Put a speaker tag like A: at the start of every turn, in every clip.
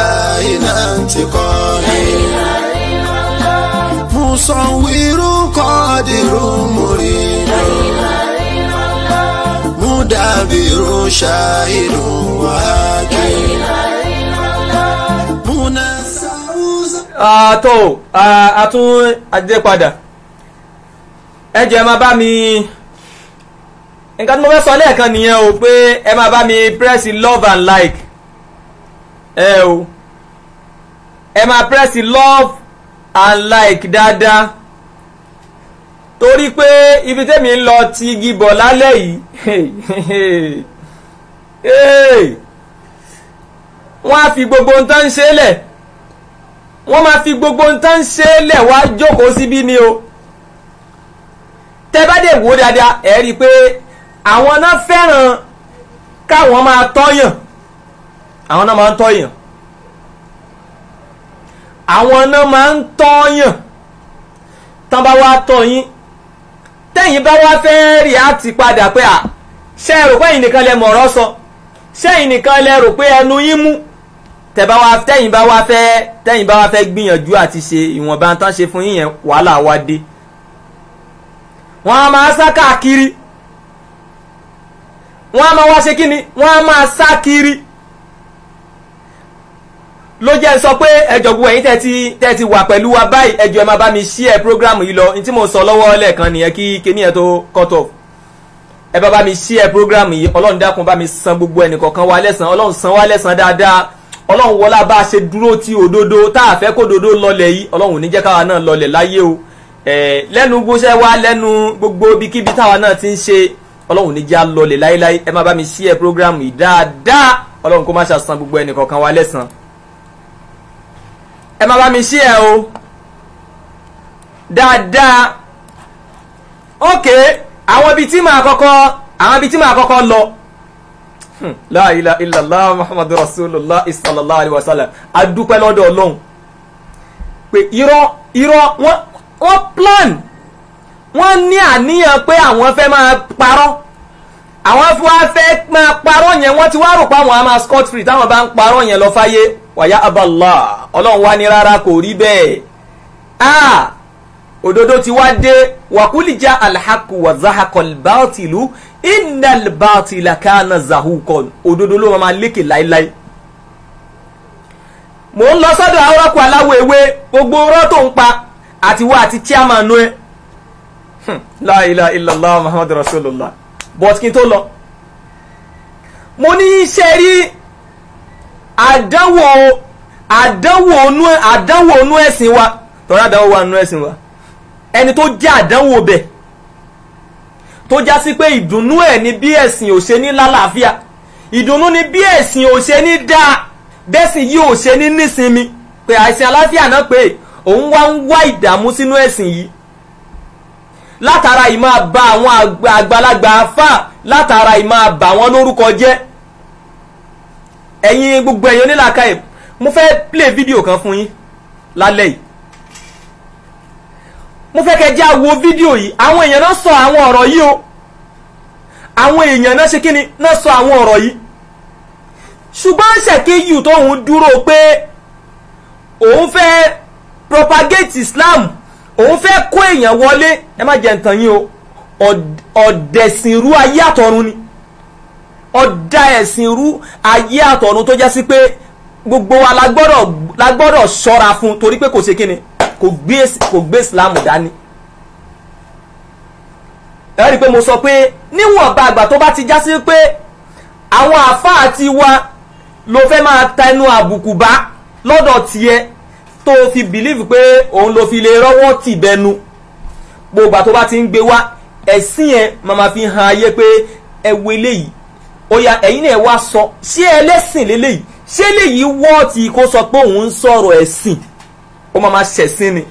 A: كائنا انتقالي مصور قادر مريد مدبر شاهد وهاكم
B: àtò àtún àdìdẹ padà ẹ jẹ́ máa bá mi nǹkan tí mo fẹ́ sọ lẹ́ẹ̀kan nìyẹn o pé ẹ máa bá mi press love and like ẹ o ẹ máa press love and like dáadáa torí pé ibi tẹ́mi ń lọ ti igi bọ̀ lálẹ́ yìí wọ́n á fi gbogbo ń tán ṣe é lẹ̀ wọ́n máa fi gbogbo ń tán ṣe é lẹ̀ wá jókòó síbí ni o tẹ́ bá dé wò dáadáa ẹ̀ rí i pé àwọn náà fẹ́ràn káwọn máa tọ́yàn àwọn náà máa ń tọ́yàn àwọn náà máa ń tọ́yàn tán bá wá tọ́ yín tẹ́yìn bá wá fẹ́ rí àti padà pé à ṣe rò pé ẹ̀yin nìkan lẹ mọ̀rọ̀ sọ ṣe ẹ̀yin nìkan lẹ rò pé ẹnu yín mú tẹ́yìn bá wá fẹ́ tẹ́yìn bá wá fẹ́ gbìyànjú àti ṣe ìwọ̀nba tán ṣe fún yín wàhálà wá dé wọ́n á máa sá káàkiri wọ́n á máa wá ṣe kí ni wọ́n á máa sá kiri ló jẹ́ sọ pé ẹjọ́ gbogbo ẹ̀yin tẹ́tí tẹ́tí wà pẹ̀lú wa báyìí ẹjọ́ ẹ máa bá mi share program yìí lọ ní tí mo sọ lọ́wọ́ lẹ́ẹ̀kan nìyẹn kí kíní ẹ̀ tó cut off ẹ bá bá mi share program yìí ọlọ́run dákun bá mi san gbogbo ẹnìkọ̀ọ̀kan wa lẹ́san ọlọ́run san wa lẹ́san dáadáa ọlọ́run wọlá bá a ṣe dúró ti òdodo tá a fẹ́ kó dodo lọlẹ̀ yìí ọlọ́run ò ní jẹ́ káwa náà lọlẹ̀ láyé o lẹ́nu gbóṣẹ́ wa lẹ́nu gbogbo ibikíbi táwa náà ti ń ṣe ọlọ́run ò ní jẹ́ a lọlẹ̀ láyéláyé ẹ má bá mi share program yìí dáadáa ọlọ́run kó má ṣe san gbogbo ẹnìkọ̀ọ̀kan wa lẹ́san ẹ máa bá mi ṣí ẹ o dáadáa okay àwọn ibi tí màá kọ́kọ́ àwọn ibi tí màá kọ́kọ́ lọ hmm, la ilaha illallah muhammadu rasulullah sallallahu alaihi wasallam adúpẹ́ lọ́dọ̀ ọlọ́run pé irọ́ irọ́ wọ́n plan wọ́n ní àníyàn pé àwọn fẹ́ máa parọ́ àwọn fún wa fẹ́ máa parọ́ yẹn wọ́n ti wá rò pé àwọn á máa scot free táwọn bá ń parọ́ yẹn lọ fáyé wàyà abàlá ọlọ́run wá ní rárá kò rí bẹ́ẹ̀ ah òdodo ti wá dé wàkúlìjà alhaku wà zahakọl bàtìlú innal bàtìlà kánà zahukọl òdodo ló máa lékè láéláé mò ń lọ sọ́dọ̀ awọ́rọ́kù aláwọ̀ ewé gbogbo ọ̀rọ̀ tó ń pa àtiwọ́ àti chairman ẹ̀ hmm, la ilaha muhammadu rasulullah but kí n tó lọ mo ní í ṣe rí àdánwò àdánwò onú àdánwò onú ẹ̀sìn wa tọ́lá àdánwò wa nú ẹ̀sìn wa ẹni tó jẹ́ àdánwò bẹ̀ tó já sí pé ìdùnnú ẹ̀ ni bí ẹ̀sìn ò ṣe ní lálàáfíà ìdùnnú ni bí ẹ̀sìn ò ṣe ní dáa bẹ́sìn yìí ò ṣe ní nísinmi pé àìsàn aláfíà náà pé òun wá ń wá ìdààmú sínú ẹ̀sìn yìí látara ìmáa bà àwọn àgbàlagbà afá látara ìmáa bà wọ́n lórúkọ jẹ́ ẹ̀yin gbogbo ẹ̀yin onílàkàyè mo fẹ́ play fídíò kan fún yín lálẹ́ yìí mo fẹ́ kẹ́ jẹ́ àwo fídíò yìí àwọn èèyàn náà sọ àwọn ọ̀rọ̀ yìí o àwọn èèyàn náà ṣe kí ni náà sọ àwọn ọ̀rọ̀ yìí ṣùgbọ́n ṣèkéyù tóun dúró pé òun fẹ́ propagate Islam òun fẹ́ kó èèyàn wọlé ẹ má jẹ́ ǹtàn yín o ọ̀dẹ̀sìnrú ayé àtọ̀run ni ọ̀dá ẹ̀sìn rú ayé àtọ̀run tó jẹ́ sí pé gbogbo wa la la gbọ́dọ̀ ṣọ́ra fún torí pé kò ṣe kíni kò kò gbé islam dání. ẹ rí i pé mo sọ pé níwọ̀nba àgbà tó bá ti já sí pé àwọn àáfàá àti wa ló fẹ́ máa ta ẹnu àbùkù bá lọ́dọ̀ tiẹ̀ tó fi bìlíìfù pé òun ló fi lè rọ́wọ́ tì bẹnu gbogbo àgbà tó bá ti ń gbé wá ẹ̀sìn yẹn màmá fi hàn ayé pé ẹ wo eléyìí oya ẹ̀yin náà wá sọ ṣé ẹlẹ́sìn lélẹ́yìí ṣé léyìí wọ́ ti kó sọ pé òun ń sọ̀rọ̀ ẹ̀sìn ó máa ma ṣẹ̀sìn ni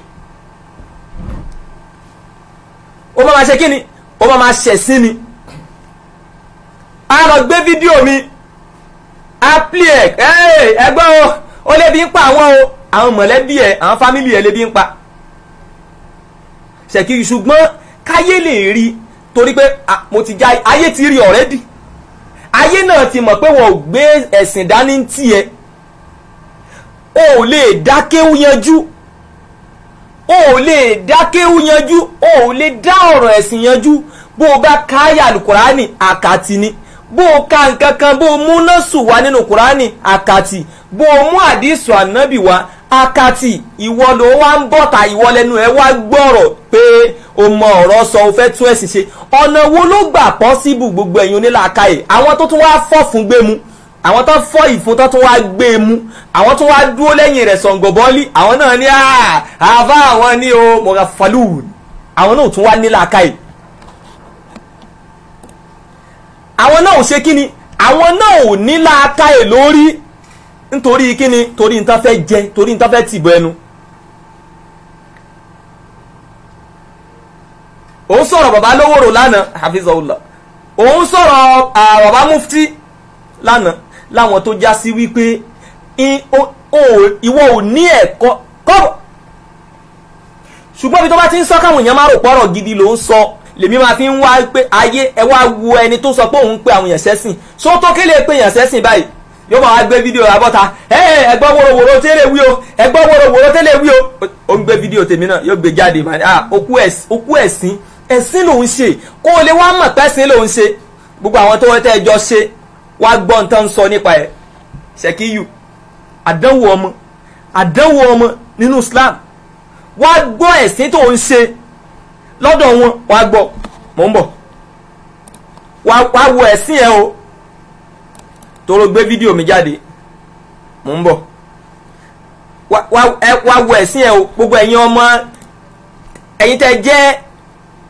B: ó máa ma ṣe kí ni ó máa ma ṣẹ̀sìn ni a lọ gbé fídíò mi applique ẹgbẹ́ o ó lébi ń pa àwọn o àwọn mọ̀lẹ́bí ẹ̀ àwọn fámìlì ẹ̀ lébi ń pa ṣèkì ṣùgbọ́n káyé lè rí torí pé mo ti já ayé ti rí ọ̀rẹ́dì ayé náà ti mọ̀ pé wọn ò gbé ẹ̀sìn dání ń tiẹ̀ o ò lè dákéwú yanjú o ò lè dákéwú yanjú o ò lè dá ọ̀rọ̀ ẹ̀sìn yanjú bó o bá káyà alukurani àkàtì ni bó o ka nǹkan kan bó o mú nọ́ọ̀sù wá nínú kurani àkàtì bó o mú àdìsù ànábì wá àkàtì ìwọ ló wá ń bọ̀tà ìwọ lẹ́nu ẹ̀ wá gbọ́rọ̀ pé o mọ ọ̀rọ̀ sọ o fẹ́ tún ẹ̀sìn ṣe ọ̀nà wo ló gbà pọ́síbù gbogbo ẹ̀yin onílàákàyè àwọn tó tún wá fọ́ fún gbé mu àwọn tó fọ́ ìfún tó tún wá gbé e mú àwọn tó wá dúró lẹ́yìn rẹ̀ sọ̀ǹgọ̀bọ́lì àwọn náà ní àbá àwọn ní o mọ̀gà falùn àwọn náà tún wá nílà káyì. àwọn náà ò ṣe kíni àwọn náà ò nílà káyì lórí nítorí kíni torí nǹkan fẹ́ jẹ torí nǹkan tìbọ̀ ẹnu. òun sọ̀rọ̀ bàbá lówóró lánàá hafizahullah òun sọ̀rọ̀ bàbá mufti lánàá láwọn tó já sí wípé ìwọ ò ní ẹ̀kọ́ kọ́bọ̀ ṣùgbọ́n ibi tó bá ti ń sọ káwọn èèyàn máa rò pọ̀rọ̀ gidi ló ń sọ lèmi máa fi ń wá pé ayé ẹ wá wo ẹni tó sọ pé òun ń pe àwọn èèyàn sẹ́sìn só tó kéle pé èèyàn sẹ́sìn báyìí yóò máa wá gbé fídíò abọ́ta ẹ gbọ́ wòrowòro tẹ́lẹ̀ wí o ẹ gbọ́ tẹ́lẹ̀ wí o ó ń gbé fídíò tèmi náà yóò gbé jáde ó kú ẹ̀sìn ẹ̀sìn lòun ṣe kó o lè wá mọ̀ pé ẹ̀sìn lòun ṣe gbogbo àwọn tó wọ́n tẹ́ ẹjọ́ ṣe wá gbọ́ nǹkan sọ nípa ẹ̀ ṣèkíyù àdánwò ọmọ àdánwò ọmọ nínú Islam wá gbọ́ ẹ̀sìn tó ń ṣe lọ́dọ̀ wọn wá gbọ́ mò ń bọ̀ wá wo ẹ̀sìn ẹ o toro gbé fídíò mi jáde mò ń bọ̀ wá wo ẹ̀sìn ẹ o gbogbo ẹ̀yin ọmọ ẹ̀yin tẹ́ jẹ́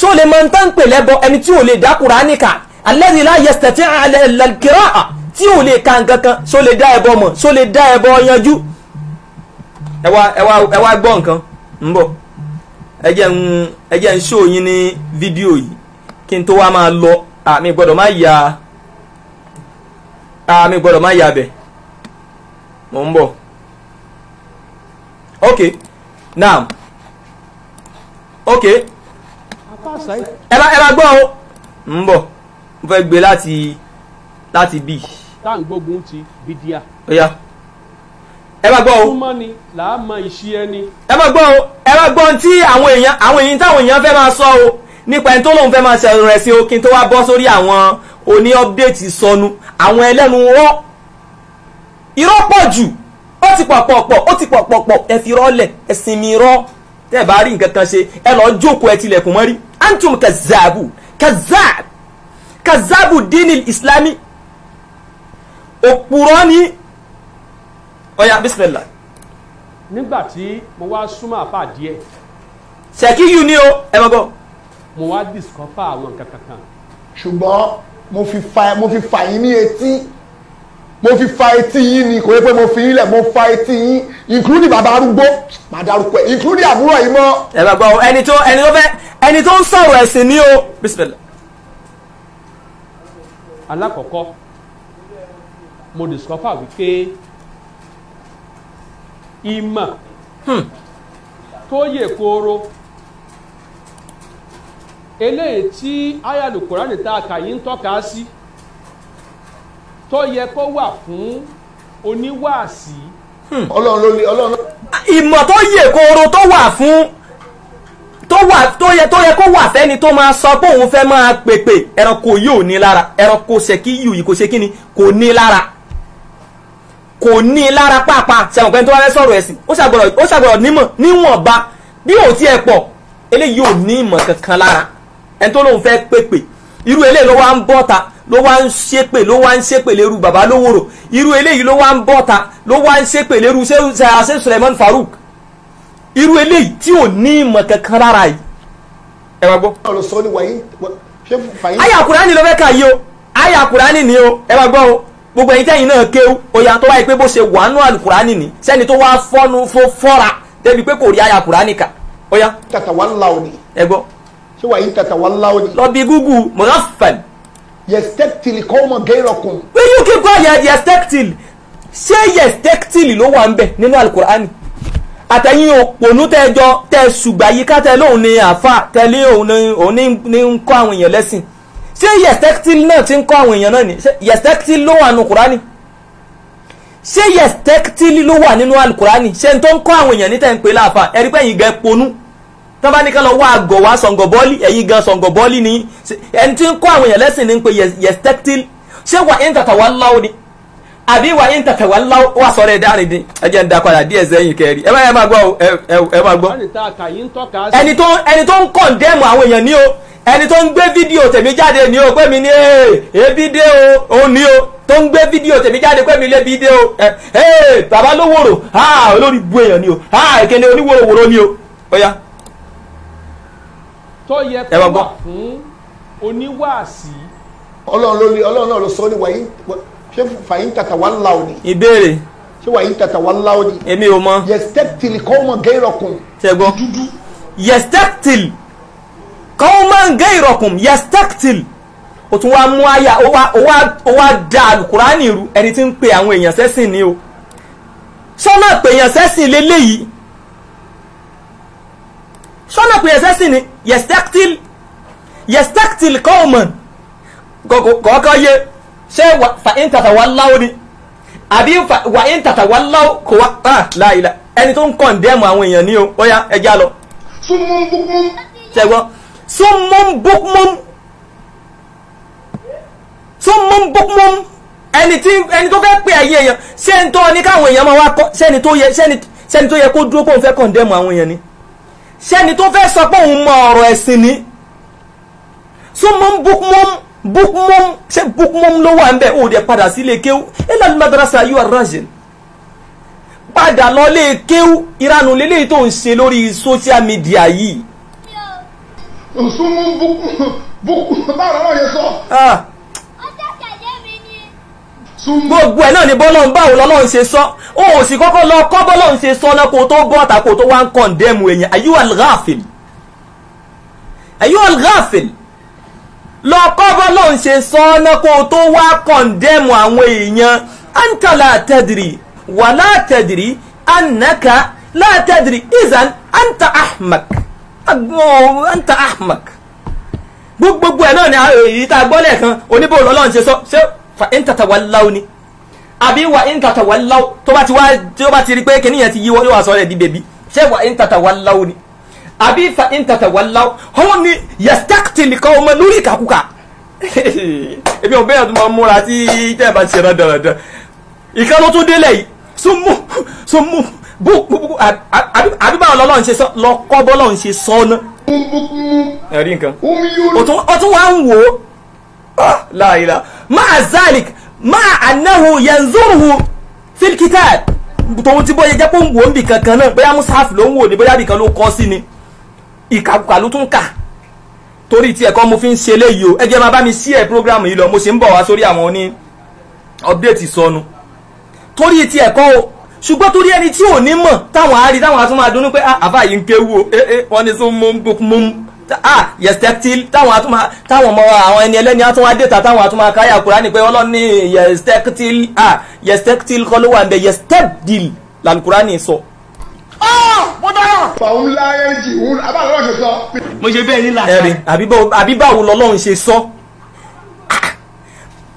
B: ṣó lè mọ nǹkan pè lẹ́bọ ẹni tí ò lè dá Kùránì kà alladhi la yastati' ala al-qira'a tí ò lè ka nǹkan kan ṣó lè le da mọ̀ ṣó lè dá ẹbọ yanjú. ẹ wá ẹ wá ẹ wá gbọ́ nǹkan ń bọ̀ ẹ jẹ́ ń ẹ jẹ́ ń ṣó yín ní fídíò yìí kí n tó wá máa lọ àmì gbọ́dọ̀ má yà àmì gbọ́dọ̀ má yà bẹ̀ mò ń bọ̀ ok now ok
C: ẹ bá ẹ bá gbọ́ o
B: ń bọ̀ mo fẹ́ gbé láti láti bí.
D: tá à ń gbógun ti bídíà. ó yá ẹ bá gbọ́ o. súnmọ́ ni là á mọ ìṣí ẹni. ẹ bá gbọ́ o ẹ bá gbọ́ tí àwọn èèyàn
B: àwọn èèyàn táwọn èèyàn fẹ́ máa sọ o nípa ẹni tó lóun fẹ́ máa ṣẹ̀rọ sí o kí n tó wá bọ́ sórí àwọn oní ọ́pdéètì sọnù àwọn ẹlẹ́nu rọ́ irọ́ pọ̀ jù ó ti pọ̀ pọ̀ pọ̀ ó ti pọ̀ pọ̀ pọ̀ ẹ fi rọ́ lẹ̀ ẹ sinmi rọ́ tẹ́ẹ̀ bá rí nǹkan kan ṣe ẹ lọ́ọ́ jókòó ẹ tilẹ̀kùn mọ́rí antum kazabu kazab kazabu
D: dinil islami òpùrọ́ ni ọ̀yà bismillah. nígbà tí mo wá súnmọ́ àfà díẹ̀. ṣèkíyù ni o ẹ mọ̀ bọ́. mo wá discover àwọn nǹkan kankan.
E: ṣùgbọ́n mo fi fa yín ní etí mo fi fa etí yín ni kò yẹ pé mo fi yín lẹ̀ mo fa etí yín including bàbá arúgbó màá darúgbó ẹ̀ including àbúrò yìí mọ́. ẹ bá gbọ́
B: ẹni tó ẹni tó fẹ́ ẹni tó ń sọ̀rọ̀ ẹ̀sìn ni o
D: alákọ̀ọ́kọ́ mo discover wípé ìmọ̀ hmm. tó yè kooro eléyìí tí ayélujára ní ta kà yín tọ́ka sí. Si tó yẹ kó wà fún oníwàásí. Hmm. ọlọ́run ló ní ọlọ́run. ìmọ̀
B: tó yẹ kóró tó wà fún tó wà tó yẹ tó yẹ kó wà fẹ́ni tó máa sọ pé òun fẹ́ máa pèpè ẹranko yìí ò ní lára ẹranko ṣèkí yìí kò ṣe kí ni kò ní lára kò ní lára pàápàá ṣàwọn pẹ́ni tó bá fẹ́ sọ̀rọ̀ ẹ̀sìn ó ṣàgbọ̀rọ̀ nímọ̀ níwọ̀nba bí òun ti ẹ̀ pọ̀ eléyìí ò ní ìmọ̀ kankan lára ẹni tó lóun fẹ́ pèpè irú eléyìí ló wá ń bọ́ta ló wá ń ṣépè ló wá ń ṣépè lérú bàbá lówóró irú eléyìí ló wá ń bọ́ta ló wá ń ṣépè lérú ṣe Suleiman Farouk irú eléyìí tí ò ní ìmọ̀ kankan rárá yìí. ẹ wá gbọ́. ọ̀rọ̀ sọ ni wàyí
A: ṣé ló fẹ́
B: kà yìí o àyà Kùránì ni o ẹ wá gbọ́ o gbogbo ẹ̀yin tẹ́yìn náà kéwú oyà tó wáyé pé bó ṣe wàánú àlùkùránì ni sẹ́ni tó wá fọ́nu fó fọ́ra débi pé kò rí àyà Kùránì kà oyà. tàtàwá ńlá òní. ẹ gbọ́. ṣé wàyí tàtàwá ńlá òní. lọ bí gúgù mọ̀gáfẹ́ni yestektil kọ́mọ gẹ́rọ̀kùn. will you keep quiet yestektil ṣé yestektil ló wà ń bẹ̀ nínú alukur'ani àtẹ̀yìn òpònú tẹ́jọ tẹ́ ṣùgbà yìí ká tẹ́ lóun ní àáfà tẹ́lẹ̀ òun ní ń kọ́ àwọn èèyàn lẹ́sìn ṣé yestektil náà ti ń kọ́ àwọn èèyàn náà ni yestektil ló wà nínú kur'ani ṣé yestektil ló wà nínú alukur'ani ṣé n tó ń kọ́ àwọn èèyàn ní tẹ́ ń pè láàfà ẹ̀rí pẹ́yìn gẹ́ ponú tán bá ní ká lọ wá àgọ̀ wá sọ̀ngọ̀bọ́lì ẹ̀yin gan sọ̀ngọ̀bọ́lì ni ẹni tí ń kọ́ àwọn èèyàn lẹ́sìn ní pé yẹstẹ́tìl ṣé wà ń tàtà wá láwọ́ ni àbí wà ń tàtà wá láwọ́ wà sọ̀rọ̀ ẹ̀dá rìn dín ẹ jẹ́ ń da padà díẹ̀ sẹ́yìn kẹrì ẹ máa gbọ́ ẹ máa gbọ́.
C: ẹni
B: tó ń kọ̀ndẹ́mù àwọn èèyàn ní o ẹni tó ń gbé fídíò tèmi jáde ní o pé mi ní ebi dé o ò ní o tó ń gbé fídíò tèmi jáde pé mi lé bi o ẹ bàbá ló wòrò olórí bu èèyàn ní o èkéde oníwòròwòrò ní o ó yá tó yẹ kó wà
D: fún oníwàásí. ọlọ́run
A: ló ní ọlọ́run náà ló sọ ní wàyí ṣé fàyín tàtà wà láò ní. ìbéèrè. ṣé wàyín tàtà wà láò ní. èmi ò mọ. yẹstẹ́tìlì kọ́ mọ gẹ́rọ̀kùn. tẹ̀gbọ́n yẹstẹ́tìlì
B: kọ́ mọ gẹ́rọ̀kùn yẹstẹ́tìlì ó tún wá mú àyà ó wá da alukurani ru ẹni tí ń pe àwọn èèyàn sẹ́sìn ni o sọ́nà pèèyàn sẹ́sìn lélẹ́yìí sọ́nà pèèyàn sẹ́sìn ni yẹ̀stẹ́kítìl yẹ̀stẹ́kítìl kọ́ọ̀mọ̀n kọ̀ọ̀kan yé ṣé wà ń tàtà wà láwọ́ ni àbí wà ń tàtà wà láwọ́ kò wá ah láìla ẹni tó ń kàn dẹ́mu àwọn èèyàn ní o ó yá ẹ já lọ.
D: súnmọ́n búkmọ́n.
B: ṣẹ́gbọ́n súnmọ́n búkmọ́n súnmọ́n búkmọ́n ẹni tí ẹni tó fẹ́ pé ẹ̀yẹ èèyàn ṣé ń tọ́ ni káwọn èèyàn máa wá kọ́ ṣẹ́ni tó yẹ kó dúró kó ń fẹ́ kàn dẹ́mu àwọn èèyàn ni ṣẹ́ni tó fẹ́ sọ pé òun mọ ọ̀rọ̀ ẹ̀sìn ni sọmọm bukmọm bukmọm ṣe bukmọm ló wà ń bẹ̀ ó dẹ̀ padà sílé kéwú ilal madrasa you are rajin padà lọ lé kéwú ìranù lélẹ́yìí tó ń ṣe lórí social media yìí. òsùnmù bukmọm bukmọm báwo lọ́wọ́ yẹn sọ. Ah gbogbo ẹ̀ náà ni bọ́lọ́n báwo lọ́lọ́run ṣe sọ ó ò sì kọ́kọ́ lọ kọ́ bọ́lọ́run ṣe sọ náà kó tó bọ́ta kó tó wá ń kọ̀ǹdẹ́mù èèyàn ayú al-ghafil ayú al-ghafil lọ kọ́ bọ́lọ́run ṣe sọ náà kó tó wá kọ̀ǹdẹ́mù àwọn èèyàn anta la tadri wà la tadri annaka la tadri izan anta ahmak anta ahmak gbogbo ẹ̀ náà ni èyí tá a gbọ́ lẹ́ẹ̀kan oníbòòlù ọlọ́run ṣe sọ fa in tatawallaw ni àbí wà in tatawallaw tó bá ti wá tó bá ti rí pé kìnìyàn ti yí yóò wá sọ rẹ̀ di bèbí ṣé wà in tatawallaw ni abi, fa in tatawallaw òun ni yastaktil qawman lórí ìkàkùkà ebi ò bẹ́ẹ̀ tó máa múra tí tẹ́ ẹ bá ti ṣe dandan ìkan ló tún délẹ̀ yìí súnmù súnmù abi, abi, báwo lọ́lọ́run ṣe sọ lọ́kọ́ bọ́lọ́run ṣe sọ ná. ẹ̀rí nǹkan o tún wá ń wò ó Ah, la ma'a zalik ma'a annahu yanzuruhu tòun ti bóyá jẹ́ pé ń wò ń bì kankan náà bóyá mushaf ló ń wò ní bóyá bìkan ló kọ́ sí ni ìkàkùkà ló tún kà torí tí ẹ̀kọ́ mo fi ń ṣe léyìí o ẹ jẹ́ bá mi sí ẹ̀ program yìí lọ mo sì ń bọ̀ wá sórí àwọn oní torí tí ẹ̀kọ́ o ṣùgbọ́n torí ẹni tí ò ní mọ̀ táwọn táwọn ah, o eh, eh, wọ́n ní sún ah yẹstẹktil táwọn atúmọ̀ táwọn ọmọ àwọn ẹni ẹlẹ́ni atúmọ̀ adéta táwọn atúmọ̀ akáyà kúránì pé ọlọ́ni yẹstẹktil ah yẹstẹktil kọ́ ló wà nbẹ yẹstẹkdil làlùkúránì sọ.
A: Oh, mo dára. fàwọn láyé jì wúlò abáwọ̀ ṣe sọ.
B: mo ṣe bẹ́ẹ̀ nílà. ẹ̀rì àbí báwo lọ́lọ́run ṣe sọ. Ah,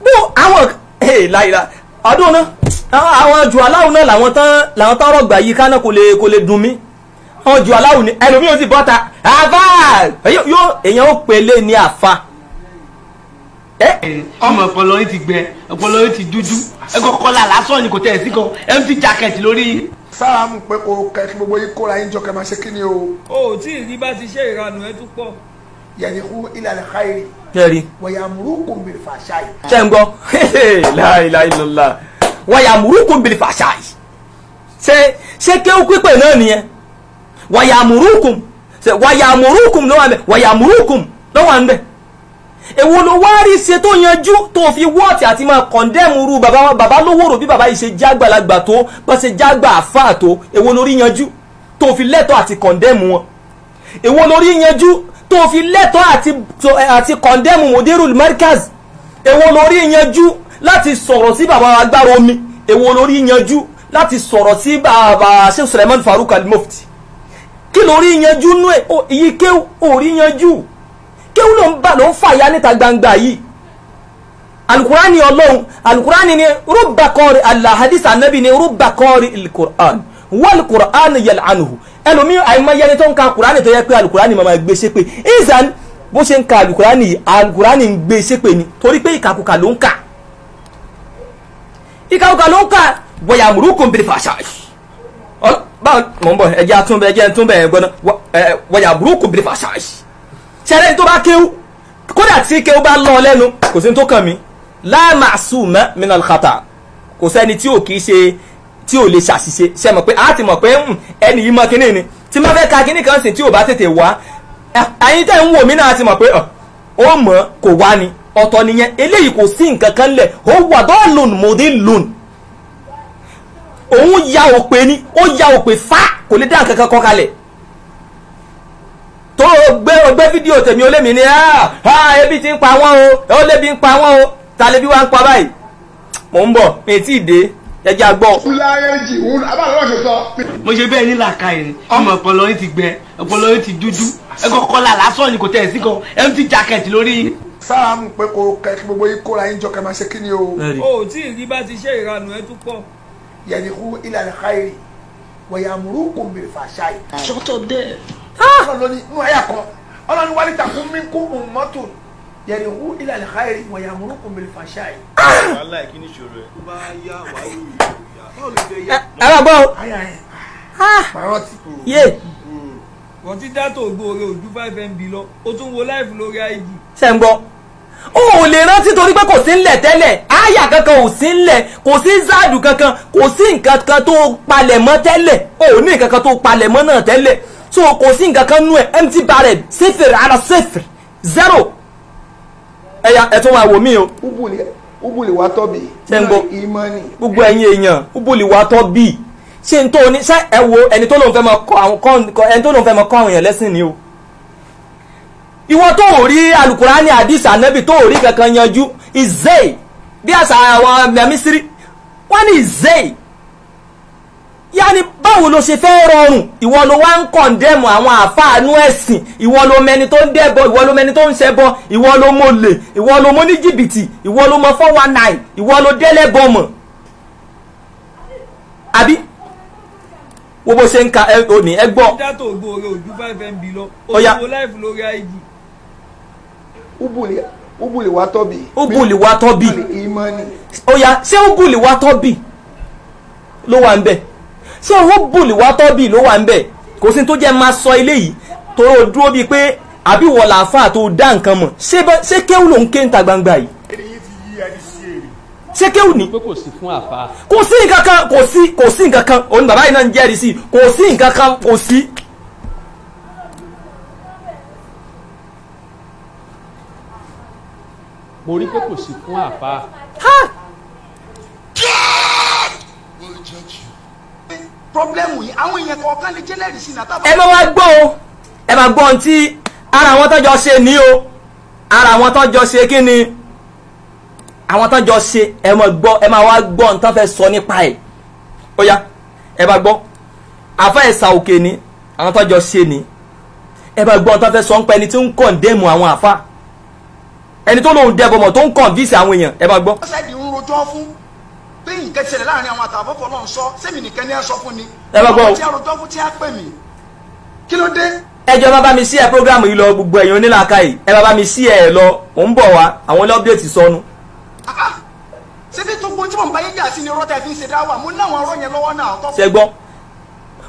B: bó àwọn láyìlá ọdún náà àwọn jù aláwọ̀ náà làwọn tán làwọn tán rọ̀gbà yìí ká náà kò lè kò lè dùn mí ọjọ́ aláwọ̀ ni ẹlòmíì ó sì bọ́ta àfà yóò èèyàn ó pèlè ní àfà. ọmọ ọpọlọ yìí ti gbẹ ọpọlọ yìí ti dúdú ẹgbẹ kọlà lásán ni kò tẹ̀ sí kan empty jacket
A: lórí. sáà mú pé kò kẹ kí gbogbo yìí kóra yín jọ kẹ máa ṣe kí ni o. o ò tí ì rí bá ti ṣe ìranù ẹ tún pọ̀. yẹni kú ilẹ̀ káyìrì. kẹrin. wọ̀yà múrùkù bìrì fàṣà yìí.
B: ṣé ń gbọ́ láìláì lọ́la wọ̀yà múrùkù bìrì fàṣà yìí ṣé ṣé kéwú pípẹ́ náà nìyẹn wàyàmùrúkùm wàyàmùrúkùm ló wà nbẹ wàyàmùrúkùm ló wà nbẹ èwo ló wá rí ṣe tó yanjú tó fi wọ́ọ̀tì àti máa kọ̀ndẹ́mù ru baba bàbá lówóró bí bàbá yìí ṣe jágbàlagbà tó bá ṣe jágbà àfáà tó èwo lórí yanjú tó fi lẹ́tọ̀ọ́ àti kọ̀ndẹ́mù wọn èwo lórí yanjú tó fi lẹ́tọ̀ọ́ àti kọ̀ndẹ́mù mòdérù markaz èwo lórí yanjú láti sọ̀rọ̀ sí bàbá agbára omi èwo lórí yanjú láti sọ̀rọ̀ sí bàbá sheikh suleiman farouk al-mufti kí ló rí yanjú nú ẹ̀ iye kéwù ò rí yanjú kéwù ló ń bà ló ń fàya níta gbangba yìí alukurani ọlọ́run alukurani ni rúbàkọ́rì alahadisa anabi ni rúbàkọ́rì alukurani wàlukurani yalanuhu ẹlòmíì àìmọyẹni tó ń ka kurani tó yẹ pé alukurani máa gbé ṣépè ìzàn bó ṣe ń ka alukurani alukurani ń gbé ṣépè ni torí pé ìkàkùkà ló ń kà ìkàkùkà ló ń kà wọ̀yàmùrúkùn bìrìfàṣà yìí báwo mọ̀ ń bọ̀ ẹ̀jẹ̀ àtúnbẹ̀ ẹ̀jẹ̀ àtúnbẹ̀ ẹ̀ gbọ́dọ̀ wọ̀yà burúkú bìrì fàṣàṣì ṣẹlẹ̀ tó bá kéwú kódà tí kéwú bá lọ lẹ́nu kò sí ní tó kàn mí láàmásù mọ́ minal khata kò sẹ́ni tí ò kì í ṣe tí ò lè ṣàṣìṣe ṣe mọ̀ pé a ti mọ̀ pé hmm, ẹni yìí mọ kínní ni tí má fẹ́ ka kínní kan sìn tí ò bá tètè wá ẹ̀yin tẹ́ ń wò mí náà ti mọ̀ pé ó mọ̀ kò wá ni ọ̀tọ̀ nìyẹn eléyìí kò sí nǹkan kan lẹ̀ ó wà dọ́ọ̀lùn mòdì lùn òun ya òpè ni ó ya òpè fá kò lè dá nǹkan kan kọ́ kalẹ̀ tó o gbé o gbé fídíò tèmi ó lémi ni ha ah, ah, ebi ti ń pa wọ́n o ó lébi ń pa wọ́n o ta lébi wá ń pa báyìí mò ń bọ̀ mi tí ì dé ẹjẹ́ agbọ́. fúláyẹ́jì wúlò
A: abáàlọ́ ṣe sọ.
B: mo ṣe bẹ́ẹ̀ ní làákàyè ni ọmọ ọpọlọ yín ti gbẹ ọpọlọ yín ti dúdú
A: ẹgbẹ́ kọ́lá lásán ni kò tẹ̀ sí kan empty jacket lórí. sáà mú pé kò kẹ́ gbogbo yín kóra yín jọ kẹ́ máa ṣe kí ni o. o tí ì rí bá ti ṣe ìranù ẹ tún pọ̀ yẹnihu ilẹ̀ xayiri wẹ̀yàmùrú kùnbìrì fàṣà yìí. Ah. sọ́tọ̀ dẹ́. Ah! ọlọ́run ló ní inú ẹ̀yà kan ọlọ́run wálé takùn mí kú mọ́tò yẹnihu ilẹ̀ xayiri wẹ̀yàmùrú kùnbìrì fàṣà yìí.
F: Ah! wàhálà yìí kí ni ìṣòro ẹ̀. Eh,
B: yé. wọ́n hmm. ti dátò ògbóore ojú
D: five mb lọ ó tún wo láìfù lórí ig.
B: sẹ́ ń gbọ́ o ò lè rántí torí pé kò sí ńlẹ̀ tẹ́lẹ̀ àyà kankan ò sí ńlẹ̀ kò sí záàdù kankan kò sí nǹkan kan tó palẹ̀ mọ́ tẹ́lẹ̀ o ò ní nǹkan kan tó palẹ̀ mọ́ náà tẹ́lẹ̀ so kò sí nǹkan kan nú ẹ̀ empty barrel sifir ala sifir zero ẹ̀yà ẹ̀tún wa wò mí o.
A: ubuli wa tọ́ bi. ṣé n gbọ́
B: gbogbo ẹ̀yin èèyàn ubuli wa tọ́ bi ṣé n tó ní ṣé ẹ wo ẹni tó lóun fẹ́ mọ kọ́ àwọn ẹni tó lóun fẹ́ mọ kọ́ àwọn èèyàn lẹ́sìn ni o ìwọ tó ò rí alukurani hadith anabi tó ò rí kankan yanjú izei bí àṣà àwọn mẹ́mísírì wọ́n ní izei yáni báwo ló ṣe fẹ́ rọrùn ìwọ ló wá ń kọ̀ndẹ́mù àwọn àfáànú ẹ̀sìn ìwọ ló mẹni tó ń dẹ́bọ ìwọ ló mẹni tó ń ṣẹbọ ìwọ ló mọ lè ìwọ ló mọ ní jìbìtì ìwọ ló mọ four one nine ìwọ ló dẹ́lẹ́bọ mọ̀ àbí wo bó ṣe ń ka ẹ òní ẹ gbọ́. dátò gbòòrò ojú five mb lọ òṣùwò láìfù lórí ig ubuli ubuli wa tọ́bi. ubuli wa tọ́bi. imani. oya ṣé ubuli wa tọ́bi ló wà ń bẹ̀ ṣé ubuli wa tọ́bi ló wà ń kò sí tó jẹ́ máa sọ ilé tó o dúró bíi pé àbí wọ́n làáfà tó dá nǹkan mọ̀ ṣé kéwù ló ń ké ń gbangba yìí
D: ṣé kéwù ni. kò sí nǹkan kan kò sí nǹkan kan òun bàbá yìí náà ń jẹ́rìí sí kò sí nǹkan kan kò sí. mo rí pé kò sí fún àfa.
A: pọ́blẹ́mù yìí àwọn èèyàn kọ̀ọ̀kan lè jẹ́lẹ̀rì sí nàtà. ẹ bá wá
B: gbọ́ o ẹ bá gbọ́ ohun tí ara àwọn tó ṣe ní o ara àwọn tó ṣe kí ni àwọn tó jọ ṣe ẹ máa gbọ́ ẹ máa wá gbọ́ ohun tó fẹ́ sọ nípa ẹ̀ ó yá ẹ bá gbọ́ àfa ẹ̀sà òkè ni àwọn tó jọ ṣe ni ẹ bá gbọ́ ohun tó fẹ́ sọ nípa ẹni tí ń kọ̀ǹdẹ́mù àwọn àfa ẹni tó lóun dẹ́gbọ́n mọ̀ tó ń convince àwọn èèyàn ẹ bá gbọ́.
A: ọ̀sẹ̀ di ń rojọ́ fún pé nǹkan ti ṣẹlẹ̀ láàrin àwọn àtàbọ̀fọ̀ náà sọ sẹ́mi nìkan ni ẹ sọ fún ni. ẹ bá gbọ́ o àwọn tí a rojọ́ fún tí a pè mí
B: kí ló dé. ẹ jọ bá bá mi sí ẹ programu yìí lọ gbogbo ẹ̀yin onílàáká yìí ẹ bá bá mi sí ẹ lọ mò ń bọ̀ wá àwọn ọlọ́bìẹ̀tì sọnù.
A: Ah, ah. ṣé bí tó gbọ́n tí mò ń bá yín jà sí ni rọ́tà fi ń ṣe dáwà mo náwọn ọ̀rọ̀ yẹn lọ́wọ́ náà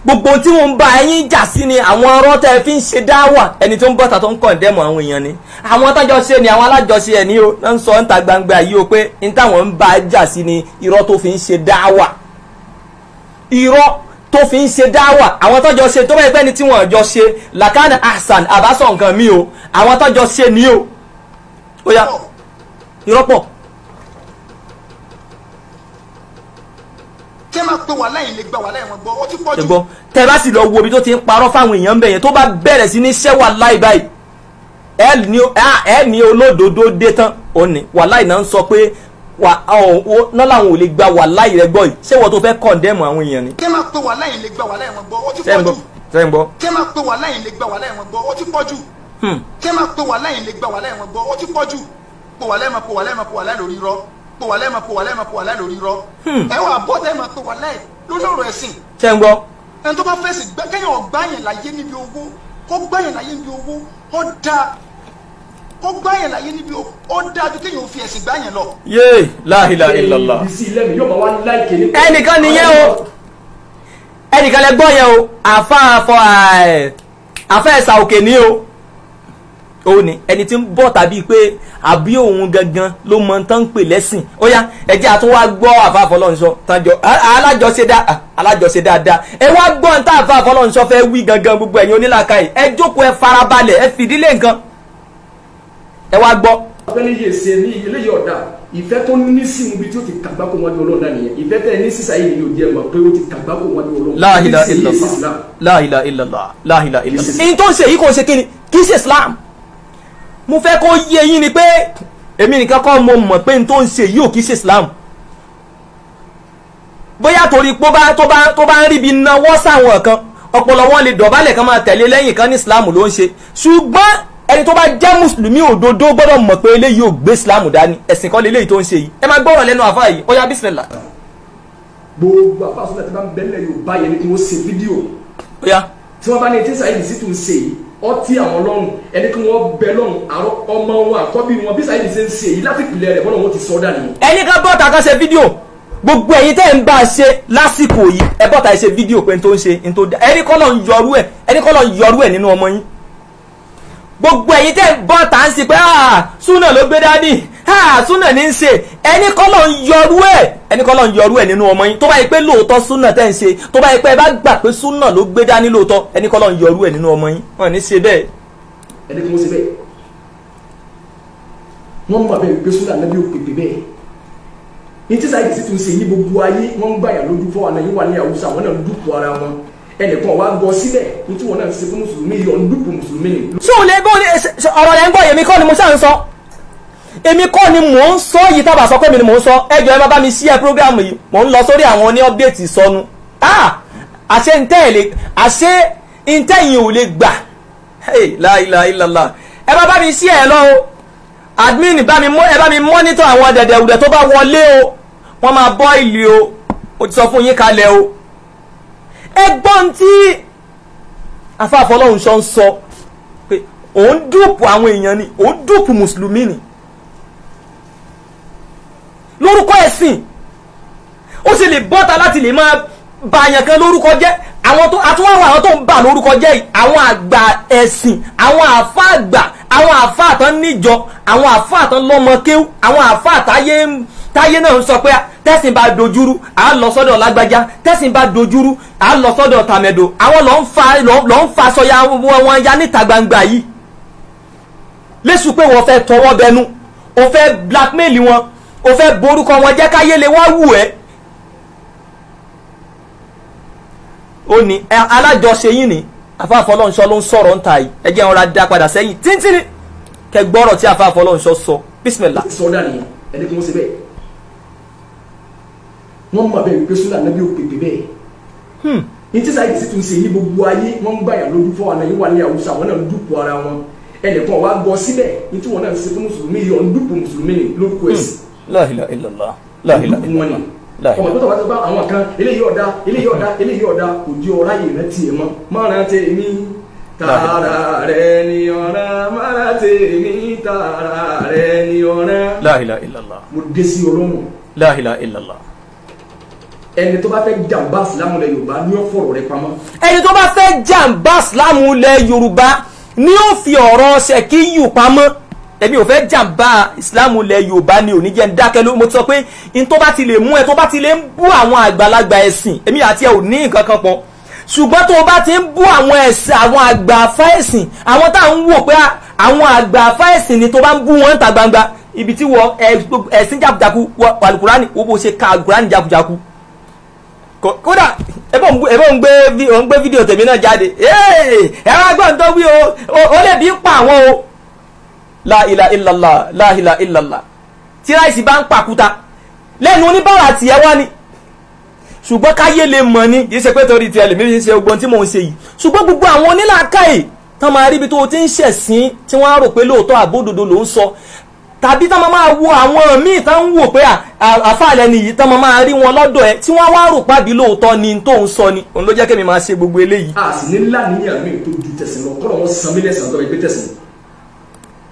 B: gbogbo tí wọ́n bá ẹ̀yin jà sí ni àwọn ọ̀rọ̀ tẹ́ fi ń ṣe dáwà ẹni tó ń bọ̀tà tó ń kàn dẹ́mọ̀ àwọn èèyàn ni àwọn tájọṣe ni àwọn alájọṣe ẹ̀ ní o náà ń sọ níta gbangba yìí o pé ní táwọn ń bá jà sí ni irọ́ tó fi ń ṣe dáwà irọ́ tó fi ń ṣe dáwà àwọn tájọṣe tó báyìí pẹ́ni tí wọ́n jọ ṣe làkàna hasan àbásọ̀ nǹkan mi o àwọn tájọṣe ni o ó yá irọ́ pọ̀
A: kí ẹ máa pe wàhálà yìí lè gba wàhálà yìí wọn gbọ́ ó ti pọ̀
B: jù. tẹ bá sì lọ wo ibi tó ti ń parọ́ fáwọn èèyàn ń tó bá bẹ̀rẹ̀ sí ní ṣẹ́ wàhálà yìí báyìí ẹ ní olódodo dé tán ó ní wàhálà yìí náà ń sọ pé náà làwọn ò lè gba wàhálà yìí rẹ gbọ́ yìí ṣé wọ́n tó fẹ́ kọ̀ndẹ́mù àwọn èèyàn ni.
A: kí ẹ máa pe wàhálà yìí lè gba wàhálà yìí wọn gbọ́ ó ti pọ̀ jù. kí ẹ máa pe wàhálà yìí lè gba wàhálà yìí wọn gbọ́ ó ti pọ̀ jù. pò wàhálà yìí máa pò wàhálà yìí máa pò wàhálà yìí lórí irọ́ pò wà lẹ́ẹ̀mọ̀ pò wà lẹ́ẹ̀mọ̀ pò wà lẹ́ẹ̀ lórí rọ hmm. ẹ wà bọ́ tẹ́ẹ̀mọ̀ pò wà lẹ́ẹ̀ lórí ọ̀rọ̀ ẹ̀sìn. ṣé ń gbọ́. ẹni tó bá fèsì kéèyàn gbáyàn láyé níbi owó kó gbáyàn láyé níbi owó ó dáa kó gbáyàn láyé níbi owó ó dáa ju kéèyàn fi ẹ̀sìn gbáyàn lọ.
D: yéè láhìlá ìlàlá. ẹnìkan nìyẹn o
B: ẹnìkan lẹ gbọ́ yẹn o àfa àfọ àfẹ́ ẹ̀sà òkè ní o òun ni ẹni tí ń bọ̀ tàbí pé àbí òun gangan ló mọ tán ń pè lẹ́sìn ó yá ẹ jẹ́ àtún wá gbọ́ àfàfọlọ́nsọ tánjọ alájọṣe alájọṣe dáadáa ẹ wá gbọ́ ní tá àfàfọlọ́nsọ fẹ́ wí gangan gbogbo ẹ̀yin onílàkàyè ẹ jókòó ẹ farabalẹ̀ ẹ
D: fìdílé nǹkan ẹ wá gbọ́. ọ̀gbẹ́niyè ṣe ní eléyìí ọ̀dà ìfẹ́ tó ní sí mu bí tí ó ti kàgbá wájú ọlọ́run nìyẹn ìfẹ́ tẹ̀ ní sísá yìí ni yóò jẹ́ ẹ̀ pé ó ti kàgbá wájú ọlọ́run. la ilaha illallah la ilaha illallah la ilaha illallah.
B: ní tó ń ṣe yìí kò ń ṣe kí ni kì í ṣe islam mo fẹ́ kó yé yín ni pé èmi nìkan kọ́ mo mọ̀ pé n tó ń ṣe yìí ò kì ṣe Islam bóyá torí pé tó bá tó bá ń ríbi náwó sáwọn kan ọpọlọ wọn lè dọ̀bálẹ̀ kan máa tẹ̀lé lẹ́yìn kan ní Islam ló ń ṣe ṣùgbọ́n ẹni tó bá jẹ́ mùsùlùmí òdodo gbọ́dọ̀ mọ̀ pé eléyìí ò gbé Islam dání ẹ̀sìn kan lélẹ́yìí tó ń ṣe yìí ẹ máa gbọ́rọ̀ lẹ́nu àfa yìí ó yá bísímìlà.
D: gbogbo àpá ọtí àwọn lọ́rùn ẹni kí wọ́n bẹ lọ́rùn àrọ ọmọ wọn àkọ́bí wọn bí sáyẹ́dì ṣe ń ṣe èyí láti rẹ̀ bọ́lá wọn ti sọ
C: dànù.
B: ẹni ká bọ́ta ká ṣe fídíò gbogbo ẹ̀yin tẹ́ ń bá a ṣe lásìkò yìí ẹ bọ́ta ẹ ṣe fídíò pé n tó ń ṣe n tó dá ẹni kọ́ lọ yọrú ẹ ẹni kọ́ lọ yọrú ẹ nínú ọmọ yín gbogbo ẹ̀yin tẹ́ bọ́ta ń ṣe pé ah súnà ló gbé dání ha súnà ní í ṣe ẹni kọ́lọ̀ ń yọrú ẹ̀ ẹni kọ́lọ̀ ń yọrú ẹ̀ nínú ọmọ yín tó bá yẹ pé lóòótọ́ súnà tẹ́ ń ṣe tó bá yẹ pé ẹ bá gbà pé súnà ló gbé dání lóòótọ́ ẹni kọ́lọ̀ ń yọrú ẹ̀ nínú ọmọ yín wọn ní ṣe bẹ́ẹ̀.
D: ẹni kí mo ṣe bẹ́ẹ̀ wọ́n mú abẹ́ ìgbé súnà náà bí ó pèpè bẹ́ẹ̀ ní tí sáyẹ̀dì sì tún ṣe ní gbogbo ayé wọ́n ń gbàyà lójú fọ́ àná yín wà ní àwùsá àwọn náà ń dúpọ̀ ara wọn ẹnìkan wa gbọ́ sílẹ̀ nítorí wọn náà ti ṣe fún mùsùlùmí yọ̀ ń dúpọ̀ mùsùlùmí ni. sóòlù ẹgbẹ́ ọ̀rọ̀ rẹ̀ ń gbọ́ yèmí kọ́ ni mo ṣáà ń sọ èmi kọ́ ni mò ń sọ yìí tábà
B: sọ pé mi ni mò ń sọ ẹjọ́ ẹ má bá mi share program yìí mò ń lọ sórí àwọn ní update ìsọnu ah! àṣẹ ntẹ́ẹ̀lẹ̀ àṣẹ ntẹ́yìn ò lè gbà la ilaha illallah ẹ má bá mi share ẹ lọ o admin bá mi ẹ bá mi monitor àwọn dẹ̀dẹ̀wùdẹ̀ tó bá wọlé o wọ́n máa bọ́ ìlú o ó ti sọ fún yín kalẹ̀ o ẹgbọ́n tí afáfọlọ́hún sọ ń sọ pé òun dùpù àwọn èèyàn ni òun dùpù mùsùlùmí ni lórúkọ ẹ̀sìn ó sì lè bọ́ta láti lè máa ba àyàn kan lórúkọ jẹ́ àwọn tó àtúwárò àwọn tó ń bà lórúkọ jẹ́ yìí àwọn àgbà ẹ̀sìn àwọn àfa àgbà àwọn àfa àtàn níjọ àwọn àfa àtàn lọ́mọkéw àwọn àfa àtàyé táyé náà ń sọ pé tẹ́sìn bá dojúrú à ń lọ sọ́dọ̀ lágbájá tẹ́sìn bá dojúrú à ń lọ sọ́dọ̀ tàmẹ̀dò àwọn lọ́ ń fa lọ́ wọn ya níta gbangba yìí lẹ́sùn pé wọ́n fẹ́ tọwọ́ bẹnu wọ́n fẹ́ blackmail wọn o fẹ́ borúkọ wọn jẹ́ káyé lè wá wù ẹ́ ó ní alájọṣe yín ni afáfọlọ́nṣọ́ ló ń sọ̀rọ̀ ń ta yìí ẹ jẹ́ ọ̀rọ̀ adá padà sẹ́yìn tíntìnì kẹgbọ́rọ̀ tí afáfọlọ́nṣọ́ sọ bísímẹ̀lá. sọdá nìyẹn ẹni kí wọ́n ṣe bẹ́ẹ̀
D: wọ́n mọ̀ bẹ́ẹ̀ wípé sódà náà bí ó pèpè bẹ́ẹ̀ hmm. ní tí sáyẹ̀dì sì tún ṣe ní gbogbo ayé wọ́n ń gbàyàn lójú fọ́ àná yìí wà ní àwùjọ àwọn náà ń dúpọ̀ ara wọn ẹnìkan wàá gbọ́ síbẹ̀ ní tí wọ́n náà ń ṣe fún mùsùlùmí yọ̀ ń dúpọ̀ mùsùlùmí lórúkọ ẹ̀sìn la ilaha illallah la ilaha illallah ọmọ ìgbésọ̀ wá ti bá àwọn kan eléyìí ọ̀dà eléyìí ọ̀dà eléyìí ọ̀dà kò di ọ̀rá yìí rẹ tiẹ̀ mọ́ mọ́ra tèmi tààrà rẹ ni ọ̀rá mọ́ra tèmi tààrà rẹ ni ọ̀rá. la ilaha illallah. mo dé sí ọlọ́run. la ilaha illallah. ẹni tó bá fẹ́ jàǹbá sílámù lẹ yorùbá ni ó fọ̀rọ̀ rẹ̀ pamọ́.
B: ẹni tó bá fẹ́ jàǹbá sílámù lẹ yorùbá ni ó fi ọ̀rọ̀ ṣèkí èmi ò fẹ́ jàǹbá ìsìláàmù ilẹ̀ yorùbá ni òní jẹ́ ń dákẹ́ ló mo sọ pé n tó bá ti lè mú ẹ tó bá ti lè ń bú àwọn àgbàlagbà ẹ̀sìn èmi àti ẹ ò ní nǹkan kan pọ̀ ṣùgbọ́n tó o bá ti ń bú àwọn ẹ̀sìn àwọn àgbà afáẹ̀sìn àwọn tá à ń wò pé àwọn àgbà afáẹ̀sìn ni tó bá ń bú wọn níta gbangba ibi tí wọ ẹ̀sìn jakujaku wọ alukurani wo bó ṣe ka alukurani jakujaku kódà ẹbọ ń gbé fídíò tèmi náà jáde ẹ wá gbọ́n tó wí o ó lè bí ń pa àwọn o láìla ìlàlá láìla ìlàlá tí ráìsì bá ń pàkúta lẹ́nu oníbàárà tiẹ̀ wá ni ṣùgbọ́n káyé lè mọ̀ ni kì í ṣe pé torí ti ẹlẹ́mìí ṣe ọgbọ́n tí mò ń ṣe yìí ṣùgbọ́n gbogbo àwọn onílàákàyè tán máa rí ibi tó ti ń ṣẹ̀sìn tí wọ́n á rò pé lóòótọ́ àbódodo ló ń sọ tàbí tán máa wo àwọn míì tán ń wò pé àfàlẹ́ nìyí tán máa rí wọn lọ́dọ̀ ẹ tí wọ́n wá rò pàbí lóòótọ́ ni tó ń sọ ni òun ló jẹ́ kẹ́mi máa ṣe gbogbo eléyìí.
D: a sì ní láníyàn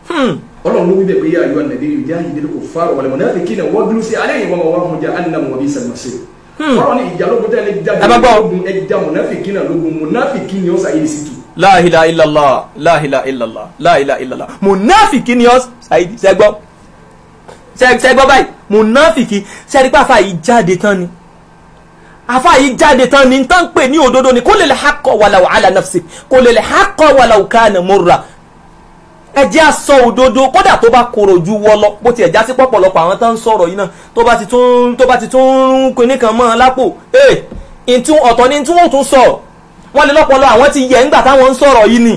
D: Hmm. ọlọ́run ló wí bẹ́ẹ̀ pé yá ayọ́ ànàdé yóò já ìdílé kò fáró wàlẹ̀ mọ̀nà àti kí ni wọ́n dúró sí alẹ́ ìwọ́n wọn mú já ánàmù wọ́n bí sàmùsẹ̀ ọlọ́run ìjà ló gbọ́dọ̀ ẹja mọ̀nàfìkì náà lógun mọ̀nàfìkì ni ó sàyè sí tu.
B: láhìlá ìlàlá láhìlá ìlàlá láhìlá ìlàlá mọ̀nàfìkì ni ó sàyè sẹ́gbọ́ sẹ́gbọ́ báyìí mọ̀nàfìkì sẹ́rípà fà yìí jáde tán ni afa yìí jáde tán ni tán pè ní òdodo ni kó hakọ̀ wàlà wàhálà nafsi kó hakọ̀ wàlà òkà nà mọ́ra ẹ jẹ́ àsọ òdodo kódà tó bá korò ju wọ lọ bó tiẹ̀ já sí pọ̀pọ̀lọpọ̀ àwọn tó ń sọ̀rọ̀ yìí náà tó bá ti tún tó bá ti tún ń kinní kan mọ́ ọ lápò ee eh, ìtún ọ̀tọ̀ ni tí wọ́n tún sọ wọ́n lè lọ́pọ̀lọ́ àwọn ti yẹ̀ ńgbà táwọn ń sọ̀rọ̀ yìí ni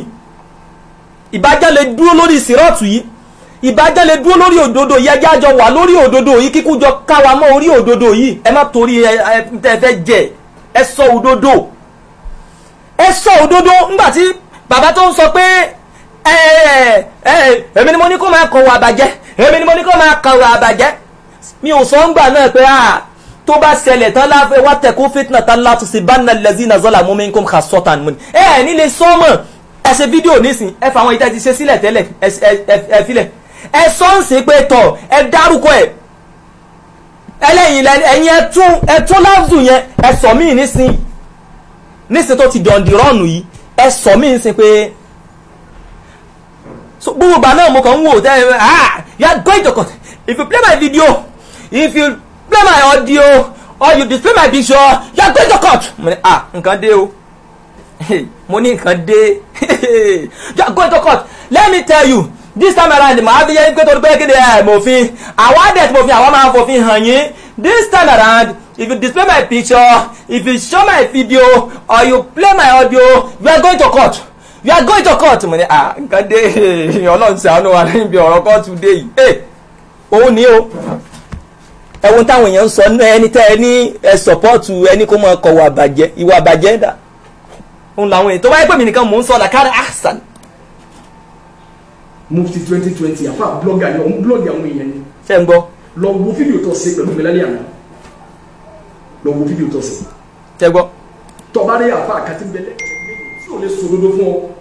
B: ìbájá lè dúró lórí sírọ́ọ̀tù yìí ìbájá lè dúró lórí òdodo yìí ẹjẹ́ àjọ wà lórí òdodo yìí kíkú jọ káwa mọ́ orí òdodo yìí ẹ má torí ẹ fẹ́ jẹ ẹ sọ òdodo ẹ sọ Eh, eh, eh, èmi ni mo ní kó máa kọ̀wọ̀ àbàjẹ́ èmi ni mo ní kó máa kọ̀wọ̀ àbàjẹ́ mi ò sọ ń gbà náà pé ah tó bá ṣẹlẹ̀ tán láfẹ́ wá tẹ̀kú fitna tán látú sí bánà lẹ́sìn náà zọ́là mọ́mí nǹkan kà sọ́tà mọ́ ni ẹ nílé sọ́mọ̀ ẹ ṣe fídíò nísìn ẹ fà àwọn ìtẹ́ ti ṣe sílẹ̀ tẹ́lẹ̀ ẹ filẹ̀ ẹ sọ́ǹsì pé tọ̀ ẹ dárúkọ ẹ̀ ẹlẹ́yìn ẹ̀yin ẹ̀tún láàzù yẹn ẹ sọ míì nísìn nísìn tó ti dọ̀ndìrọ́ọ̀nù yìí ẹ sọ míì nísìn pé so gbogbo ìgbà náà mo kàn ń wò tẹ́ ah you are going to court if you play my video if you play my audio or you display my picture you are going to court mo ní ah nǹkan dé o mo ní nǹkan dé you are going to court let me tell you this time around màá fi yẹ pé torí pé kéde eh, ẹ mòfin àwọn adẹ̀tí mòfin àwọn máa fòfin hàn yín this time around if you display my picture if you show my video or you play my audio you are going to court you are going to court mo Ah, à nǹkan dé ọlọ́run ṣàánú wa níbi ọ̀rọ̀ kóòtù dé yìí ẹ eh, òun ni o ẹ̀wọ̀n táwọn èèyàn ń sọ ẹni tẹ́ ẹ ní ẹ sọ̀pọ́ọ̀tù ẹni kó máa kọ̀wọ̀ àbàjẹ́ ìwà àbàjẹ́ dà òun làwọn èèyàn tó báyé pé mi nìkan mò ń sọ làkàrà àṣàn.
D: mufti twenty twenty àfa blọ́gà yọ ń blọ́gì àwọn èèyàn ni. ṣé ń gbọ́. lọ wo fídíò tó ṣe pẹ̀lú mi lálẹ́ àná lọ wo fídíò tó ṣe. ṣé gbọ́. tọ́ba rẹ̀ àfa àkàtì bẹ́lẹ̀ tí ò lè sòrodo fún ọ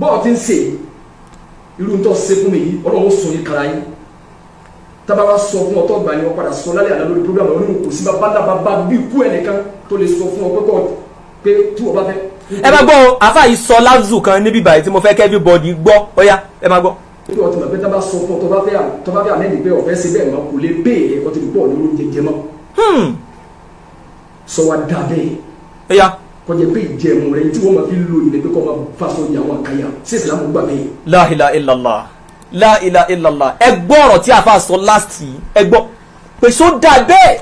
D: bọ́ọ̀ ti ń sè irú nítorí ṣe fún mi yìí ọlọ́run ó sọ yìí kara yín tábà wá sọ fún ọtọ́ gbà ni wọ́n padà sọ lálẹ́ àná lórí program ọ̀hún nínú kò sí bàbá ńlá bàbá bí ikú ẹnìkan tó lè sọ fún ọ pé kọ́ pé tí wọ́n bá fẹ́.
B: ẹ máa gbọ́ àfa yìí sọ láàzù kan níbí báyìí tí mo fẹ́ kẹ́ everybody gbọ́ ọ̀yá
D: ẹ máa gbọ́. níbi ọtí màá pé tábà sọ fún ọ tó bá fẹ́ tó bá fẹ́ àmẹ́ni pé ọ̀fẹ́ ṣe bẹ́ẹ̀ mọ́ kò lè béèrè ọtí púpọ̀ lóró jẹjẹ mọ́. Hmm. sọ wa dà bẹ́ẹ̀ kọjá pé ìjẹun rẹ tí wọ́n máa fi lo ìlẹ̀ pé kọ́ máa faṣọ ní àwọn àkàyà sí ìsìlámù gbà bẹ́ẹ̀. la ilaha illallah la ilaha illallah ẹ gbọ́ ọ̀rọ̀ tí a fa sọ last yìí ẹ gbọ́
B: pé só dà bẹ́ẹ̀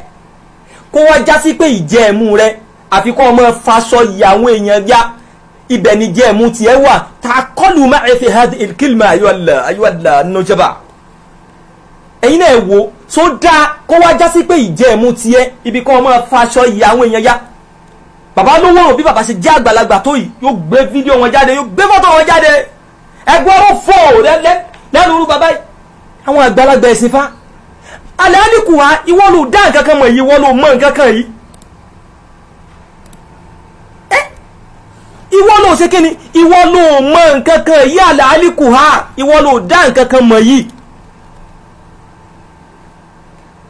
B: kó wá já sí pé ìjẹun rẹ àfikún ọmọ faṣọ yìí àwọn èèyàn yá ibẹ̀ ni jẹ́ẹ̀mú tiẹ̀ wà takọ́lù máa ẹ fi hadi ilkilma ayọ́lá ayọ́lá nọ́jọ́bà ẹ̀yin náà wò tó dáa kó wá já sí pé ìjẹ́ẹ̀mú tiẹ̀ ibi kan máa faṣọ yìí àwọn èèyàn yá bàbá ló wọ̀n bí bàbá ṣe jẹ́ àgbàlagbà tó yìí yóò gbé fídíò wọn jáde yóò gbé fọ́tò wọn jáde ẹgbẹ́ ọ̀rọ̀ fọ́ lẹ́nu irú bàbá yìí àwọn àgbàlagbà ẹ̀sìn fa alẹ́ àníkù wa ìwọ ló dá nǹkan kan mọ̀ yìí ìwọ ló mọ̀ nǹkan kan yìí ìwọ ló ṣe kíni ìwọ ló mọ̀ nǹkan kan yìí alẹ́ àníkù wa ìwọ ló dá nǹkan kan mọ̀ yìí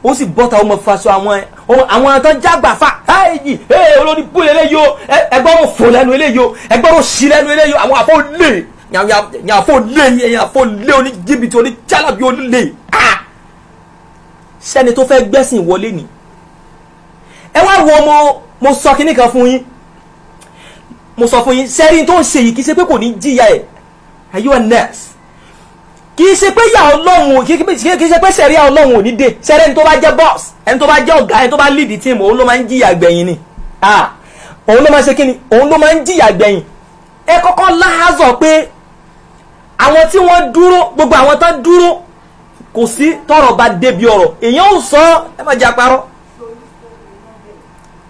B: ó sì bọ́ta ó mọ̀ faṣọ àwọn àwọn tó jágbàfà ẹ̀yìn olórí bú eléyìí o ẹgbọ́rún fò lẹ́nu eléyìí o ẹgbọ́rún sí lẹ́nu eléyìí o àwọn àfọ lè yàn àfọ lè yàn àfọ lè oní jìbìtì oní jálàbí oní lè sẹ́ni ah! tó fẹ́ gbẹ́sìn wọlé ni ẹ wá wo mo mo sọ kinní kan fún yín mo sọ fún yín sẹ́rí tó ń ṣe yìí kì í ṣe pé kò ní jìyà ẹ̀ are you a nurse? kì í ṣe pé yà ọlọ́run kì í ṣe pé sẹ̀rí ọlọ́run ò ní dé sẹ́rẹ́ ẹni tó bá jẹ́ boss ẹni tó bá jẹ́ ọ̀gá ẹni tó bá lead team òun ló máa ń jìyà gbẹ̀yìn ni òun ló máa ń ṣe kí ni òun ló máa ń jìyà gbẹ̀yìn ẹ kọ́kọ́ láhàzọ̀ pé àwọn tí wọ́n dúró gbogbo àwọn tó dúró kò sí tọ́rọ̀ bá débi ọ̀rọ̀ èèyàn ò sọ ẹ má jẹ́ àparọ́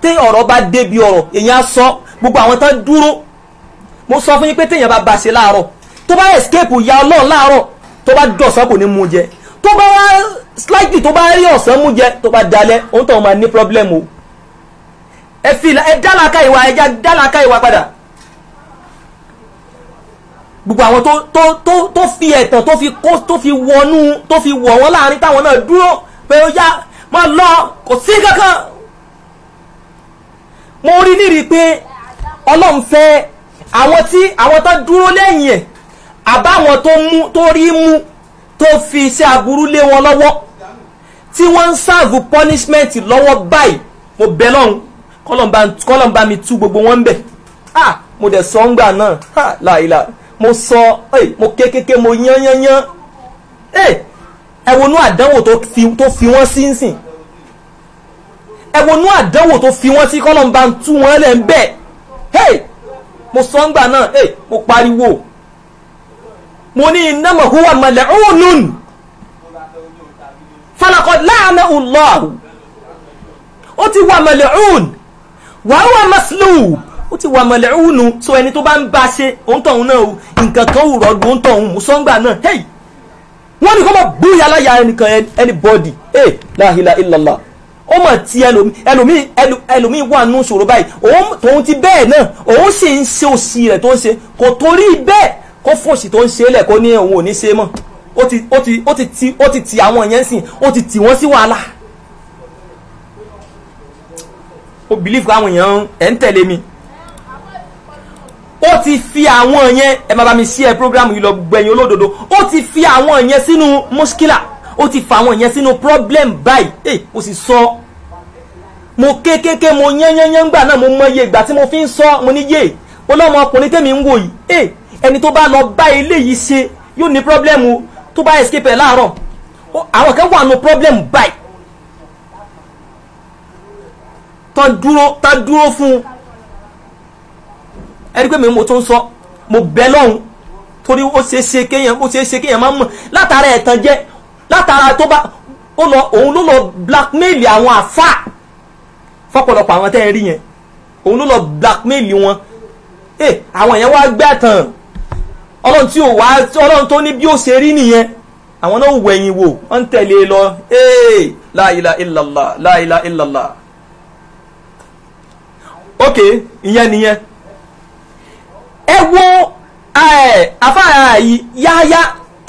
B: tí ọ̀rọ̀ bá débi ọ̀rọ̀ èèyàn sọ gbogbo àwọn tó dúró mo sọ fún yín pé téèyàn bá bàṣẹ láàárọ̀ tó bá escape ìyà ọlọ́run láàárọ̀ tó bá dọ̀sán kò ní mú jẹ tó bá wá slightly tó bá rí ọ̀sán mú jẹ tó bá dalẹ̀ òun tó máa ní problem o ẹ fi ẹ dálaka ìwà ẹja dálaka ìwà padà gbogbo àwọn tó tó tó tó fi ẹ̀tàn tó fi kó tó fi wọnú tó fi wọ̀ wọ́n láàrin táwọn náà dúró pé ó yá máa lọ kò sí kankan mo rí nírìí pé ọlọ́run fẹ́ àwọn tí àwọn tó dúró lẹ́yìn ẹ̀ àbáwọn tó mú tó rí mú tó fi iṣẹ́ aburú lé wọn lọ́wọ́ tí wọ́n ń sáàvù punishment lọ́wọ́ báyìí mo bẹ lọ́hùn kọ́lọ́n bá mi tú gbogbo wọn bẹ̀ ah mo dẹ̀ sọ ń gbà náà ha láìla mo sọ mo kékeré mo yán yán yán ẹ wonú àdánwò tó fi wọ́n sí ń sìn ẹ wonú àdánwò tó fi wọ́n sí kọ́lọ́n bá tú wọn lẹ́ ń bẹ̀ mo sọ ń gbà náà mo pariwo mo ní innama huwa mal'unun falaqad la'anahu Allah ó ti wà mal'un wa huwa maslub ó ti wà mal'un so ẹni tó bá ń bá ṣe òǹtọ̀hún náà nǹkan kan ò rọ́ọ̀dù òǹtọ̀hún mùsọ́ngbà náà hey wọ́n ní kó mọ̀ búyà láyà ẹnìkan anybody hey la ilaha illallah ó mọ̀ ti ẹlòmíì ẹlòmíì wà nù ṣòro báyìí òun ti bẹ́ẹ̀ náà òun sì ń ṣe òṣì rẹ̀ tó ń ṣe kò torí bẹ́ẹ̀ kó fòṣì tó ń ṣe é lẹ̀ kó ní òun ò ní ṣe mọ́ ó ti ó ti ó ti ti ti ti àwọn yẹn sìn ó ti tì wọ́n sí wàhálà ó bìlífù káwọn èèyàn ẹ̀ ń tẹ̀lé mi ó ti fi àwọn yẹn ẹ má bá mi ṣí ẹ programu yìí lọ gbẹ̀yìn olódodo ó ti fi àwọn yẹn sínú muskila ó ti fa àwọn yẹn sínú problem báyìí ẹ eh, ó sì sọ mo kékeré mo yẹ́nyẹ́nyẹ́ ńgbà náà mo mọ iye ìgbà tí mo fi ń sọ mo ní yé ọlọ́mọ tèmi ń wò yìí ẹ eh, ẹni tó bá lọ bá eléyìí ṣe yóò ní pírọ́blẹ́mù tó bá escape ẹ̀ láàárọ̀ àwọn kan wà nù problem báyìí tán dúró tán dúró fún un ẹni pé mi mo tó ń sọ mo bẹ lọ́hùn torí ó ṣe é ṣe kéèyàn ó ṣe ṣe kéèyàn máa ń mọ̀ látara ẹ̀tàn jẹ́ látara tó bá ó lọ òun ló lọ blackmail àwọn àfa fọ́pọ̀lọpọ̀ àwọn tẹ́ ẹ rí yẹn òun ló lọ blackmail wọn ẹ àwọn yẹn wá gbé àtàn ọlọ́run tí ò wá ọlọ́run tó ní bí ó ṣe rí nìyẹn àwọn náà wẹ̀yìn wò wọ́n ń tẹ̀lé e lọ ee la ilaha illallah la ok ìyẹn nìyẹn ẹ wo afárá yìí yáyá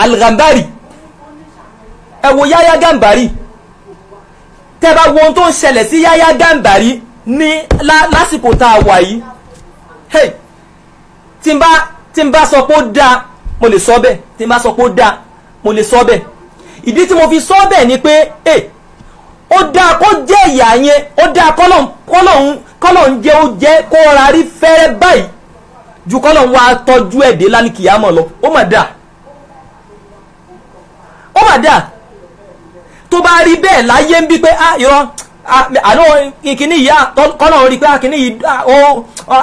B: alghambari ẹ wo yáyá gambari tẹ́ bá wo ohun tó ń ṣẹlẹ̀ sí yáyá gambari ní lásìkò tá a wà yìí hey tí n bá tí n bá sọ pé ó dáa mo lè sọ bẹ́ẹ̀ tí n bá sọ pé ó dáa mo lè sọ bẹ́ẹ̀ ìdí tí mo fi sọ bẹ́ẹ̀ ni pé ẹ eh, ó dáa kó jẹ́ ìyá yẹn ó dáa kọ́lọ̀ ń jẹ́ ó kó ra rí fẹ́rẹ́ báyìí ju kọ́lọ̀ ń wá tọ́jú ẹ̀dẹ́ lálìkìyàmọ̀ lọ ó mà dáa ó mà dáa tó bá rí bẹ́ẹ̀ láyé ń bí pé ah irọ́ àlọ́ ah, kìíní yìí ah, kọ́nà rí pé ah, kìíní yìí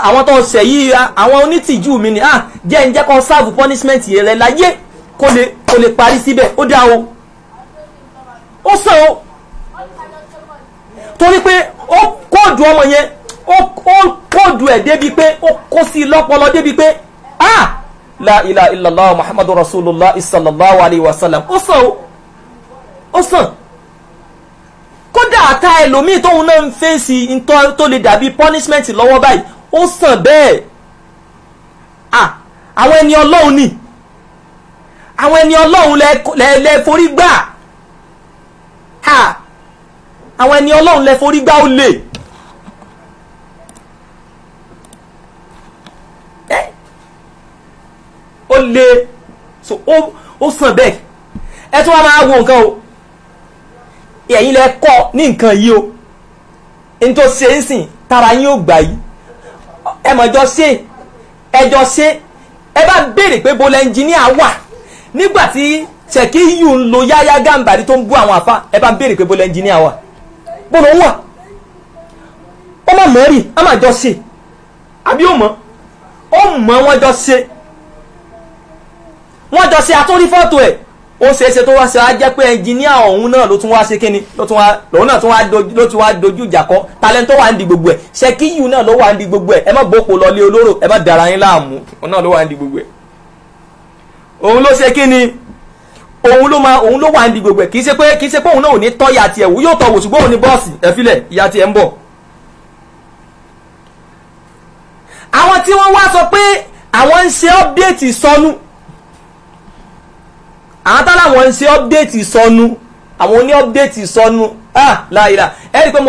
B: àwọn tó ṣẹ̀ yìí àwọn onítìjú mi ni jẹ́ ń jẹ́ kó sáàbù punishment rẹ̀ láyé kó lè parí síbẹ̀ ó dá o ó sàn o torí pé ó kóòdù ọmọ yẹn ó kóòdù ẹ̀ débi pé ó kó sí lọ́pọlọ débi pé la ilaha illallah muhammadu rasulullah sallallahu alayhi wa sallam ó sàn o ó sàn kódà ata ẹlòmíì tóun náà ń fèsì tó lè dàbí punishment lọ́wọ́ báyìí ó sàn bẹ́ẹ̀ àwọn ẹni ọlọ́run ni àwọn ẹni ọlọ́run lẹ forí gbà àwọn ẹni ọlọ́run lẹ forí gbà ó lè. ó lè ó sàn bẹ́ẹ̀ ẹ tún wá máa wo nǹkan o ẹ̀yin lẹ kọ́ ní nǹkan yìí o n tó ṣe ń sìn tara yín ò gbà yìí ẹ mọ̀jọ ṣe ẹjọ ṣe ẹ bá béèrè pé bó lẹ́ ẹnjìníà wà nígbà tí ṣèkí yù ń lo yáyá gàǹbàrí tó ń bú àwọn àfa ẹ bá ń béèrè pé bó lẹ́ ẹnjìníà wà bó ló ń wà ó mọ̀ mọ́rì á máa jọ ṣe àbí ó mọ̀ ó mọ̀ wọ́n jọ ṣe wọ́n jọ ṣe atúrí fọ́tò ẹ̀ ó ṣeéṣe tó wá ṣe á jẹ́ pé ẹnjìníà ọ̀hún náà ló tún wá ṣe kíni ló tún wá lòun náà tún wá ló tún wá dojú ìjà kọ talẹ́ńtò wà ń di gbogbo ẹ̀ ṣẹ́kíyù náà ló wà ń di gbogbo ẹ̀ ẹ má bòpò lọlé olóró ẹ má dara yín láàmú òun náà ló wà ń di gbogbo ẹ̀. òun ló ṣe kíni òun ló máa òun ló wà ń di gbogbo ẹ̀ kì í ṣe pé kì í ṣe pé òun náà ò ní tọ́ ìyá tiẹ̀ wù yóò tọ̀ wò ṣùgbọ́n òun ni bọ́ọ̀sì àwọn tá làwọn ṣe update ìsọnù àwọn oní update ìsọnù ah láìla ẹ rí i pé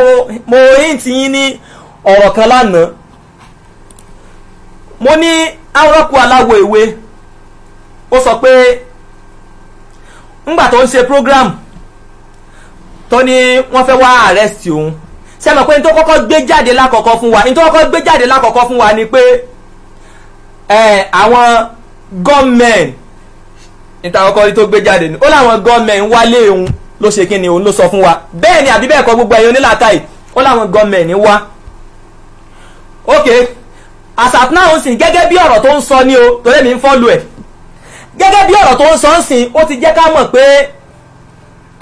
B: mo hint yín ní ọ̀rọ̀ kan lánàá mo ní awúrọ́kù aláwọ̀ ewé ó sọ pé ńgbà tó ń ṣe program tó ní wọ́n fẹ́ arrest òun ṣe mọ̀ pé ní tó kọ́kọ́ gbé jáde lákọ̀ọ́kọ́ fún wa ní tó kọ́kọ́ gbé jáde lákọ̀ọ́kọ́ fún wa ni pé àwọn ìtàkọ́kọ́ rí tó gbé jáde ni ó láwọn gọ́ọ̀mẹ̀ntì wálé òun ló ṣe kí ni òun ló sọ fún wa bẹ́ẹ̀ ni àbí bẹ́ẹ̀ kọ́ gbogbo ẹ̀yin onílàtàì ó láwọn gọ́ọ̀mẹ̀ntì wá. ok àsàtúnà òun sìn gẹ́gẹ́ bí ọ̀rọ̀ tó ń sọ ni o torí mi ń fọ́lù ẹ̀ gẹ́gẹ́ bí ọ̀rọ̀ tó ń sọ ń sìn ó ti jẹ́ ká mọ̀ pé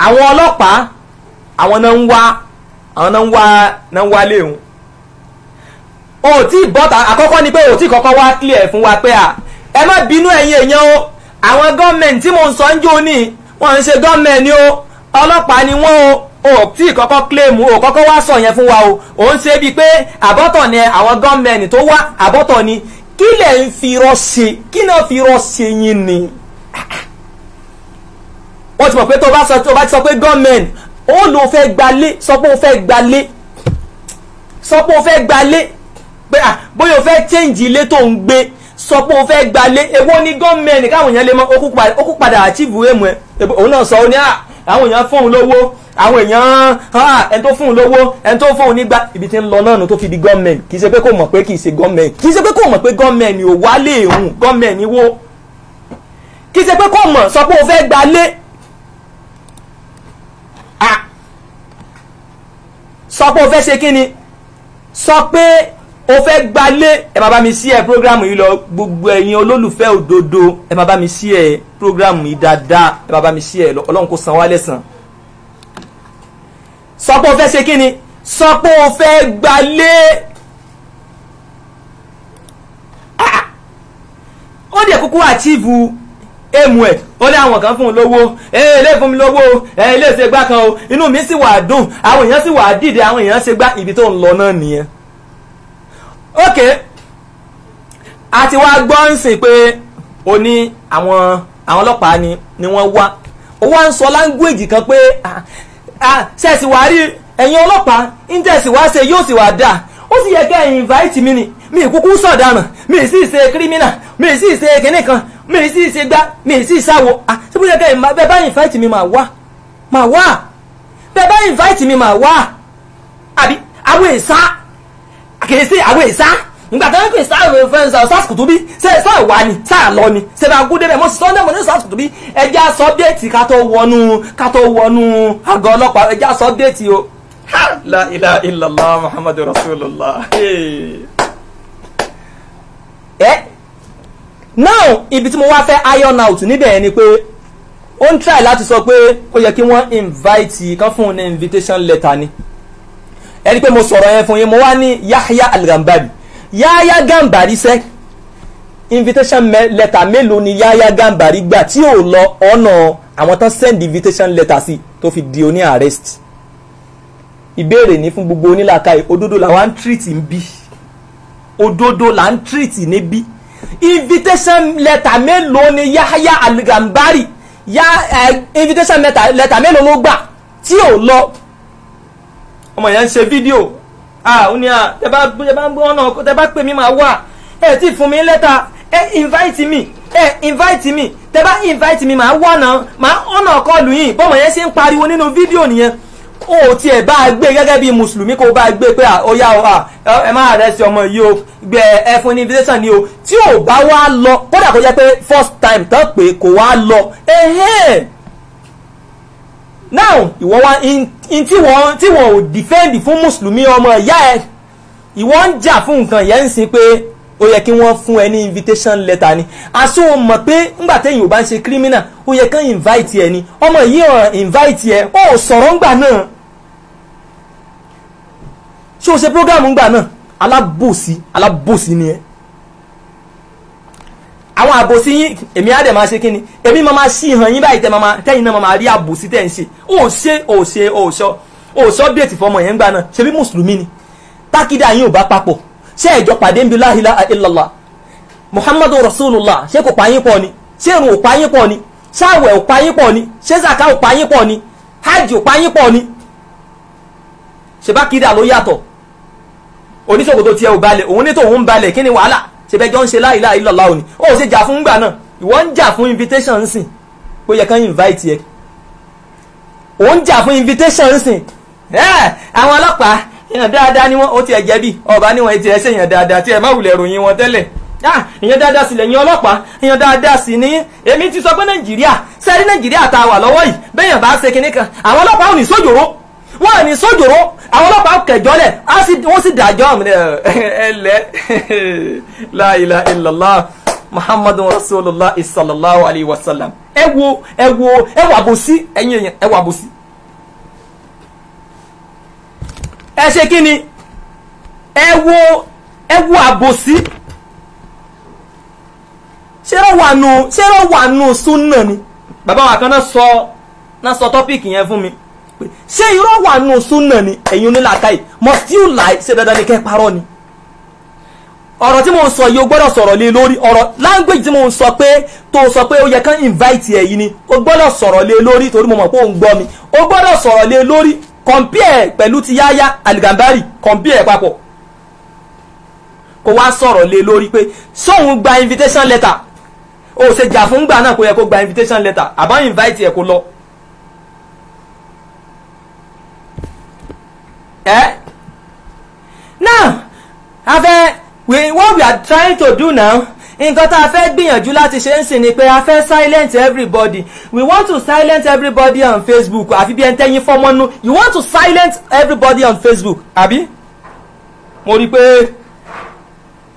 B: àwọn ọlọ́pàá àwọn náà ń wá àwọn náà ń wá náà ń wá léhùn o ò tí ì àkọ́kọ́ ni pé o ò tí ì kọ́kọ́ wá clear fún wa pé à ẹ má bínú ẹ̀yin èèyàn o àwọn gọ́ọ̀mẹ̀ntì tí mò ń sọ ń jó ní wọ́n ń ṣe gọ́ọ̀mẹ̀ntì ni ó ni wọ́n o o tí ìkọ́kọ́ kílèmù o kọ́kọ́ wá sọ yẹn fún wa o ò ń ṣe bíi pé àbọ̀tọ̀ ni àwọn gọ́ọ̀mẹ̀ntì tó wá àbọ̀tọ̀ ni kí lẹ̀ ń fi rọ́ ṣe kí náà fi rọ́ ṣe yín ni wọ́n ti mọ̀ pé tó bá ti sọ pé gọ́ọ̀mẹ̀ntì ó lò fẹ́ gbalé sọ pé ó fẹ́ gbalé sọ pé ó fẹ́ gbalé pé bóyá ó fẹ́ change ilé tó ń gbé sọ pé o fẹ́ gbalé èwo ni gọ́ọ̀mẹ̀nì káwọn èèyàn lè mọ ó kú padà àchíìfù èèmù ẹ òun náà sọ ó ní ah, àwọn èèyàn fún òun lówó àwọn èèyàn ah, ẹni tó fún òun lówó ẹni tó fún òun nígbà ibi tí ń lọ náà nù tó fi di gọ́ọ̀mẹ̀nì kì í ṣe pé kò mọ̀ pé kì í ṣe gọ́ọ̀mẹ̀nì kì í ṣe pé kò mọ̀ pé gọ́ọ̀mẹ̀nì ò wálé òun gọ́ọ̀mẹ̀nì wo kì í ṣe pé kò mọ̀ sọ pé o fẹ́ gbalé ah. sọ pé o fẹ́ ṣe kí sọ pé o fẹ́ gbalé ẹ máa bá mi sí ẹ programu yìí lọ gbogbo ẹ̀yin olólùfẹ́ òdodo ẹ máa bá mi sí ẹ programu yìí dáadáa ẹ máa bá mi sí ẹ lọ ọlọ́run kò san wá lẹ́sàn. sọ pé o fẹ́ ṣe kí ni sọ pé o fẹ́ gbalé. Ah! ó dẹ̀ kúkú àtìvù èmu ẹ̀ ó ní àwọn kan fún un lówó ẹ ilé fún mi lówó ẹ ilé ìṣègbà kan o inú mi sì wà dùn àwọn èèyàn sì wà dìde àwọn èèyàn ṣègbà ibi tó ń lọ náà nìyẹn. ok a ti wá gbọ́ ń sìn pé o ní àwọn àwọn ọlọ́pàá ni ni wọ́n wá ó wá ń sọ láńgúèjì kan pé ah, ah, ṣẹ̀sì wá rí ẹ̀yin ọlọ́pàá ń tẹ̀sí wá ṣe yóò sì wá dáa ó sì yẹ kẹ́ ẹ̀yin invite mi ni mi kúkú sọ̀daràn mi sì ṣe kírímínà mi sì ṣe kínní kan mi sì ṣe gbá mi sì ṣàwò ah, ṣé bó yẹ kẹ́ ẹ̀yin bẹ́ẹ̀ bá invite mi máa wá máa wá bẹ́ẹ̀ bá invite mi máa wá àbí àwọn èèsà kì í sí àwọn èsà ìgbà tó ń pè sáà fẹ́ sọ sars bí ṣe sáà wà ní sáà lọ ni ṣe máa gúdé bẹ́ẹ̀ mo sọ ọ́nà mo ní sars bí ẹja sọ déètì ká tó wọnú ká tó wọnú àgọ́ ọlọ́pàá ẹja sọ déètì o. la ilaha illallah muhammadu rasulullah. ẹ eh? now ibi tí mo wá fẹ́ iron out níbẹ̀ ni pé ó ń try láti sọ pé ó yẹ kí wọ́n invite kan fún un ní invitation letter ni. ẹni pé mo sọ̀rọ̀ yẹn fún yín mo wá ní Yahya al-Gambari Yahya Gambari sẹ́ invitation letter mélòó ni Yahya Gambari gbà tí ò lọ ọ̀nà àwọn tán send invitation letter sí tó fi di oní arrest ìbéèrè ní fún gbogbo onílàkàyè òdodo làwọn ń treat ń bí òdodo là ń treat níbí invitation letter mélòó ni Yahya al-Gambari ya eh, invitation letter mélòó ló gbà tí ò lọ ọmọ yẹn ń ṣe fídíò ah ó ní à tẹ bá tẹ bá ń gbọ́ ọ̀nà tẹ bá pè mí máa wà ẹ ti fún mi lẹ́tà ẹ invite mi ẹ invite mi tẹ bá invite mi máa wà náà máa ọ̀nà kọlù yìí bọ́mọ yẹn ṣe ń pariwo nínú fídíò nìyẹn o tiẹ̀ bá a gbé gẹ́gẹ́ bí mùsùlùmí kó bá a gbé pé ó yá o ẹ má arrest ọmọ yìí o gbé ẹ fún ní invitation ni o tí ò bá wá lọ kódà kó jẹ́ pé first time tán pé kò wá lọ ẹ̀hẹ́n now ìwọ wa in tí wọ́n tí wọ́n ò defend fún mùsùlùmí ọmọ ìyá ẹ ìwọ ń jà fún nǹkan yẹn ń sin pé ó yẹ kí wọ́n fún ẹ ní invitation letter ni àṣọ o mọ̀ pé ńgbà téèyàn ò bá ń ṣe criminal ó yẹ kán invite ẹ ni ọmọ yìí hàn invite ẹ ó sọ̀rọ̀ ńgbà náà ṣé o ṣe program ńgbà náà alábòsí alábòsí ni ẹ àwọn àbòsí yín èmi á dẹ̀ máa ṣe kí ni èmi máa máa ṣí hàn yín báyìí tẹ́ máa tẹ́yìn náà máa rí àbòsí tẹ́ ń ṣe ó ṣe ó ṣe ó ṣọ ó ṣọ déètì fọmọ yẹn ń gbà náà ṣe bí mùsùlùmí ni tákìdá yín ò bá papọ̀ ṣé ẹ̀jọ̀ pàdé ń bi la ilaha muhammadu rasulullah ṣé kò payín pọ̀ ni ṣé irun ò payín pọ̀ ni ṣáwẹ̀ ò payín pọ̀ ni ṣé zaka ò payín pọ̀ ni hajj ò payín pọ̀ ni ṣèbákìdá ló yàtọ̀ oníṣòwò tó tiẹ̀ ò balẹ̀ ṣèbẹ́jọ́ ń ṣe la ilaha illallah òní ó ṣe jà fún gbà náà ìwọ ń jà fún invitation ń sìn pé yẹ kán invite yẹ ò ń jà fún invitation ń sìn àwọn ọlọ́pàá èèyàn dáadáa ni wọ́n ó tiẹ̀ jẹ̀bi ọba níwọ̀n etí ẹ̀ ṣe èèyàn dáadáa tí ẹ̀ má wulẹ̀ ròyìn wọn tẹ́lẹ̀ èèyàn dáadáa sì lẹ́yìn ọlọ́pàá èèyàn dáadáa sì ní èmi ti sọ pé nàìjíríà sẹ́rí nàìjíríà tá a wà lọ́wọ́ yìí bẹ́ẹ̀ yàn bá ṣe kinní kan àwọn ọlọ́pàá ò ní sójòrò wọ́n à ní sójòrò àwọn ọlọ́pàá kẹjọ́lẹ̀ wọ́n sì la ilaha illallah muhammadu rasulullah sallallahu alayhi wa salam. ẹ wo ẹ wo ẹ wà bó sí ẹ̀yin ẹ wà bó ẹ wo ẹ wo àbòsí wà nù wà nù ni bàbá wa kan náà sọ náà mi. pé ṣé irọ́ wà nù súnà ni ẹ̀yin onílàkàyè must you lie ṣe dandan ni kẹ́ parọ́ ni ọ̀rọ̀ tí mo ń sọ yìí o gbọ́dọ̀ sọ̀rọ̀ lé lórí ọ̀rọ̀ language tí mo ń sọ pé tó sọ pé ó yẹ kán invite ẹ̀ yìí ni o gbọ́dọ̀ sọ̀rọ̀ lé lórí torí mo mọ̀ pé òun gbọ́ mi o gbọ́dọ̀ sọ̀rọ̀ lé lórí compare pẹ̀lú ti yáyá aligambari compare papọ̀ kó wá sọ̀rọ̀ lé lórí pé sóun gba invitation letter o ṣe jà fún gbà náà kó yẹ kó gba invitation letter àbá invite ẹ̀ kó lọ Eh? Now, afẹ́ we what we are trying to do now nǹkan tá a fẹ́ gbìyànjú láti ṣe ń sìn ni pé a fẹ́ silent everybody we want to silent everybody on Facebook àfi bí ẹni tẹ́yìn fọ́mọ́nú you want to silent everybody on Facebook àbí? mo rí i pé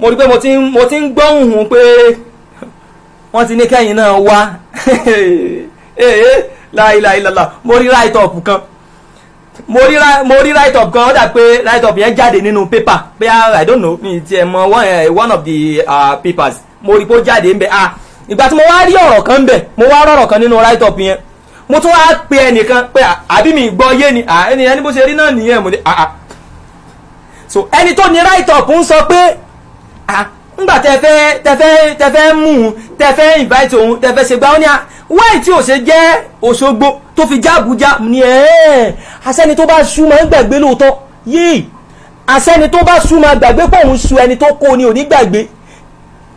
B: mo rí i pé mo ti ń mo ti ń gbóhùn hùn pé wọ́n ti ní kẹ́yìn náà wá eh, eh, láìláìlọ́lá mo rí right up kan mo rí mo rí write up kan ó dà pé write up yẹn jáde nínú paper pé i don't know mi tiẹ̀ mọ one, eh, one of the uh, papers mo rí pé ó jáde ń bẹ ah ìgbà tí mo wá rí ọ̀rọ̀ kan ń bẹ mo wá rọ̀rọ̀ kan nínú write up yẹn mo tún wá pe ẹnìkan pé ah, àbí mi gbọ́ yé ni ah, ẹni ẹni bó ṣe rí náà nìyẹn mo ní ah ah so ẹni tó ní write up ń sọ pé ah ngbà tẹfẹ tẹfẹ tẹfẹ mú un tẹfẹ invite òun tẹfẹ ṣègbà ó ní à wáì tí ò ṣe jẹ́ Òṣogbo tó fi já Àbújá ní ẹ̀ asẹ́ni tó bá sú máa ń gbàgbé lóòótọ́ yéè asẹ́ni tó bá sú máa gbàgbé pé òun sú ẹni tó kó ni ò ní gbàgbé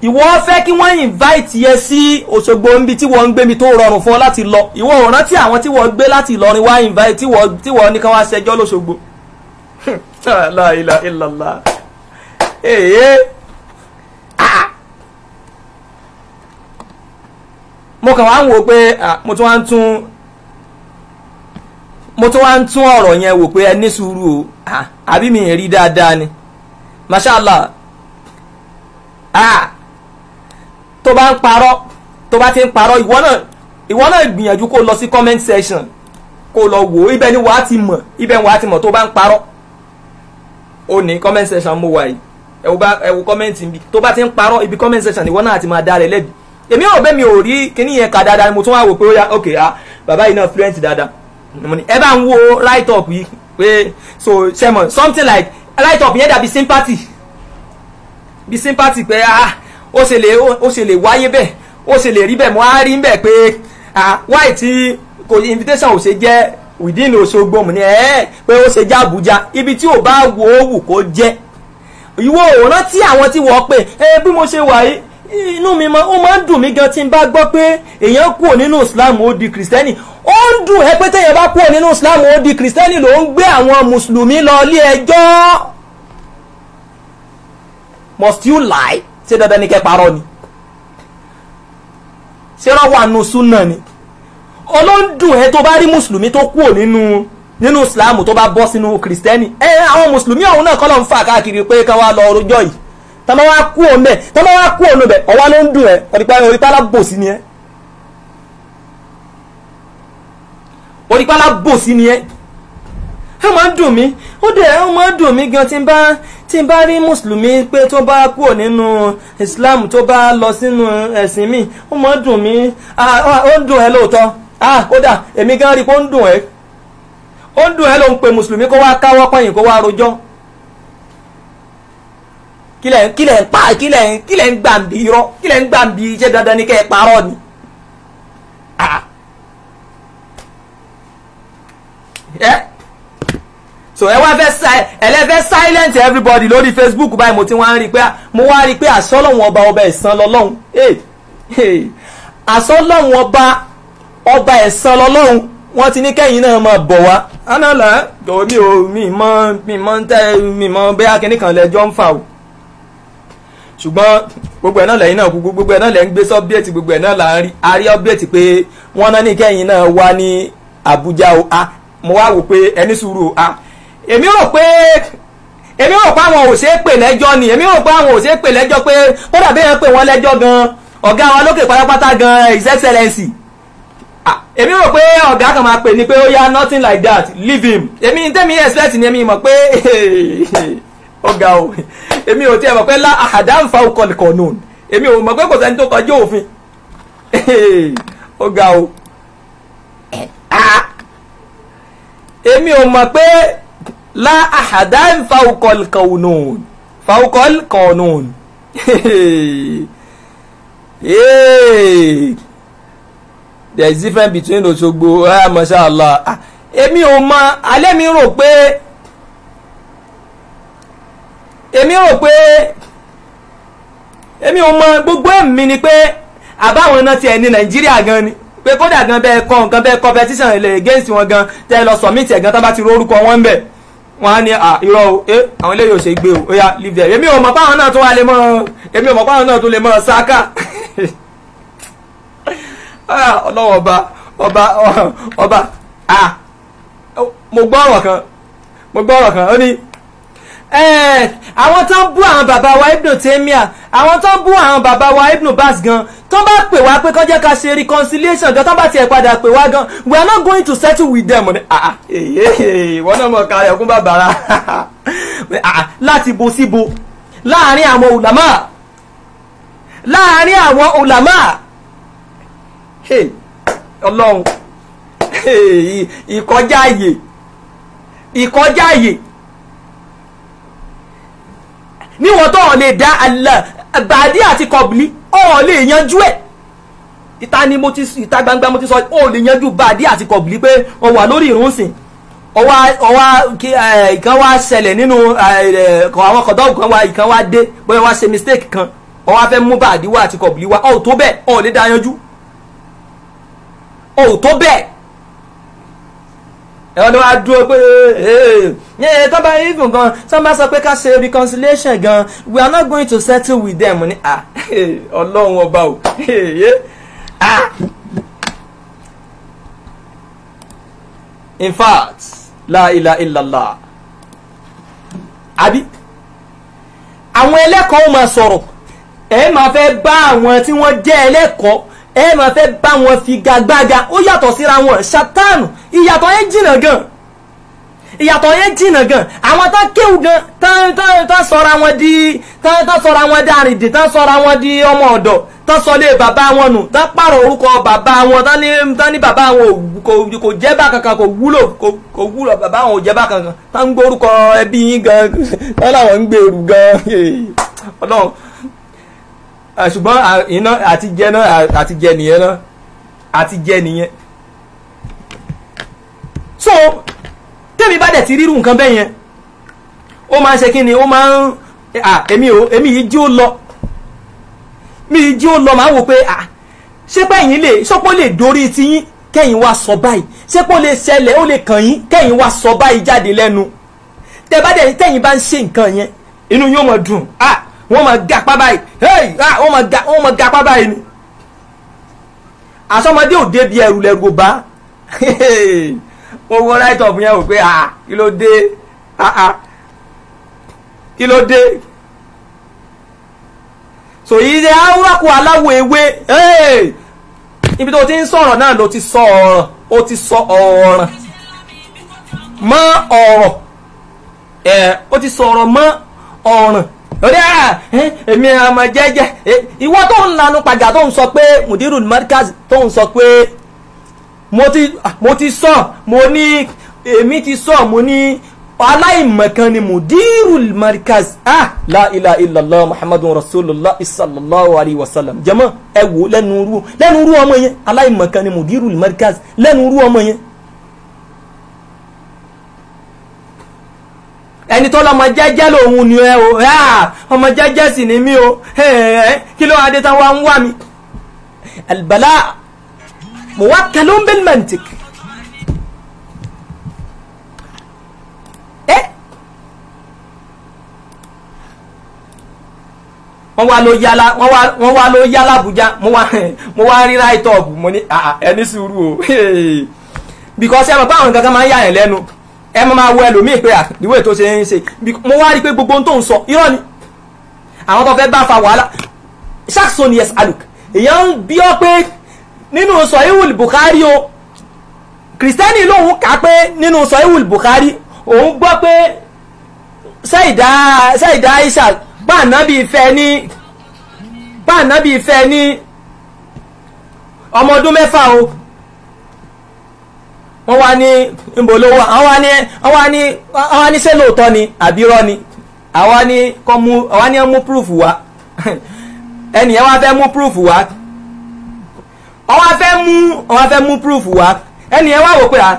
B: ìwọ fẹ́ kí wọ́n invite yẹ sí Òṣogbo níbi tí wọ́n ń gbé mi tó rọrùn fún ọ láti lọ ìwọ ò rántí àwọn tí wọ́n gbé láti Ìlọrin wá invite tí wọ́n tí wọ́n ní ká wá ṣẹjọ́ lóṣogbo. la ilaha illallah. Hey, Ah! mo kàn wá ń wò pé mo tún wá ń tún mo tún wá ń tún ọ̀rọ̀ yẹn wò pé ẹ sùúrù o àbí mi ì rí dáadáa ni mashallah tó bá ń parọ́ tó bá ti ń parọ́ ìwọ náà ìwọ náà gbìyànjú kó lọ sí comment section kó lọ wò ó ibẹ̀ ni wàá ti mọ̀ ibẹ̀ ni wàá ti mọ̀ tó bá ń parọ́ ó ní comment section mo wà yìí ẹ wo bá ẹ wo kọ́mẹ́ǹtì mi tó bá ti ń parọ́ ibi kọ́mẹ́ǹtì section ìwọ náà ti máa dá rẹ lẹ́bi èmi ò bẹ́ẹ̀ mi ò rí kíní yẹn kà dáadáa mo tún wá wò pé ó yá ok ah bàbá yìí náà fluent dáadáa ẹ bá ń wo write up yìí pé so sẹ́mọ̀ something like write up yẹn dàbí sympathy bí sympathy pé ah ó ṣe lè ó ṣe lè wáyé bẹ́ẹ̀ ó ṣe lè rí bẹ́ẹ̀ mo á rí bẹ́ẹ̀ pé ah why ti kò invitation ò ṣe jẹ́ within Òṣogbo mo ní ẹ pé ó ṣe jẹ́ Àbújá ibi tí ò bá wo ó wù jẹ́ ìwọ ò rántí àwọn tí wọ́n pè ẹ bí mo ṣe wà yìí inú mi ó máa ń dùn mí gan tí n bá gbọ́ pé èèyàn kúrò nínú Islam ó di kìrìsìtẹ́nì ó ń dùn ẹ pé téèyàn bá kúrò nínú Islam ó di kìrìsìtẹ́nì ló ń gbé àwọn mùsùlùmí lọ ilé ẹjọ́ must you lie ṣé dandan ni kẹ́ parọ́ ni ṣé rán wà nù súnà ni ó ló ń dùn ẹ tó bá rí mùsùlùmí tó kúrò nínú nínú islam tó bá bọ́ sínú kìrìsìtẹ́nì ẹ àwọn mùsùlùmí ọ̀hún náà kọ́ ló ń fà káàkiri pé ká wá lọ ọjọ́ yìí tọ́mọ wá kú òun bẹ̀ tọ́mọ wá kú òun bẹ̀ ọ̀wá ló ń dùn ẹ ọ̀dìpá orípa alábòsí ni ẹ orípa alábòsí ni ẹ ẹ máa ń dùn mí ó dẹ̀ ẹ máa ń dùn mí gan tí n bá tí n bá rí mùsùlùmí pé tó bá kú ò nínú islam tó bá lọ sínú ẹ̀sìn mi ó máa ń dùn mí ah, ó ń dùn ẹ lóòótọ́ ah, ó dà èmi gan rí i pé ó ń dùn ẹ. ó ń dùn ẹ́ ló ń pe mùsùlùmí kó wá káwọ́ pọ̀yìn kó wá rojọ́ kílẹ̀ kílẹ̀ ń pa kílẹ̀ kílẹ̀ ń gbàǹbì irọ́ kílẹ̀ ń gbàǹbì iṣẹ́ dandan ní kẹ́ ẹ parọ́ ni. Ah. so ẹ wá fẹ́ ẹlẹ́fẹ́ silent everybody lórí Facebook báyìí mo ti wá ń rí i pé mo wá rí i pé àsọ́lọ́hún ọba ọba ẹ̀san lọ́lọ́hún àsọ́lọ́hún ọba ọba ẹ̀sán lọ́lọ́hún wọ́n ti ní kẹ́yìn náà máa bọ̀ wá ánàlá jọ̀wọ́ mi ò mi mọ mi mọ tẹ́ mi mọ bẹ́ẹ̀ akínní kan lẹ́jọ́ ń fà o ṣùgbọ́n gbogbo ẹ̀ náà lẹ́yìn náà gbogbo gbogbo ẹ̀ náà lẹ́ ń gbé sọ́bíẹ̀tì gbogbo ẹ̀ náà là ń rí arí ọ́bíẹ̀tì pé wọ́n náà ní kẹ́yìn náà wá ní Àbújá o a mo wá wò pé ẹni sùúrù o a èmi rò pé èmi rò pé àwọn ò ṣeé pè lẹ́jọ́ ni èmi rò pé àwọn ò ṣeé pè lẹ́jọ́ pé kódà bí wọ́n pè wọ́n lẹ́jọ́ gan ọ̀gá wa lókè pátápátá gan His Excellency èmi rò pé ọ̀gá kan máa pè ní pé ó yá nothing like that leave him èmi tẹ́mi expect ni èmi mọ̀ pé ọ̀gá o èmi ò tiẹ̀ mọ̀ pé lá àdáǹfà ọkọ̀lùkọ̀ nù èmi ò mọ̀ pé kò sẹ́ni tó kọjú òfin ọ̀gá o èmi ò mọ̀ pé lá àdáǹfà ọkọ̀lùkọ̀ nù fàwọkọ̀lùkọ̀ nù. there is difference between Òṣogbo ah mashallah ah Emi ò mọ alẹ́ mi rò pé èmi rò pé èmi ò mọ gbogbo èmi ni pé àbáwọn náà tiẹ̀ ní Nàìjíríà gan ni pé kódà gan bẹ́ẹ̀ kọ́ nǹkan bẹ́ẹ̀ competition ilẹ̀ against wọn gan tẹ́ lọ submit ẹ̀ gan tán bá ti rórúkọ wọn bẹ̀ wọn á ní irọ́ o ẹ eh, àwọn eléyìí ò ṣe gbé o ó yá leave there Emi ò mọ̀ pé àwọn náà tó wà lè mọ̀ èmi ò mọ̀ pé àwọn náà tó lè mọ̀ ṣáká. Ah, ọlọ́wọ́ ọba ọba ọba ah, mo gbọ́ ọ̀rọ̀ kan mo gbọ́ ọ̀rọ̀ kan ó ní eh, àwọn tó ń bú àwọn bàbá wa Ibn Taymiyyah àwọn tó ń bú àwọn bàbá wa Ibn Baz gan tó bá pè wá pé kó ká ṣe reconciliation gan tó bá tiẹ̀ padà pè wá gan we are not going to settle with them ni ah, eh, eh, wọ́n náà mọ̀ ká ẹ̀kún bàbàrà láti bo síbo láàárín àwọn ulama láàárín àwọn ulama ọlọ́run ìkọjá àyè ìkọjá àyè níwọ̀n tó hàn lè dá bàdí àti kọ̀bìlì ọ̀hún lè yanjú ẹ̀ ìta ni mo ti ìta gbangba mo ti sọ ó lè yanjú bàdí àti kọ̀bìlì pé ó wà lórí ìrúnsìn ọwá ọwá ìkan wá ṣẹlẹ̀ nínú àwọn kọ̀dọ́ọ̀gù kan wá ìkan wá dé bóyá wá ṣe mistake kan ó wá fẹ́ mú bàdí wá àti kọ̀bìlì wá ó tó bẹ́ẹ̀ ó lè dá yanjú o ò tó bẹ́ẹ̀ ẹ̀rọ ni wọ́n á dúró pé ee tó bá even gan tó bá sọ pé ká ṣe reconciliation gan we are not going to settle with them ni ah
D: ọlọ́run ọba o
B: ah in fact la ilaha illallah àbí àwọn ẹlẹ́kọ̀ọ́ máa sọ̀rọ̀ ẹ máa fẹ́ bá àwọn tí wọ́n jẹ́ ẹlẹ́kọ̀ọ́ ẹ ma fẹ́ bá wọn figagbága ó yàtọ̀ síra wọn ṣàtánù ìyàtọ̀ yẹn jìnnà gan ìyàtọ̀ yẹn jìnnà gan àwọn tán kéwù gan tán tán tán sọra wọn di tán tán sọra wọn di àrìndì tán sọra wọn di ọmọ ọ̀dọ̀ tán sọ bàbá wọn nù tán pààrọ̀ orúkọ bàbá wọn tán ní tán ní bàbá wọn kò kò jẹ́ bá kankan kò gan tán làwọn gan ọlọ́run ṣùgbọ́n iná àti jẹ náà àti jẹ nìyẹn náà àti jẹ nìyẹn so tẹ́mi bá dẹ̀ ti rírun nǹkan bẹ́ẹ̀ yẹn ó máa ń ṣe kí ni ó máa ń à èmi ò èmi yìí jí ó lọ mi yìí jí ó lọ máa ń wò pé à ṣé báyìí lè ṣọ́pọ̀ lè dorí tiyín kẹ́yìn wá sọ báyìí ṣé kó lè ṣẹlẹ̀ ó lè kàn yín kẹ́yìn wá sọ báyìí jáde lẹ́nu tẹ́ bá dẹ̀ tẹ́yìn bá ń ṣe nǹkan yẹn inú yóò mọ̀ dùn ah wọ́n máa ga apá báyìí hey ah wọ́n máa ga wọ́n máa ga apá báyìí ni àsọmọdé òde bíi ẹrù lẹrù ọba mo wọ right up yẹn wò pé ah kí ló dé ah ah kí ló dé so yìí ṣe awúrákù aláwọ̀ ewé ibi tó ti ń sọ̀rọ̀ náà ló ti sọ ọ̀rọ̀ ó ti sọ ọ̀rọ̀ mọ́ ọ̀rọ̀ ẹ̀ ó ti sọ ọ̀rọ̀ mọ́ ọ̀rọ̀ orí à èmi àmọ jẹjẹ ìwọ tó ń lanu pàjà tó ń sọ pé mudiru markaz tó ń sọ pé ah, mo ti sọ mo ní èmi ti sọ mo ní aláìmọ̀kan ni mudiru markaz ah la ilaha illallah muhammadun rasulullah sallallahu alayhi wa sallam jẹmọ ẹ wò lẹ́nu rú lẹ́nu rú ọmọ yẹn aláìmọ̀kan ni mudiru markaz lẹ́nu rú ọmọ yẹn. ẹni tó lọ́mọ jẹ́jẹ́ lòun ni ẹ o ọmọ jẹ́jẹ́ sì ni mí o kí ló adé tán wá ń wá mi. albala muwakkalun bil mantik. wọ́n wá ló yálà wọ́n wá ló yálà Àbújá mo wá rí ráìtọ́ọ̀bù mo ní ẹni sùúrù o because ẹ mọ̀ pé àwọn nǹkan kan máa ń yà yẹn lẹ́nu ẹ máa wọ ẹlòmíì pé àdìwé tó ṣe ń ṣe mo wá rí i pé gbogbo ohun tó ń sọ irọ́ ni àwọn tó fẹ́ bá fa wàhálà saxon yes aluk èèyàn ń bí ọ pé nínú sọ̀híwùl Bukhari o kìrìsìtẹ́nì lòun kà pé nínú sọ̀híwùl Bukhari òun gbọ́ pé sẹ́ìdá sẹ́ìdá Aisha pàànábì ìfẹ́ ní pàànábì ìfẹ́ ní ọmọ ọdún mẹ́fà o wọ́n wá ní níbo ló wà àwọn ní àwọn ní àwọn ní ṣé lóòótọ́ ni àbí irọ́ ni àwọn ní kọ́ mú àwọn ní mú proof wá ẹnìyẹn wá fẹ́ mú proof wá àwọn fẹ́ mú àwọn fẹ́ mú proof wá ẹnìyẹn wá wò pé à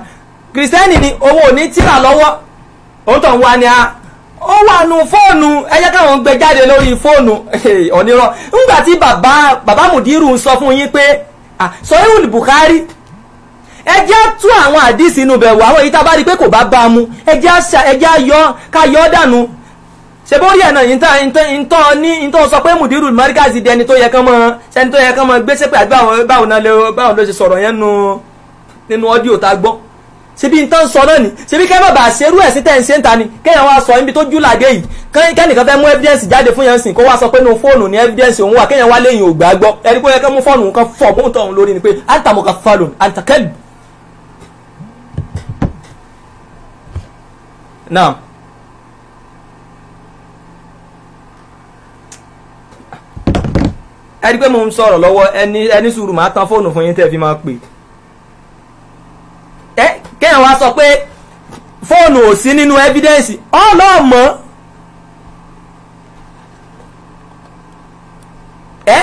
B: kìrìsìtẹ́nì ni owó ò ní tíra lọ́wọ́ òun tó ń wá ni a ó wà nù fóònù ẹ jẹ́ káwọn gbé jáde lórí fóònù onírọ́ nígbà tí bàbá bàbá mùdírù sọ fún yín pé sọ ìhùn Bukhari ẹ jẹ́ tú àwọn àdìsí inú bẹ̀wò àwọn èyí tá a bá rí i pé kò bá bá a mu ẹ jẹ́ ayọ́ ká yọ́ dànù ṣe bórí ẹ̀ náà ìtọ́ ní ìtọ́ sọ pé mùdírù mọ́ríkàsì di ẹni tó yẹ kán mọ́ sẹ́ni tó yẹ kán mọ́ gbéṣẹ́ pé àbí báwọn náà báwọn ló ṣe sọ̀rọ̀ yẹn nínú ọ́díò tá a gbọ́ ṣebí ìtọ́ sọ náà ni ṣebí kẹ́ bàbá ṣerú ẹ̀ sí tẹ̀ ń ṣe ń ta ni kéèyàn wá sọ níbi tó jù làdé yìí kẹ́nìkan fẹ́ mú evidence jáde fún yẹn sìn kó wá sọ pé nu fóònù ní evidence òun wà kéèyàn wá léyìn ògbà gbọ́ ẹni pé ó yẹ kẹ́ mú fóònù kan fọ̀ mọ́tò òun lórí ni pé àǹtàmọ̀kà falon àǹtàkẹ́lù náà ẹ rí i pé mo ń sọ̀rọ̀ lọ́wọ́ ẹni ẹni sùúrù máa tan fóònù fún yín tẹ́ fi máa pè ẹ kéèyàn wá sọ pé fóònù ò sí nínú evidence ọlọ́ọ̀mọ́ ẹ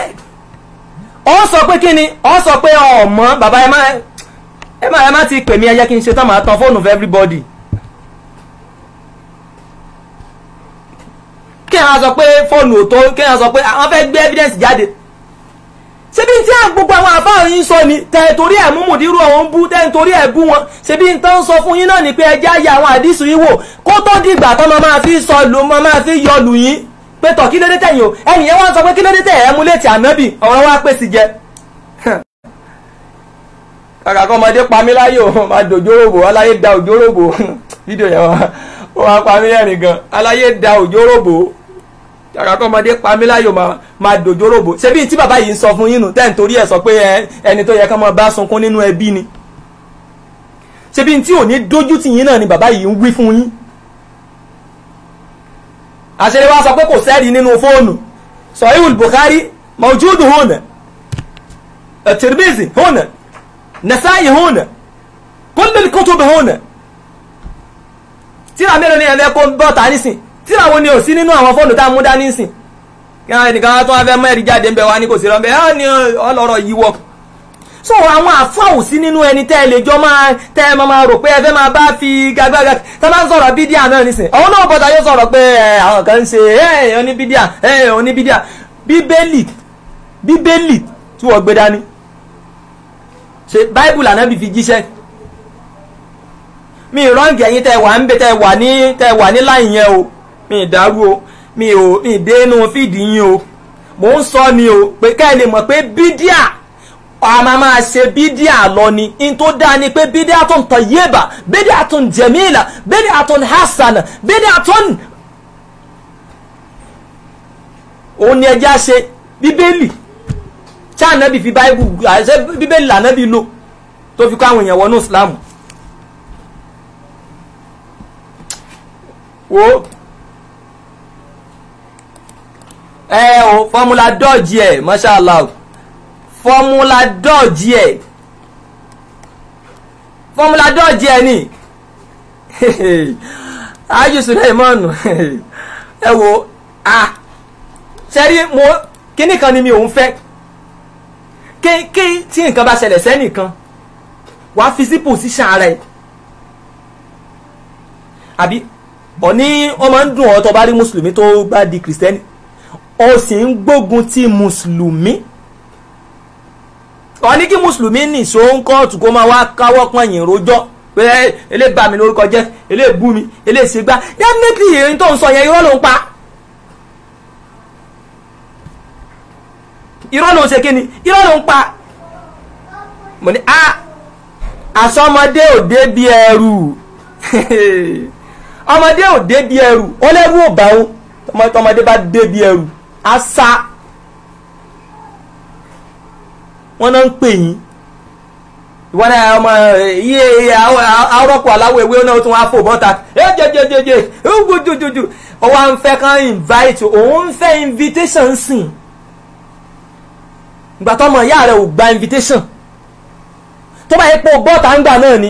B: ọ sọ pé kí ni ọ sọ pé ọmọ bàbá ẹ má ẹ má ti pè mí ẹ jẹ́ kí n ṣe tán màá tan fóònù for everybody. kéèyàn sọ pé fóònù ò tó kéèyàn sọ pé àwọn fẹ́ gbé evidence jáde ṣebí tí à ń gbogbo àwọn àfáà yín sọ ni tẹ̀ ẹ̀ múmù dírú ọ̀hún ń bú ẹ̀ bú wọn ń tán sọ fún yín náà ni pé ẹ àwọn àdìsù yín wò kó fi yọ lù yín pé tọ̀ kí tẹ̀yìn sọ pé kí tẹ̀ ẹ̀ mú létí wa pèsè jẹ. kàkà kọ́ ọmọdé pa mí aláyé da kàkà kọ́mọdé pa mí láyò máa dòjó ròbò ṣebí tí bàbá yìí ń sọ fún yín nù tẹ́ ń torí ẹ̀ sọ pé ẹni tó yẹ ká máa bá sunkún nínú ẹbí ni ṣebí tí ò ní dójú tì yín náà ni bàbá yìí ń wí fún yín àṣẹlẹ wa sọ pé kò sẹ́ẹ̀rì nínú fóònù Sahihul Bukhari mawjudu hona Tirmizi hona Nasa'i hona kullul kutub hona tíra mélòó ni ẹ̀mẹ́kọ́ ń bọ̀ tíra ni ò sí nínú àwọn fóònù tá a mú dání sìn kí wọn ẹnìkan tó wọn fẹ́ mọ ẹ̀rí jáde ń bẹ wá ní kò sí ẹ so àwọn àfáà ò sí nínú ẹni tẹ́ ẹ lè jọ máa tẹ́ ẹ máa rò pé ẹ fi gagbága tá máa ń sọ̀rọ̀ bídíà náà nísìn ọ̀hún náà bọ̀dà yóò sọ̀rọ̀ pé àwọn kan ń ṣe ẹ bídíà ẹ bídíà bíbélì bíbélì tí gbé mi ìrọ́ǹgì ẹ̀yin wà ń bẹ wà ní wà ní mi ì dárú o mi ò mi ì dénú fídì yín o mò ń sọ ni o pé ká ẹ lè mọ̀ pé bídíà àmà máa ṣe bídíà lọ ni in tó dáa ni pé bídíà tó ń tọ̀yẹ́bà bídíà tó ń jẹ̀míìlà bídíà tó ń hasana bídíà tó ń. òun ni ẹja ṣe bíbélì tí ànábì fi báíbù àṣẹ bíbélì lànábì lò tó fi kọ́ àwọn èèyàn wọnú ìsìlámù. wo ẹ o fọ́múlà dọ́ọ̀jì ẹ̀ mashallah fọ́múlà dọ́ọ̀jì ẹ̀ fọ́múlà dọ́ọ̀jì ẹ̀ ni ayé Suleiman ẹ wo a sẹ́rí mo kíní kan ni mi ò ń fẹ́ kí tí nǹkan bá ṣẹlẹ̀ sẹ́nìkan wàá fi sí pòsíṣàn ara ẹ̀ àbí ọ̀ ní ọmọ ń dùn ọ́ tó bá rí mùsùlùmí tó bá di kìrìsìtẹ́nì o sì ń gbógun ti mùsùlùmí ó ní kí mùsùlùmí nìṣó ń kóòtù kó máa wá káwọ́ pọ̀nyìn rojọ́ pé eléyìí bà mí lórúkọ jẹ́ eléyìí bú mi eléyìí ṣe gbá definitely èyí tó ń sọ yẹn irọ́ ló ń pa. irọ́ ló ń ṣe kíni irọ́ ló ń pa. mo ní a ah, àsọmọdé òde bíi ẹrù ọmọdé ò dé bíi ẹrù ó lẹ́rù ò bá tọmọdé bá dé ẹrù asá wọ́n náà ń pè yín ìwọ náà ọmọ iye arọ́pọ̀ aláwọ̀ ewé náà tún wá fò bọ́ta ẹ jẹjẹjẹjẹ ojojojo ó wá ń fẹ́ kán invite òun ń invitation sìn ìgbà tọ́mọ ìyá rẹ̀ ò gba invitation tó bá yẹ pé bọ́ta ń gbà náà ni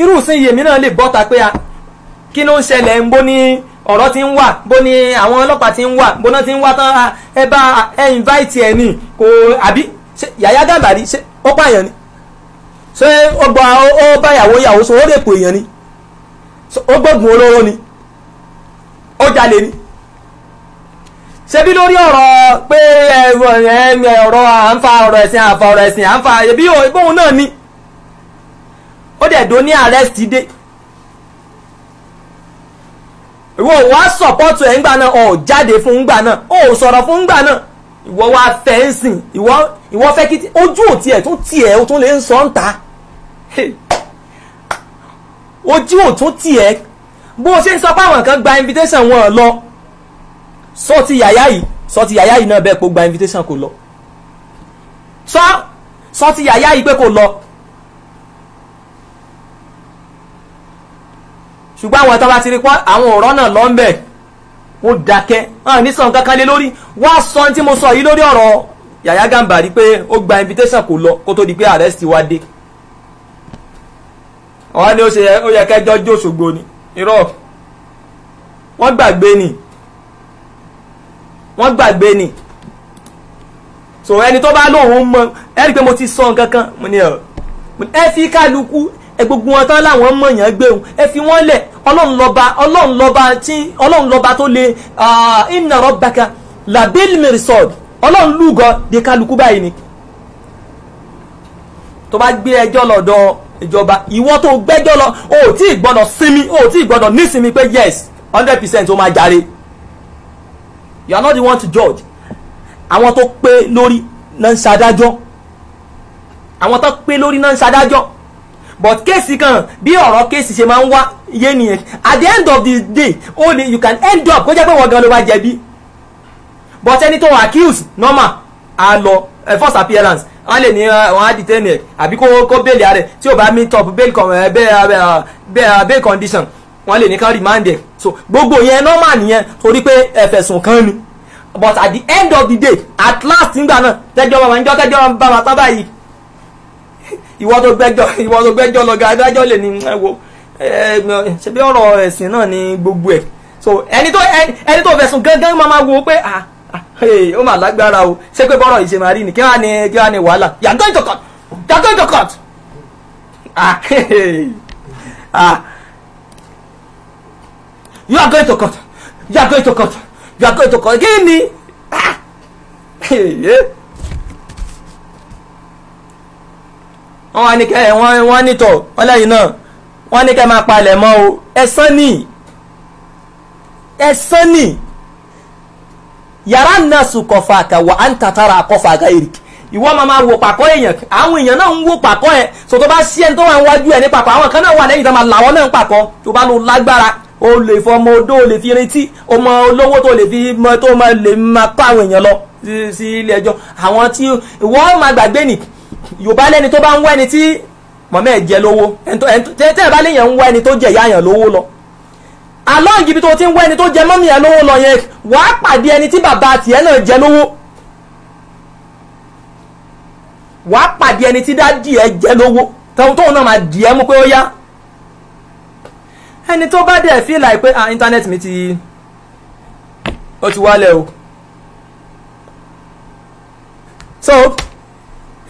B: irú sìn iye náà lè bọ́ta pé kí ló ń ṣẹlẹ̀ ń bó ní ọ̀rọ̀ ti ń wà bó ni àwọn ọlọ́pàá ti ń wà bó náà ti ń wà tán ẹ bá ẹ invite ẹ ní kò àbí Yàyà Gàmbàrí ṣe ó pààyàn ni ṣe ó gba ó bá yàwó yàwó so ó lè pò èèyàn ni ó gbógun olóró ni ó jalè ni ṣebí lórí ọ̀rọ̀ pé ọ̀rọ̀ à ń fa ọ̀rọ̀ ẹ̀sìn àfa ọ̀rọ̀ ẹ̀sìn à ń fa ẹ̀bí òun náà ni ó dẹ̀ do ní arrest dé. ìwọ wá sọ̀pọ́tù ẹ̀ ńgbà náà ọ̀ jáde fún ńgbà náà ọ̀ sọ̀rọ̀ fún ńgbà náà ìwọ wá fẹ́ǹsìn ìwọ ìwọ fẹ́ kí ojú òtí ẹ̀ tún tiẹ̀ o tún lè ń sọ ń ta ojú òtún tiẹ̀ bó o ṣe ń sọ pé àwọn kan gba invitation wọn lọ sọ ti yàyà yìí sọ ti yàyà yìí náà bẹ́ẹ̀ kó gba invitation kò lọ sọ sọ ti yàyà yìí pé kò lọ ṣùgbọ́n àwọn ẹ̀tọ́ bá ti rí pọ́ àwọn ọ̀rọ̀ náà lọ ń bẹ̀ wọ́n dákẹ́ hàn ní sàn kankan lé lórí wọ́n sọ tí mo sọ yìí lórí ọ̀rọ̀ Yàyà Gàmbàrí pé ó gba invitation kò lọ kó tó di pé arrest wá dé wọ́n ní ó yẹ kẹjọ́ jó ṣògbó ni irọ́ wọ́n gbàgbé ni wọ́n gbàgbé ni so ẹni tó bá lóun mọ ẹni pé mo ti sọ nǹkan mo ní ẹ fi kálukú ẹ gbogbo wọn tán láwọn mọ̀yàn gbé òun ẹ fi wọ́n lẹ̀ ọlọ́run lọ́ba ọlọ́run lọ́ba tí ọlọ́run lọ́ba tó le ah, inna rabbaka labil mirsad ọlọ́run lúgọ de kálukú báyìí ni tó bá gbé ẹjọ́ lọ́dọ̀ ìjọba ìwọ tó gbẹ́jọ́ lọ o ò tí ì gbọ́dọ̀ sinmi o ò tí ì gbọ́dọ̀ nísinmi pé yes hundred percent o máa jàre you are not the one to judge àwọn tó pé lórí náà ń ṣadájọ́ àwọn tó pé lórí náà ń ṣadájọ́ but kéèsì kan bí ọ̀rọ̀ kéèsì ṣe máa ń wá yé nìyẹn at the end of the day only you can end up kó jẹ́ pé gan ló bá jẹ̀bi but ẹni tó wọ́n accuse normal a lọ eh, first appearance wọ́n lè ní eh, wọ́n á detain ẹ̀ àbí kó kó bẹ́ẹ̀lì ààrẹ tí ò bá meet up bail eh, bail condition wọ́n lè ní ká remand ẹ̀ so gbogbo yẹn normal nìyẹn torí pé ẹ̀fẹ̀sùn kan ni but at the end of the day at last nígbà náà tẹ́jọ́ bàbá ń jọ́ tẹ́jọ́ bàbá tábà yìí ìwọ tó gbẹ́jọ́ ìwọ tó gbẹ́jọ́ lọgá adájọ́ lè ní ẹ wo ṣe bí ọ̀rọ̀ ẹ̀sìn náà ní gbogbo ẹ̀ so ẹni tó ẹni tó fẹ̀sùn gángan máa máa wo pé ah ó mà lágbára o ṣé pé bọ́rọ̀ ìṣe máa rí ni kí wàá ní kí wàá ní wàhálà you are going to court you are going to court ah ah you are going to court you are going to court you are going to court kí ni ah. wọ́n wá ní kẹ́ wọ́n wọ́n nítọ̀ wọ́n lẹ́yìn náà wọ́n ní kẹ́ máa palẹ̀ mọ́ o ẹ̀sán nì ẹ̀sán nì yàrá náà sùn kọfà àkàwọ̀ à ń tàtàrà àkọfà àgá èrìkì ìwọ máa máa wò pàkọ́ èèyàn àwọn èèyàn náà ń wò pàkọ́ ẹ̀ sọ tó bá sí ẹni tó wà níwájú ẹ̀ ní pàkọ́ àwọn kan náà wà lẹ́yìn tó làwọn náà ń pàkọ́ tó bá lo lágbára o lè fọ ọmọ odó o lè fi retí ọmọ olówó tó lè fi mọ tó lè máa kọ́ àwọn èèyàn lọ sí ilé ẹjọ́ àwọn tí wọ́n máa gbàgbé nìkan yorùbá lẹ́ni tó bá ń wá ẹni tí mọ̀mọ́ ẹ̀ jẹ lówó tẹ́ ẹ̀ bá léèyàn ń wá ẹni tó jẹ ìyá yẹn lówó lọ along ibi tó ti ń wá ẹni tó jẹ mọ́mí yẹn lówó lọ yẹn wàá pàdé ẹni tí bàbá tiẹ̀ náà jẹ lówó wàá pàdé ẹni tí dádì ẹ jẹ lówó tẹ̀wọ́n tóun náà máa dì ẹ́ mú pé ó yá ẹni tó bá dẹ̀ feel like pé ah internet mi ti ó ti wálẹ̀ o so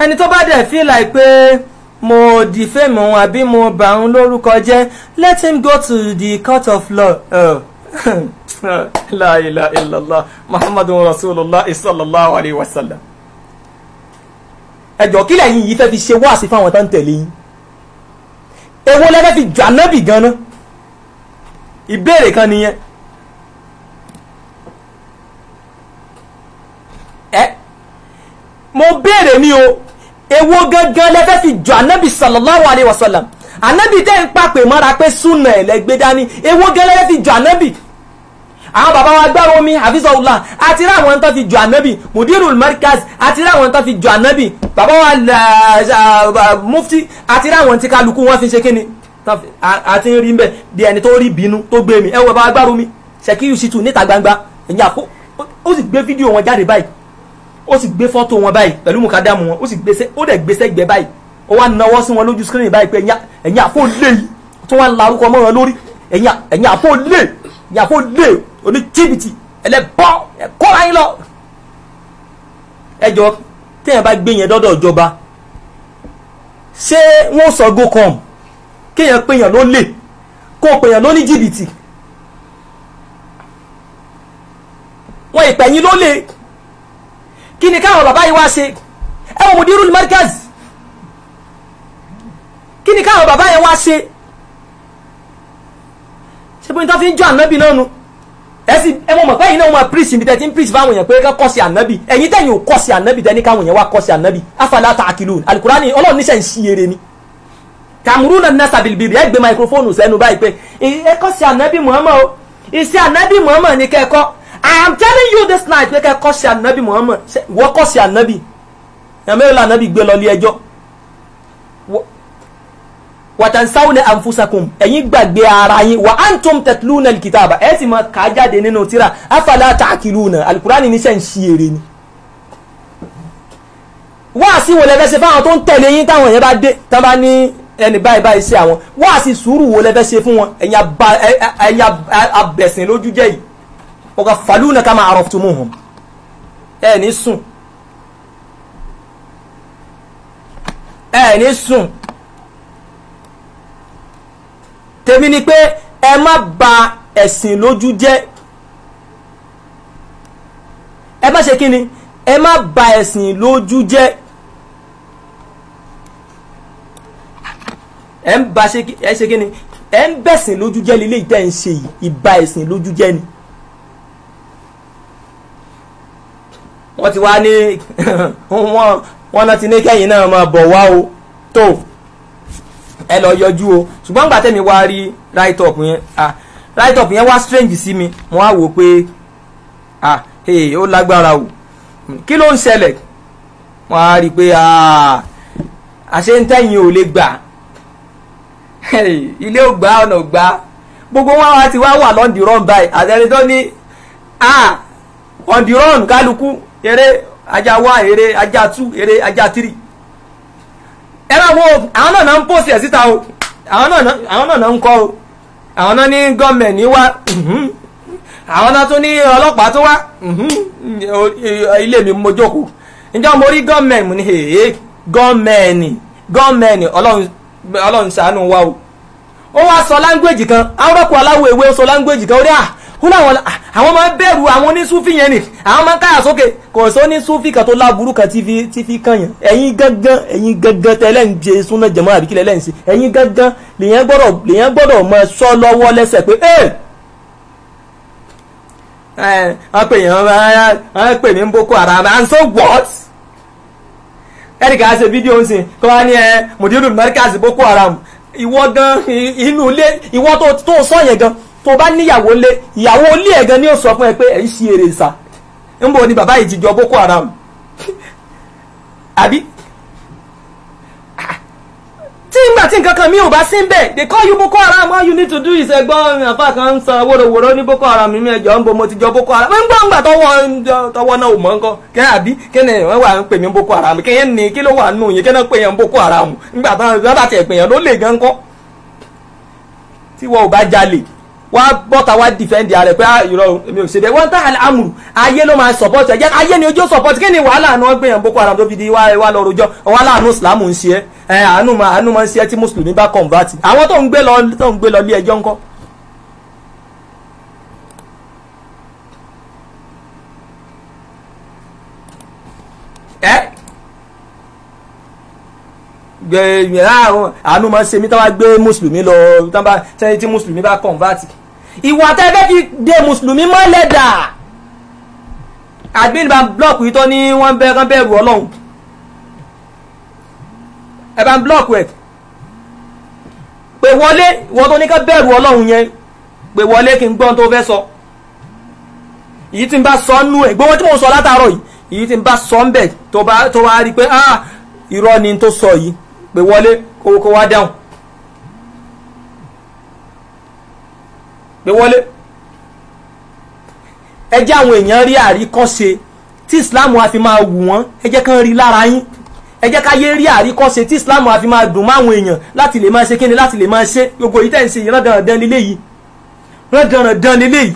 B: ẹni tó bá dẹ̀ feel like pé mo defame òun àbí mo bà òun lórúkọ jẹ́ let him go to the court of law. Uh, la ilaha illallah muhammadun rasulullah sallallahu alayhi wa sallam. ẹjọ́ kílẹ̀ yìí yìí fẹ́ fi ṣe wáàsí fáwọn tó ń tẹ̀lé yín èwo lẹ́fẹ́ fi jù ànábì gan-an ìbéèrè kan nìyẹn. ẹ mo béèrè ni o èwo gangan lẹ fẹ́ fi jọ anabi sallallahu alayhi wa sallam anabi tẹ́ ń pàpè mọ́ra pé súnà ẹ̀ lẹ́gbẹ́ dání èwo gangan lẹ fẹ́ fi jọ anabi àwọn bàbá wa gbára omi àfisọ́wùlà àti rí àwọn tó fi jọ ànábì mudirul markaz àti rí àwọn tó fi jọ ànábì bàbá wa mufti àti rí àwọn tí kálukú wọn fi ṣe kíni àti rí mbẹ bí ẹni tó rí bínú tó gbé mi ẹ wọ bàbá wa gbára omi ṣèkíyù sí tu níta gbangba ẹ̀yìn àpò ó sì gbé fídíò wọn jáde báyìí ó sì gbé fọ́tò wọn báyìí pẹ̀lú mùkádàmù wọn ó sì gbé ó dẹ̀ gbé sẹ́gbẹ́ báyìí ó wá nawọ́ sí wọn lójú screen báyìí pé ẹ̀yìn àpò lè tó wá ń la orúkọ mọ́ wọn lórí ẹ̀yìn àpò lè ẹ̀yìn àpò lè oní jìbìtì ẹlẹ́bọ́ ẹ̀kọ́ ayé lọ. ẹjọ téèyàn bá gbé yẹn dọ́dọ̀ ìjọba ṣé wọ́n sọ gocom kéèyàn péyàn ló lè kó péyàn ló ní jìbìtì wọ́n ìpẹ̀yìn Kini ni káwọn bàbá yìí wá ṣe ẹ wọ mudirul markaz kí ni káwọn bàbá yẹn wá ṣe ṣe bí n tó fi ń jọ ànábì náà nu ẹ sì ẹ mọ̀ mọ̀ pé ẹ̀yin náà wọ́n pírísì níbi tẹ́ ti ń pírísì fáwọn èèyàn pé ká kọ́ sí ànábì ẹ̀yin tẹ̀yìn ò kọ́ sí ànábì tẹ́ ní káwọn èèyàn wá kọ́ sí ànábì afala ta'qilun alukurani ọlọ́run níṣẹ́ ń ṣí eré ni tamuruna nasa bilibili ẹ gbé microphone sẹ́nu báyìí pé ẹ kọ́ sí ànábì Muhammad I am telling you this night pé kẹ́ kọ́ sí ànábì Muhammad wọ́n kọ́ sí ànábì ẹ̀mẹ́rin la ànábì gbé lọ ilé ẹjọ́ wàtànsáwò ní ànfúsakùn ẹ̀yin gbàgbé ara yín wà á ń tún tẹ̀tulú náà kìtàbà ẹ̀ sì máa kà á jáde nínú tíra afala tààkìlú náà alukurani níṣẹ́ ń ṣi èrè ni. wáàsí wo lẹ́fẹ́ ṣe fáwọn tó ń tẹ̀lé yín táwọn yẹn bá dé tán bá ní ẹni báyìí báyìí ṣe àwọn wáàsí sùúrù wo lẹ́fẹ́ ṣe fún wọn ẹ̀yin abẹ̀sìn lójú jẹ́ yìí mugaffaluna kama araftumuhum ẹ ní sùn ẹ ní sùn tèmi ni pé ẹ má bà ẹ̀sìn lójú jẹ́ ẹ má ṣe kí ẹ má bà ẹ̀sìn lójú jẹ́ ẹ ń ba ṣe kí ni ẹ ń bẹ̀sìn lójú jẹ́ lílé ìtẹ́ ń ṣe ìbà ẹ̀sìn lójú jẹ́ ni. wọ́n ti wá ní wọ́n náà ti ní kẹ́yìn náà máa bọ̀ wá o tó ẹ lọ yọjú o ṣùgbọ́n gbà tẹ́mi wá rí write up yẹn ah write up yẹn wá strange sí mi mo wá wò pé ah hey ó lágbára o kí ló ń ṣẹlẹ̀ wọ́n á rí i pé ah àṣẹ ń tẹ̀yìn ò lè gbà ilé ò gbà ọ̀nà ò gbà gbogbo wọn wá ti wá wà lọ́ndì run báyìí àtẹnitọ́ ní ah on the run kálukú ere ajá wá eré ere tú eré wo àwọn náà na ń pòsì ẹ̀ síta o àwọn náà na ń kọ́ o àwọn náà ní gọ́ọ̀mẹ̀ntì wá mhm. àwọn náà tún ní ọlọ́pàá tó wá mhm. ilé mi mo jókòó ǹjọ́ mo rí gọ́ọ̀mẹ̀ntì ní hèé gọ́ọ̀mẹ̀ntì gọ́ọ̀mẹ̀ntì ọlọ́run ṣàánú wa o ó sọ láńgbèjì kan àwọn aláwọ̀ sọ kan ó rí wọn làwọn àwọn máa ń bẹ̀rù àwọn onísúfì yẹn ni àwọn máa ń káyà sókè kò sí onísúfì kan tó láburú kan tí fi kàn yẹn ẹ̀yin gangan ẹ̀yin gangan tẹ́lẹ̀ ń jẹ súnà jẹ̀mọ́ àbíkí lẹ́lẹ́ ń ṣe ẹ̀yin gangan lèyàn gbọ́dọ̀ lèyàn gbọ́dọ̀ mọ sọ lọ́wọ́ lẹ́sẹ̀ pé ẹ̀ wọ́n pè yẹn wọ́n pè mí Boko Haram and so what ẹnìkan ṣe fídíò ń sìn kọ́ wá ní ẹ mùdírù mẹ́ríkà sí Boko Haram ìwọ gan inú ilé ìwọ tó sọ yẹn gan tó bá níyàwó lé ìyàwó ilé ẹ̀gán ni ó sọ fún ẹ pé ẹ̀ ń ṣe eré ìsà ń bọ̀ ni bàbá yìí jọ Boko Haram àbí tí ngbà tí nǹkan kan mi ò bá sí bẹ́ẹ̀ they call you Boko Haram all you need to do is ẹgbọ́n àfa kan ń san ní Boko Haram mi ẹjọ́ ń bo mo ti jọ Boko Haram ń gbọ́ ngbà tọwọ́ tọwọ́ náà ò mọ̀ kẹ́ àbí ni wọ́n Boko Haram ní kí ló wà nù Boko Haram wá bọ́ta wá dìfẹ́ǹdì ààrẹ pé ah, irọ́ èmi ò ṣe bẹ́ẹ̀ wọ́n tá àmùrù ayé ló máa sọ̀pọ̀tì ẹ̀jẹ̀ ayé ni ojú sọ̀pọ̀tì kí ni wàhálà àánú ọgbẹ̀yàn boko haram tó fi di wá lọ rojọ́ wàhálà àánú islam ń ṣe ẹ àánú máa àánú máa ń ṣe ẹ tí mùsùlùmí bá convert àwọn tó ń gbé lọ tó ń gbé lọ lé ẹjọ́ ńkọ́. ẹ gbẹ̀yìn àánú máa ń ṣe mi tí wọ́n bá gbé mùsùlùmí lọ tí mùsùlùmí bá convert ìwà tẹ́ fẹ́ fi de mùsùlùmí mọ́lẹ̀ dà admin bá ń blọ́ọ̀kù yìí tó ní wọ́n bẹ́ẹ̀ kán bẹ̀rù ọlọ́run ẹ bá ń blọ́ọ̀kù ẹ̀ pè wọlé wọ́n tó ní ká bẹ̀rù ọlọ́run yẹn pè wọlé kí n gbọ́n tó fẹ́ sọ èyí tí n bá sọ nú ẹ̀ gbọ́n tí mò sọ látàárọ̀ yìí èyí tí n bá sọ ń bẹ̀ tó bá rí i pé ah irọ́ ni n tó sọ yìí pè wọlé kó wá dáhùn pé wọlé ẹ jẹ́ àwọn èèyàn rí àríkọ́ṣe tí islam á fi máa wù wọ́n ẹ jẹ́ kán rí lára yín ẹ jẹ́ ká yé rí àríkọ́ṣe tí islam á fi máa dùn máwọn èèyàn láti lè máa ṣe kíni láti lè máa ṣe gbogbo yìí tẹ̀ ń ṣe ìrandànrandàn lélẹ́yìí randànrandàn lélẹ́yìí.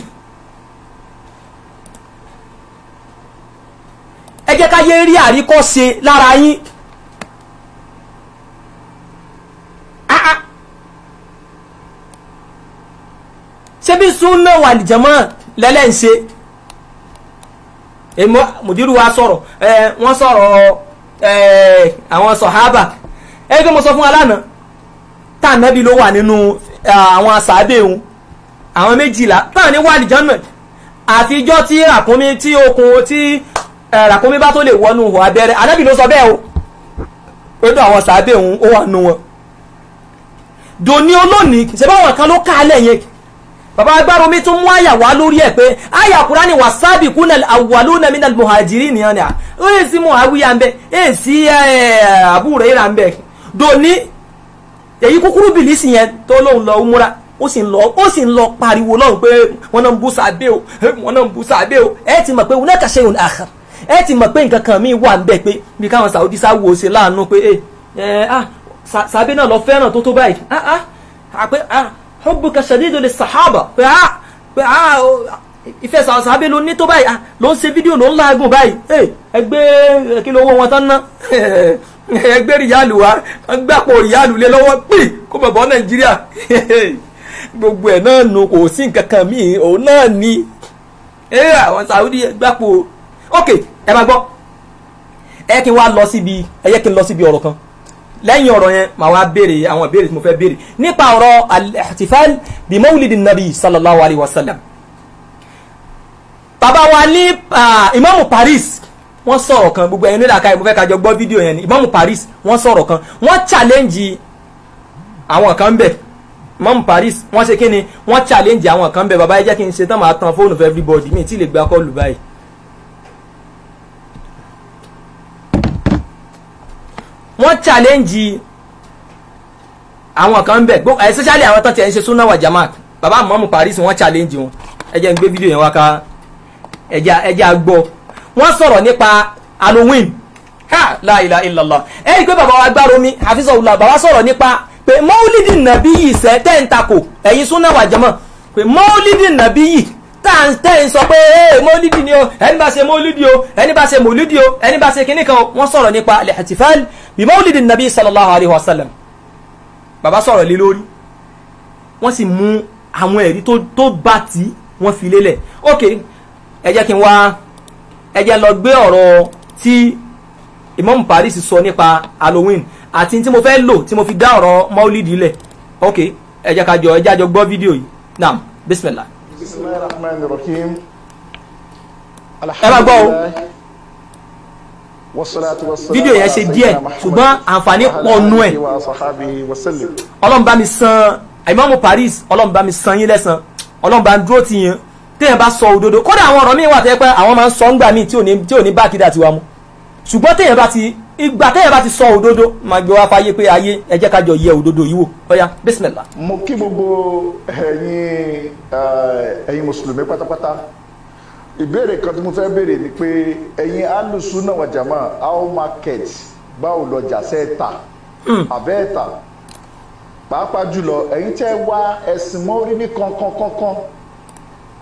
B: ẹ jẹ́ ká yé rí àríkọ́ṣe lára yín ṣé bí súnà wà lìjàmọ́ lẹ́lẹ́ ń ṣe èmi mùdírù wa sọ̀rọ̀ wọ́n sọ̀rọ̀ àwọn sọ̀hábà ẹ gbé mo sọ fún wa lánàá tá ànábì ló wà nínú àwọn àṣàbẹ̀ òun àwọn méjìlá táwọn ní wà lìjàmọ́ àfijọ́ tí ràkúnmí tí okùn tí ràkúnmí bá tó lè wọnú ihò abẹ́rẹ́ ànábì ló sọ bẹ́ẹ̀ o lọ́dọ̀ àwọn sàábẹ̀ òun ó wà nù wọn. dòní olónìí ṣe báwọn kan ló ká alẹ́ yẹn bàbá agbára omi tún mú àyà wá lórí ẹ̀ pé àyà kúrá ni wasabi kunal awwaluna minal muhajiri nìyẹn ni à èyí sí muhawiya ń bẹ èyí sí Abu Hurairah ń bẹ dòní èyí kúkúrú bìlísì yẹn tó lóun lọ múra ó sì ń lọ ó sì ń lọ pariwo lọ́hùn pé wọ́n náà ń bú sàbẹ́ o wọ́n náà ń bú sàbẹ́ o ẹ ti mọ̀ pé òun náà kàṣẹ́ òun àkàn ẹ ti mọ̀ pé nǹkan kan mi wà ń bẹ̀ pé bí káwọn Saudi sá wo ṣe láàánú pé ẹ eh, ẹ eh, ah sàbẹ́ náà lọ fẹ́ràn tó tó báyìí ah ah àpé ah hubbuka shadidu li sahaba pé a pé a ìfẹ́ sàbẹ̀ ló ní tó báyìí ló ń ṣe fídíò ló ń láàgùn báyìí ẹgbẹ́ kí ló wọ́ wọn tán ná ẹgbẹ́ ríyàlù wa gbàpọ̀ ríyàlù lé lọ́wọ́ pè kó bàbá nàìjíríà gbogbo ẹ̀ náà nù kò sí nǹkan kan míì náà ni àwọn Saudi gbàpọ̀ ok ẹ máa gbọ́ ẹ kí n wá lọ síbi ẹ yẹ kí n lọ síbi ọ̀rọ̀ kan lẹ́yìn ọ̀rọ̀ yẹn màá wá béèrè àwọn ìbéèrè tí mo fẹ́ béèrè nípa ọ̀rọ̀ al-ihtifal bi mawlidi nabi sallallahu alayhi wa sallam. bàbá wa ní ìmáàmù Paris wọ́n sọ̀rọ̀ kan gbogbo ẹni nílà káyọ̀ mo fẹ́ ká jọ gbọ́ fídíò yẹn ni ìmáàmù Paris wọ́n sọ̀rọ̀ kan wọ́n challenge àwọn kan bẹ̀ ìmáàmù Paris wọ́n ṣe kí ni wọ́n challenge àwọn kan bẹ̀ bàbá ẹ jẹ́ kí n ṣe tán màá tan fóònù fún everybody mi ì wọ́n challenge àwọn kan bẹ̀ eh, especially àwọn tó ti ẹ̀ ń ṣe súnà wà jamaat Baba, mọ́mú Paris wọ́n challenge wọn ẹ jẹ́ n gbé fídíò yẹn wá ká ẹ jẹ́ a gbọ́ wọ́n sọ̀rọ̀ nípa Halloween ha la ilaha illallah ẹ rí i pé bàbá wa gbárò mi àfisọ̀wùlà bàbá sọ̀rọ̀ nípa pé mọ́wúlídì nàbí yìí sẹ́ tẹ́ ń takò ẹ̀yin súnà wà jamaat pé mọ́wúlídì nàbí yìí tá à ń tẹ́ ń sọ pé ee mọ́lídì ni o ẹni bá ṣe mọ́lídì o ẹni bá ṣe mọ́lídì o ẹni bá ṣe kíní kan wọ́n sọ̀rọ̀ nípa al-ihtifal bí mọ́lídì nàbí sallallahu alayhi wa sallam bàbá sọ̀rọ̀ lé lórí wọ́n sì mú àwọn ẹ̀rí tó bá tí wọ́n fi lélẹ̀ ok ẹ jẹ́ kí n wá ẹ jẹ́ lọ gbé ọ̀rọ̀ tí Imam Paris sọ nípa Halloween àti tí mo fẹ́ lò tí mo fi dá ọ̀rọ̀ mọ́lídì lẹ̀ ok ẹ jẹ́ ká jọ ẹ jẹ́ àjọ gbọ́ fídíò yìí naam bismillah.
E: بسم الله الرحمن الرحيم الحمد لله fídíò yẹn ṣe díẹ̀ ṣùgbọ́n àǹfààní pọ̀ nú ẹ̀
B: ọlọ́run mi san Ìmáàmù Paris ọlọ́run bá mi san yín lẹ́san ọlọ́run bá ń dúró ti yẹn téèyàn bá sọ òdodo kódà àwọn ọ̀rọ̀ míì wà tẹ́ pé àwọn máa ń sọ ńgbà míì tí ò ní bá kídà tiwa mu ṣùgbọ́n téèyàn bá ti ìgbà tẹ́yẹ̀ bá ti sọ òdodo máa gbé wá fáyé pé ayé ẹ jẹ́ ká jọ yẹ òdodo yìí wò
E: ọ̀yá bísímẹ̀lá. mo kí gbogbo ẹ̀yin eh, ẹ̀yin mùsùlùmí pátápátá ìbéèrè kan tí mo fẹ́ béèrè ni pé ẹ̀yin alùsùnà wà jàmá how market báwo lọjà sẹ́ẹ̀ta hmm. àbẹ́ẹ̀ta pàápàá jùlọ ẹ̀yin tẹ́ wá ẹ̀sìn mọ́rí ní kankan kankan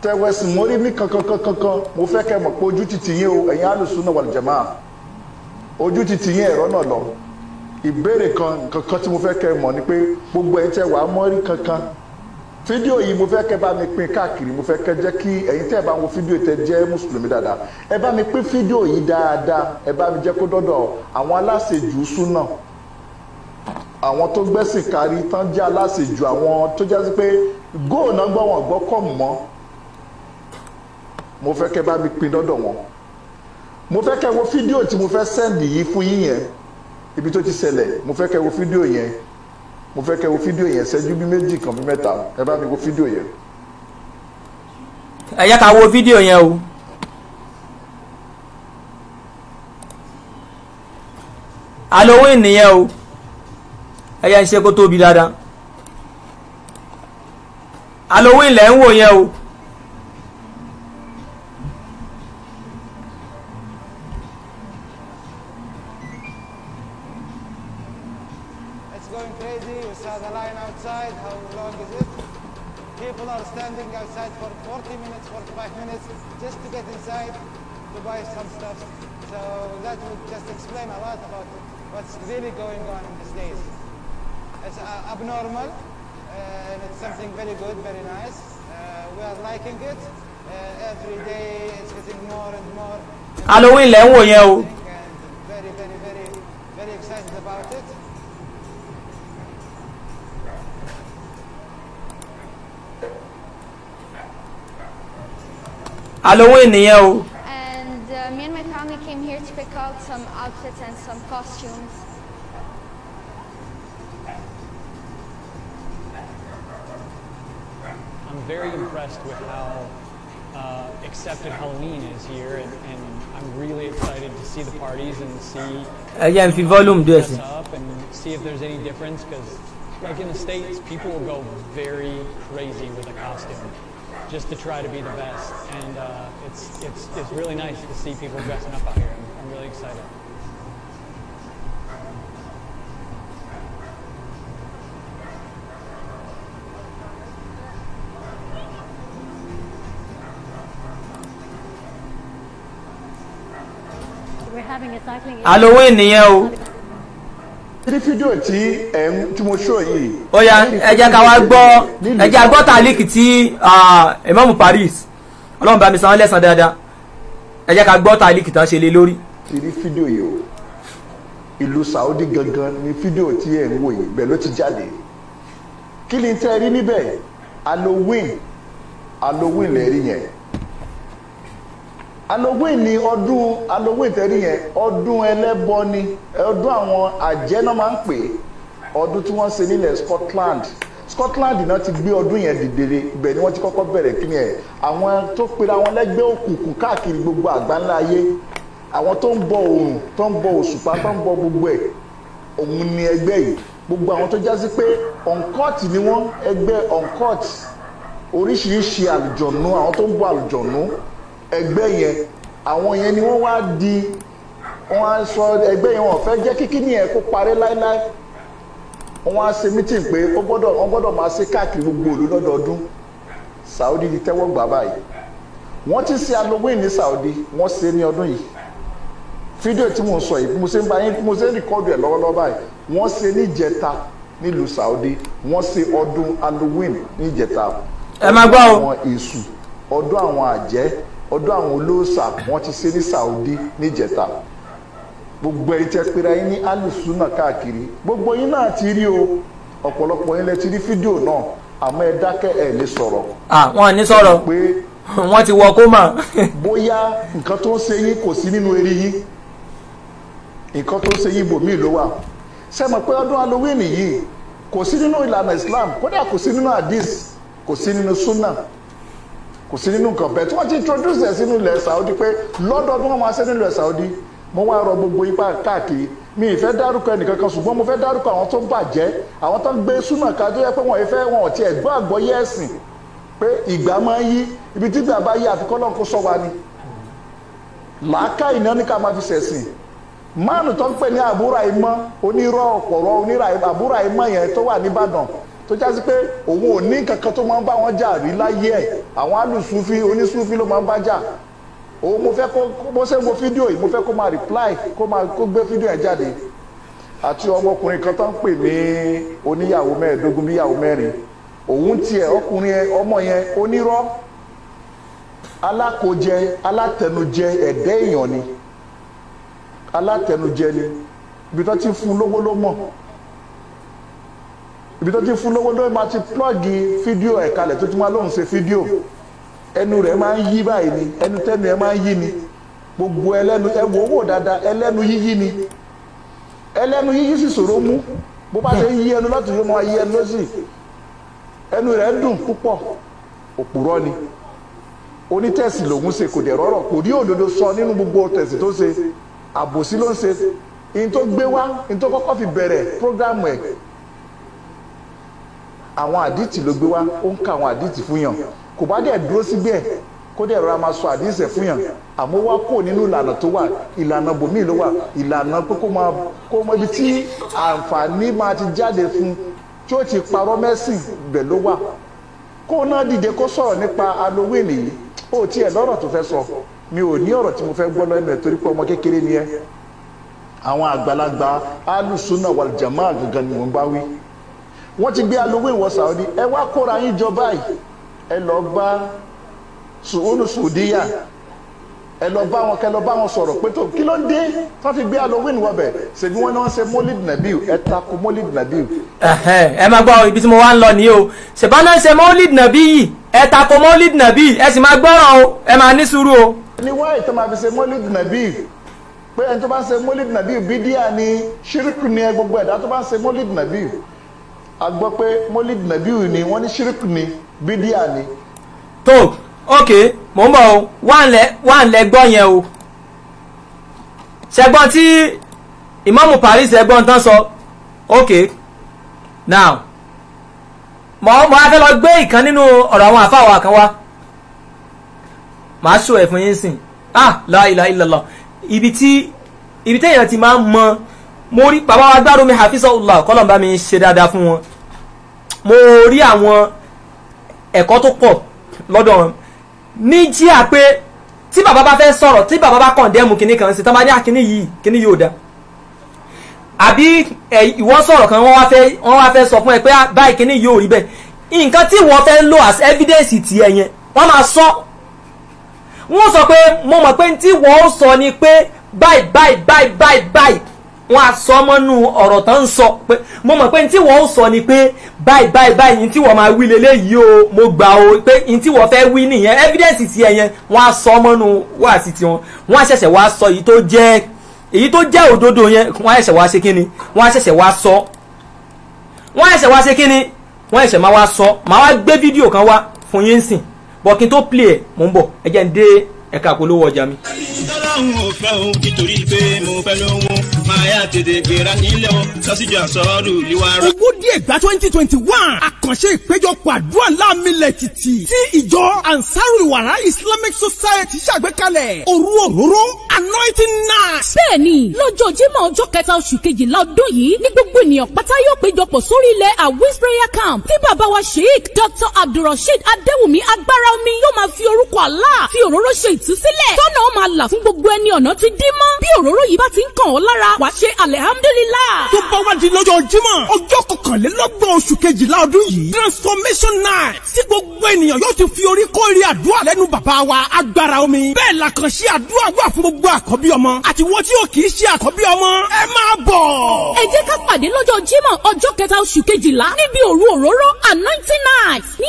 E: tẹ́ wá ẹ̀sìn mọ́rí ní kankan kankan mo fẹ́ kẹ́ mọ̀ pé ojú títì yín o ẹ̀yin alùsùnà wà ojú ti tìyín ẹ̀rọ náà lọ ìbéèrè kan kankan tí mo fẹ́ kẹ́ mọ̀ ni pé gbogbo ẹ̀ tẹ́ wàá mọ́rí kankan fídíò yìí mo fẹ́ kẹ́ bá mi pín káàkiri mo fẹ́ kẹ́ jẹ́ kí ẹ̀yin tẹ́ ẹ bá wo fídíò tẹ́ jẹ́ mùsùlùmí dáadáa ẹ bá mi pín fídíò yìí dáadáa ẹ bá mi jẹ́ kó dọ́dọ̀ àwọn aláṣejù súnà àwọn tó gbẹ́sìn kárí tán jẹ́ aláṣejù àwọn tó jẹ́ sí pé góò náà gbọ́ wọn gbọ́ kọ̀ mọ́ mo fẹ́ kẹ́ bá mi pín dọ́dọ̀ wọn mo fẹ́ kẹ́ wo fídíò tí mo fẹ́ sẹ́ndì yìí fún yín yẹn ibi tó ti ṣẹlẹ̀ mo fẹ́ kẹ́ wo fídíò yẹn mo fẹ́ kẹ́ wo fídíò yẹn ṣẹ́jú bí méjì kan bí mẹ́ta ẹ bá mi wo fídíò yẹn. ẹ yẹ ká wo fídíò yẹn o.
B: halloween nìyẹn o ẹ yẹ ń ṣe kó tóbi dáadáa halloween lẹ́ ń wò yẹn o. Halloween lẹ́ wò yẹn o. Halloween nìyẹn o.
E: And uh, me and my family came here to pick out some outfits and some costumes.
D: I'm very impressed with how uh, accepted Halloween is here, and, and, I'm really excited to see the parties and
B: see. Again, uh, you volume دوسي. Up and see if there's any difference, because like in the states, people will go very crazy with a costume just to try to be the best, and uh, it's it's it's really nice to see people dressing up out here. I'm, I'm really excited.
E: halloween nìyẹn o. ní fídíò tí ẹ ń tí mo ṣó yìí. ó
B: yá ẹ jẹ́ ká wá gbọ́ ẹ jẹ́ àgbọ́ tàlíkì tí Imam Paris
E: ọlọ́run bá mi san án lẹ́sàn dáadáa ẹ jẹ́ ká gbọ́ tàlíkì tán ṣe lé lórí. ti rí fídíò yìí o ìlú Saudi gangan ni fídíò tí ẹ ń wò yìí bẹ́ẹ̀ ló ti jáde kí ni tẹ́ ẹ rí níbẹ̀ halloween halloween lẹ́ẹ̀rí yẹn halloween ni ọdún halloween tẹ́rí yẹn ọdún ẹlẹ́bọ ni ọdún àwọn àjẹ́ náà máa ń pè ọdún tí wọ́n ṣe nílẹ̀ Scotland Scotland náà ti gbé ọdún yẹn dìdere ibẹ̀ ni wọ́n ti kọ́kọ́ bẹ̀rẹ̀ kí ni ẹ̀ àwọn tó pera wọn lẹ́gbẹ́ òkùnkùn káàkiri gbogbo àgbáńlá ayé àwọn tó ń bọ oòrùn tó ń bọ òṣùpá tó ń bọ gbogbo ẹ̀ òun ni ẹgbẹ́ yìí gbogbo àwọn tó já sí pé uncut ni wọ́n ẹgbẹ́ uncut oríṣiríṣi àlùjọ̀nú àwọn tó ń bọ àlùjọ̀nú ẹgbẹ́ yẹn àwọn yẹn ni wọ́n wá di wọ́n á sọ ẹgbẹ́ yẹn wọ́n fẹ́ jẹ́ kíkí ní ẹ̀ kó parẹ́ láéláé wọ́n á se mítìn pé ó gbọ́dọ̀ wọ́n gbọ́dọ̀ gbogbo òlu lọ́dọọdún Saudi ti tẹ́wọ́ gbà báyìí wọ́n ti se Halloween ní Saudi wọ́n se ní ọdún yìí fídíò tí mo sọ yìí mo se ń bá mo se ń rìkọ́dù ẹ̀ lọ́wọ́lọ́wọ́ báyìí wọ́n se ní ìjẹta Saudi wọ́n se ọdún Halloween ní ìjẹta ọdún àwọn ọ̀dọ̀ àwọn olóòṣà wọn ti ṣe ní Saudi níjẹta gbogbo ẹ̀yin tẹ́ pera yín ní alùsùnà káàkiri gbogbo yín náà ti rí o ọ̀pọ̀lọpọ̀ yín lẹ ti rí fídíò náà àmọ́ ẹ dákẹ́ ẹ̀ lè sọ̀rọ̀.
B: àwọn àní sọ̀rọ̀ pé wọ́n
E: ti wọ kómà. bóyá nǹkan tó ń ṣe yín kò sí nínú eré yín nǹkan tó ń ṣe yín bòmíì ló wà sẹ́mi pé ọdún halloween yìí kò sí nínú ìlànà Islam kódà kò sí nínú hadith kò sí nínú sunnah kò sí nínú nǹkan bẹ́ẹ̀ tí wọ́n ti introduce ẹ̀ sínú ilẹ̀ Saudi pé lọ́dọọdún wọn máa ṣe nínú ilẹ̀ Saudi mo wá rọ gbogbo ipá káàkiri mi ì fẹ́ dárúkọ ẹnìkan kan ṣùgbọ́n mo fẹ́ dárúkọ àwọn tó ń bàjẹ́ àwọn tó ń gbé súnà ká tó yẹ pé wọ́n fẹ́ wọn ò tiẹ̀ gbọ́ àgbọ́yé ẹ̀sìn pé ìgbà máa ń yí ibi tí ìgbà bá yí àfikọ́ náà kó sọ wa ni làákà iná ní ká máa fi ṣẹ̀sìn máàlù tó ń pè ní àbúrò àìmọ́ onírọ̀ ọ̀pọ̀rọ̀ onírọ̀ àbúrò àìmọ́ yẹn tó wà níbàdàn tó já sí pé òun ò ní kankan tó máa ń bá wọn jà rí láyé ẹ̀ àwọn alùsùfì onísùfì ló máa ń bá jà òun mo fẹ́ kó bó ṣe ń wo fídíò yìí mo fẹ́ kó máa reply kó máa kó gbé fídíò ẹ̀ jáde àti ọmọkùnrin kan tó ń pè ní oníyàwó mẹ́ẹ̀ẹ́dógún bíyàwó mẹ́rin òun tiẹ̀ ọkùnrin ọmọ yẹn onírọ́ alákòjẹ alátẹnujẹ ẹ̀dẹ́ èèyàn ni alátẹnujẹ ni ibi tó ti fún lówó ló mọ̀ ibi tó ti fún lówó ló máa ti plọ́ọ̀gì fídíò ẹ̀ kalẹ̀ tó ti máa lóun ṣe fídíò ẹnu rẹ̀ máa ń yí báyìí ni ẹnu tẹ́nu ẹ̀ máa ń yí ni gbogbo ẹlẹ́nu ẹ wò wò dáadáa ẹlẹ́nu yíyí ni ẹlẹ́nu yíyí sì ṣòro mú bó bá ṣe ń yí ẹnu láti fi máa yí ẹnu lọ́sì ẹnu rẹ̀ ń dùn púpọ̀ òpùrọ́ ni onítẹ̀sí lòun ṣe kò dẹ̀ rọ́rọ̀ kò rí òdodo sọ nínú gbogbo tẹ̀sí tó ṣe àbòsí ló ń ṣe in tó gbé wá in tó kọ́kọ́ fi bẹ̀rẹ̀ prógrámù ẹ̀ àwọn àdìtì ló gbé wá ó ń ka àwọn àdìtì fún yàn kò bá dẹ̀ dúró síbẹ̀ kó dẹ̀ rọra máa sọ àdìsẹ̀ fún yàn àmọ́ wá kò nínú ìlànà tó wà ìlànà bòmíì ló wà ìlànà pé kó máa kó mọ ibi tí àǹfààní máa ti jáde fún tí ó ti parọ́ mẹ́sìn bẹ̀ ló wà kó náà dìde kó sọ̀rọ̀ nípa halloween yìí ó tiẹ̀ lọ́rọ̀ tó fẹ́ sọ mi ò ní ọ̀rọ̀ tí mo fẹ́ gbọ́ lọ́yìn rẹ̀ torí pé ọmọ kékeré ni ẹ́ àwọn àgbàlagbà alùsùnà wàlìjàmá gangan ni mò bá wí wọ́n ti gbé halloween wọ saudi ẹ wá kóra yín jọ báyìí ẹ lọ bá sùúrù sùdíyà ẹ lọ bá wọn kẹ lọ bá wọn sọ̀rọ̀ pé tó kí ló ń dé tó fi gbé halloween wọbẹ̀ ṣèbí wọn ni wọ́n ṣe molid nabiu ẹ tako molid nabiu.
B: ẹ máa gbọ́ ibi tí mo wá ń lọ nìyí o ṣèbá náà ṣe molid nabi yìí ẹ tako molid nabi ẹ sì máa gbọ́ràn
E: o ẹ máa ní sùúrù o. ní wáyé tó máa fi ṣe molid nabi pé ẹni tó bá ń ṣe molid nabi bídíà ni ṣírìkù ni ẹ gbogbo ẹ̀dá molid nabi a gbọ́ pé molid nabiu ni wọ́n ní ṣírìkù ni bídíà ni. tó ok mò ń bọ̀ o wà ń lẹ gbọ́ yẹn o ṣẹgbọ́n tí
B: ìmáàmù Paris ẹgbọ́n tán sọ ok now mọ̀ mọ̀ á fẹ́ lọ gbé ìkan nínú ọ̀rọ̀ àwọn àfáwà kan wá màá ṣò ẹ̀ fún yín sìn ah la ilaha illallah ibi tí ibi téèyàn ti máa ń mọ mo rí bàbá wa gbárùmí hafizahullah kọ́lọ̀ bá mi ṣe dáadáa fún wọn mo rí àwọn ẹ̀kọ́ tó pọ̀ lọ́dọ̀ wọn ní jíà pé tí bàbá bá fẹ́ sọ̀rọ̀ tí bàbá bá kọ̀ndẹ́mù kinní kan sí tán bá ní àkíní ah, yìí kinní yóò da àbí ìwọ sọ̀rọ̀ kan wọ́n wá fẹ́ wọ́n wá fẹ́ sọ fún ẹ pé ah, báyìí kinní yóò rí bẹ́ẹ̀ nǹkan tí wọ́n fẹ́ lò as evidence ti ẹ yẹn wọ́n máa sọ wọ́n sọ pé mo mọ̀ pé tí wọ́n sọ ni pé báyìí báyìí báyìí báyìí báyìí wọ́n á sọ mọ́nú ọ̀rọ̀ tán ń sọ pé mo mọ̀ pé tí wọ́n sọ ni pé báyìí báyìí báyìí tí wọ́n máa wí leléyìí o mo gbà o pé n tí wọ́n fẹ́ wí nìyẹn evidence ti ẹ̀yẹn wọ́n á sọ mọ́nu wáàsí tiwọn wọ́n á ṣẹ̀ṣẹ̀ wá sọ èyí tó jẹ́ èyí tó jẹ́ òdodo yẹn wọ́n á ṣẹ̀ṣẹ̀ wá ṣe kíni wọ́n á ṣẹ̀ṣẹ̀ wá sọ wọ́n á ṣẹ̀ṣẹ̀ wá ṣe kíni wọ́n á ṣẹ̀ṣẹ̀ máa wá sọ máa wá gbé fídíò kan wá fún yín sìn bọ̀ kí n tó play ẹ̀ mò ń bọ̀ ẹ jẹ́ dé ẹ̀ka polówó ọjà mi.
F: ọlọ́run ò fẹ́ òun nítorí pé mo fẹ́ lóhun máyà tètè gbéra nílẹ̀ o sásìjọ àsọ̀rù ìwárà.
C: ogúndí ẹgbàá twenty twenty one àkànṣe ìpéjọpọ̀ àdúrà láàmìlẹ̀ títì tí ìjọ ansarul wara islamic
G: society ṣàgbékalẹ̀ òru òróró anointing night. bẹ́ẹ̀ni lọ́jọ́ Jímọ̀ ọjọ́ kẹta oṣù kejìlá ọdún yìí ní gbogbo ènìyàn pátá yóò péjọpọ̀ sórí ilẹ̀ awis prayer camp tí bàbá wa sheik dr abdulrasheed adéwùmí agbára omi yóò máa fi orúkọ Allah fi òróró ṣe ìtúsílẹ̀ tọ́nà ó máa là fún gbogbo ẹni ọ̀nà ti dí mọ́ bí òróró yìí bá ti ń kàn ọ́ lára wà á ṣe alihamdulilah. tó bá wá di lọ́jọ́ jímọ̀ ọjọ́ kọkànlélọ́gbọ̀n oṣù kejìlá
C: ọdún yìí transformation night tí gbogbo ènìyàn yóò ti fi orí kórè àdúrà lẹ́nu bàbá wa agbára omi bẹ́ẹ̀ la kàn ṣe àdúrà wà fún gbogbo àkọ́bí ọmọ àti wọ́n tí ò kì í ṣe àkọ́bí ọmọ
G: ẹ máa bọ̀. ẹ jẹ́ ká pàdé lọ́jọ́ jímọ̀ ọjọ́ kẹta oṣù kejìlá níbi òru òróró anointing night ní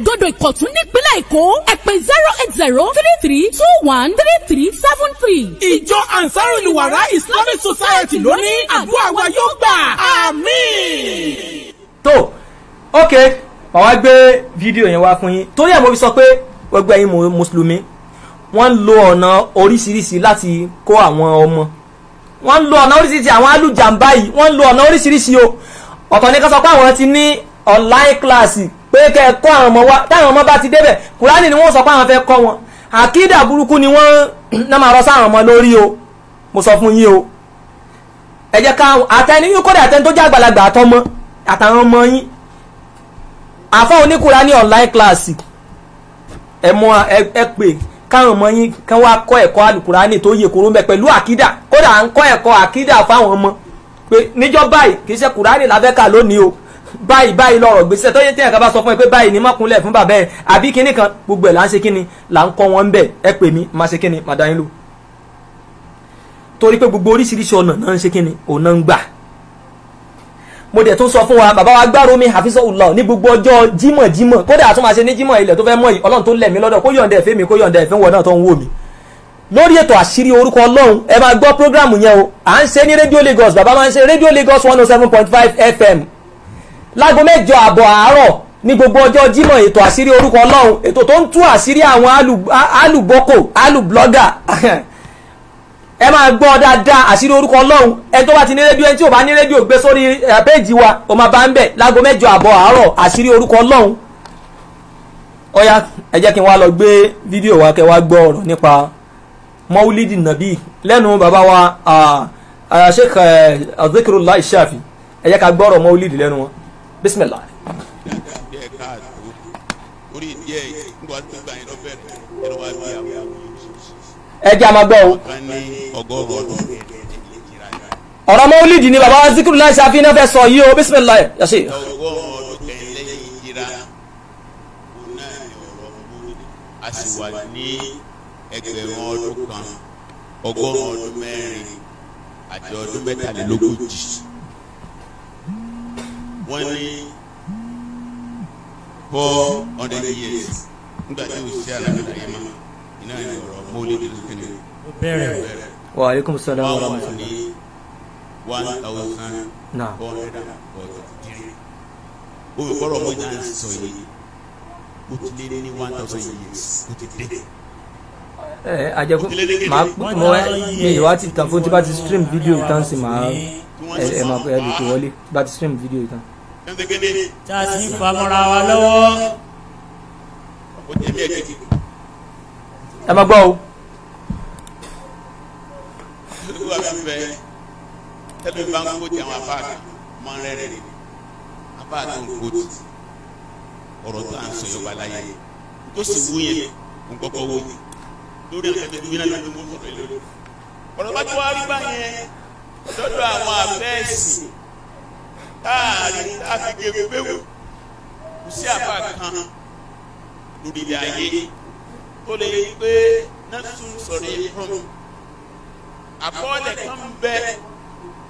G: ìdodo ìkọ̀tún nípínlẹ̀ èkó ẹ zero eight zero three three two one three three seven three. ìjọ ansarul wara islamic society ló ní àdúrà wa yóò gbà
C: àmín. tó ok
B: màá wá gbé fídíò yẹn wá fún yín torí ẹ̀ mo fi sọ pé gbogbo ẹ̀yin mùsùlùmí wọ́n ń lo ọ̀nà oríṣiríṣi láti kó àwọn ọmọ wọ́n ń lo ọ̀nà oríṣiríṣi àwọn alùjàmbá yìí wọ́n ń lo ọ̀nà oríṣiríṣi o ọ̀tọ̀ ni ká sọ pé àwọn ti ní online class pé kẹ́ ẹ kọ́ àwọn ọmọ wa táwọn ọmọ bá ti débẹ̀ kùránì ni wọ́n sọ pé àwọn fẹ́ kọ́ wọn àkídà burúkú ni wọ́n náà máa rọ sáwọn ọmọ lórí o mo sọ fún yín o ẹ jẹ́ ká àtẹni yín kódà àtẹni tó jẹ́ àgbàlagbà àtọmọ àtàwọn ọmọ yín àfọ oníkùrá online class ẹ mọ ẹ pè káwọn ọmọ yín kán wá kọ́ ẹ̀kọ́ àlùkùránì tó yẹ kóró mbẹ pẹ̀lú àkídà kódà à ń kọ́ ẹ̀kọ́ àkídà fáwọn ọmọ pé níjọ́ báyìí kì í ṣe kùránì la fẹ́ kà lónìí o báyìí báyìí lọ́rọ̀ gbèsè tó yẹ téèyàn kan bá sọ fún ẹ pé báyìí ni mọ́kúnlẹ̀ fún bàbá ẹ àbí kinní kan gbogbo ẹ̀ là ń ṣe kinní là ń kọ́ wọn bẹ̀ ẹ pè mí má ṣe kinní má dá yín lò torí pé gbogbo oríṣiríṣi ọ̀nà náà ń ṣe kinní ọ̀nà ń gbà mo dẹ̀ tún sọ fún wa bàbá wa gbárò mi hafizahullah ní gbogbo ọjọ́ jímọ̀ jímọ̀ kódà àtún máa ṣe ní jímọ̀ lórí ètò àṣírí orúkọ ọlọ́run ẹ máa gbọ́ prógráàmù yẹn o à ń ṣe ní rédíò Lagos bàbá máa ń ṣe rédíò Lagos one oh seven point five FM láago mẹ́jọ àbọ̀ àárọ̀ ní gbogbo ọjọ́ jímọ̀ ètò àṣírí orúkọ ọlọ́run ètò tó ń tú àṣírí àwọn alùbọ́kò alùblọ́gà ẹ máa gbọ́ dáadáa àṣírí orúkọ ọlọ́run ẹni tó bá ti ní rédíò ẹni tí ò bá ní rédíò gbé sórí péjì wa ó máa bá ń bẹ̀ láago mẹ́jọ àbọ̀ àárọ̀ àṣírí orúkọ ọlọ́run ọ̀yá ẹ jẹ́ kí n wá lọ gbé fídíò wa kẹ́ wá gbọ́ ọ̀rọ̀ nípa mọ́wúlídì nàbí lẹ́nu bàbá wa Sheikh Dhikrullah al ẹ jẹ́ ká gbọ́ ọ̀rọ̀ mọ́wúlídì lẹ́nu wọn bisimilah. ẹ jẹ́ àmọ́ gbọ́ o. ọ̀rọ̀ mọ́wúlìdì ni bàbá wa zikiru láì ṣàfihàn fẹ́ sọ yìí o bisimilah yasi.
F: a sì wà ní ẹgbẹ̀rún ọdún kan ọgọ́rùn-ún ọdún mẹ́rin àti ọdún mẹ́tàlélógójì wọ́n ní four hundred years nígbà tí òṣìṣẹ́ alágbèrè yẹn máa iná ní ọ̀rọ̀ mọ́lẹ́ ìdílé bẹ̀rẹ̀. wa aleykum salaam wa rahmatulah. one thousand four hundred and forty three olùkọ́rọ̀ mọ́ ìdáná sọ yìí ó ti lé ní one thousand years ó ti dé ẹ ajẹ ko maa mo ẹ yìí wá ti tàn fún tí bá ti stream video tán sí maa ẹ ẹ ma ẹ lè tó
B: wọlé tí bá ti stream video tán
F: tí a sì famọ́ra wa lọ́wọ́. ẹ má gbọ́ o. olúwa mi bẹ tẹ́lẹ̀ bá ń kó ti àwọn apá àti ọmọ rẹ̀ rẹ̀ apá àti ọ̀rọ̀ tó à ń sọ yóò wá láyé tó sì wú yẹn òǹkọ́kọ́ wó lórí ẹ̀kẹ́ tó yẹn náà mú ọ̀rọ̀ yẹn lórí. ọ̀rọ̀ bá tó wá rí báyẹn lọ́dọ̀ àwọn abẹ́ẹ̀sì táàrí táfígèrè wéwò kò sí àbá kan lórí ilẹ̀ ayé tó lè rí pé nẹ́sùn sọ̀rọ̀ ìfún àkọọ́lẹ̀ kan bẹ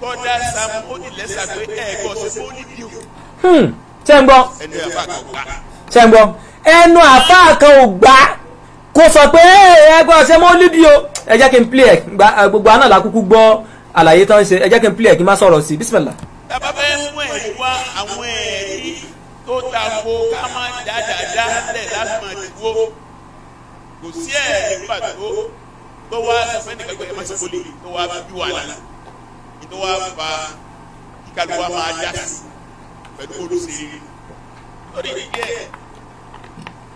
F: kọ́dá sam ó ní lẹ́sà pé ẹ̀ẹ́kọ́ sí bó ní bí o.
B: ṣé ń gbọ́ ṣé ń gbọ́ ẹnu àfa kan ò gbà kó sọ pé ẹgbẹ́ ọ̀sẹ̀ mọ́ lídìí o ẹ jẹ́ kí n play ẹ̀ gbogbo àná làkúkú gbọ́ àlàyé tán ṣe ẹ jẹ́ kí n play ẹ̀ kí n má sọ̀rọ̀ sí i bísímẹ́lá.
F: tako ká má dáadáa lẹ̀ láti máa dúró kò sí ẹ̀ nípa tó tó wá sọfẹ́ nìkan gbé ẹ̀ma sọ́kò lè tó wá bí wà lánà tó wá fa kíkalu wa máa dá sí pẹ̀lú olùsèré lórí ìdílé ẹ̀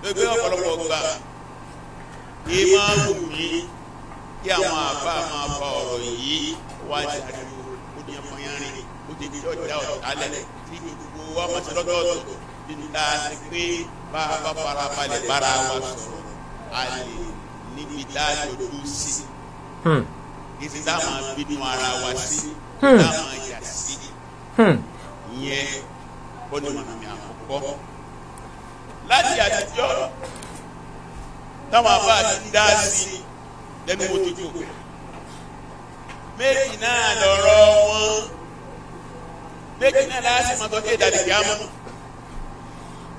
F: lọ́gbẹ́ ọ̀pọ̀lọpọ̀ gbà kí máa wù mí kí àwọn àbá máa fa ọ̀rọ̀ yìí wá jáde ó ní ẹ̀fọn yẹn rìn ó ti di ọjà ọ̀tá lẹ̀ tí gbogbo wa máa ti lọ́dọ̀ọ̀dọ̀ níta ni pé bá a bá fara balẹ̀ bára wa sọ̀rọ̀ a lè níbi tá a jọjú sí hmm. kí ti dáhùn abínú ara wa sí dáhùn hmm. àyà sí hmm. yẹn kọ́ ni màmí àkọ́kọ́ láti àtijọ́ táwọn àbá ti ń dá sí lẹ́nu wo ti jò pé méjì náà lọ̀rọ̀ wọn méjì náà láti mọ́tò tí èdè àdìgbà mọ́.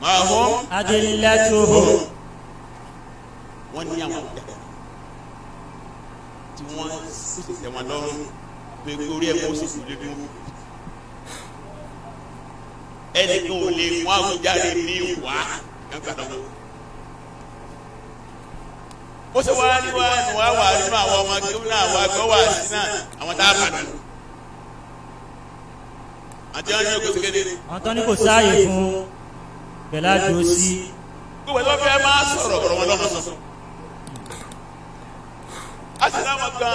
F: ma hum adillatuhum ní àwọn ọ̀dà tí wọ́n sì tẹ̀ wọ́n pé orí ẹ̀ kó sì lé dúró ẹni tó lè mú àwùjáde ní wá nígbàdàn wọn. ó sì wá ní wá ní wá wà nínú àwọn ọmọ tó náà wá gbọ́ wà sí náà àwọn tá a bàdàn lọ àti àwọn ní kò kò sáàyè
H: fún bẹ̀lá dùn sí.
F: gbogbo máa sọ̀rọ̀ ọ̀rọ̀ wọn lọ́mọ sọ. a sì náà máa gba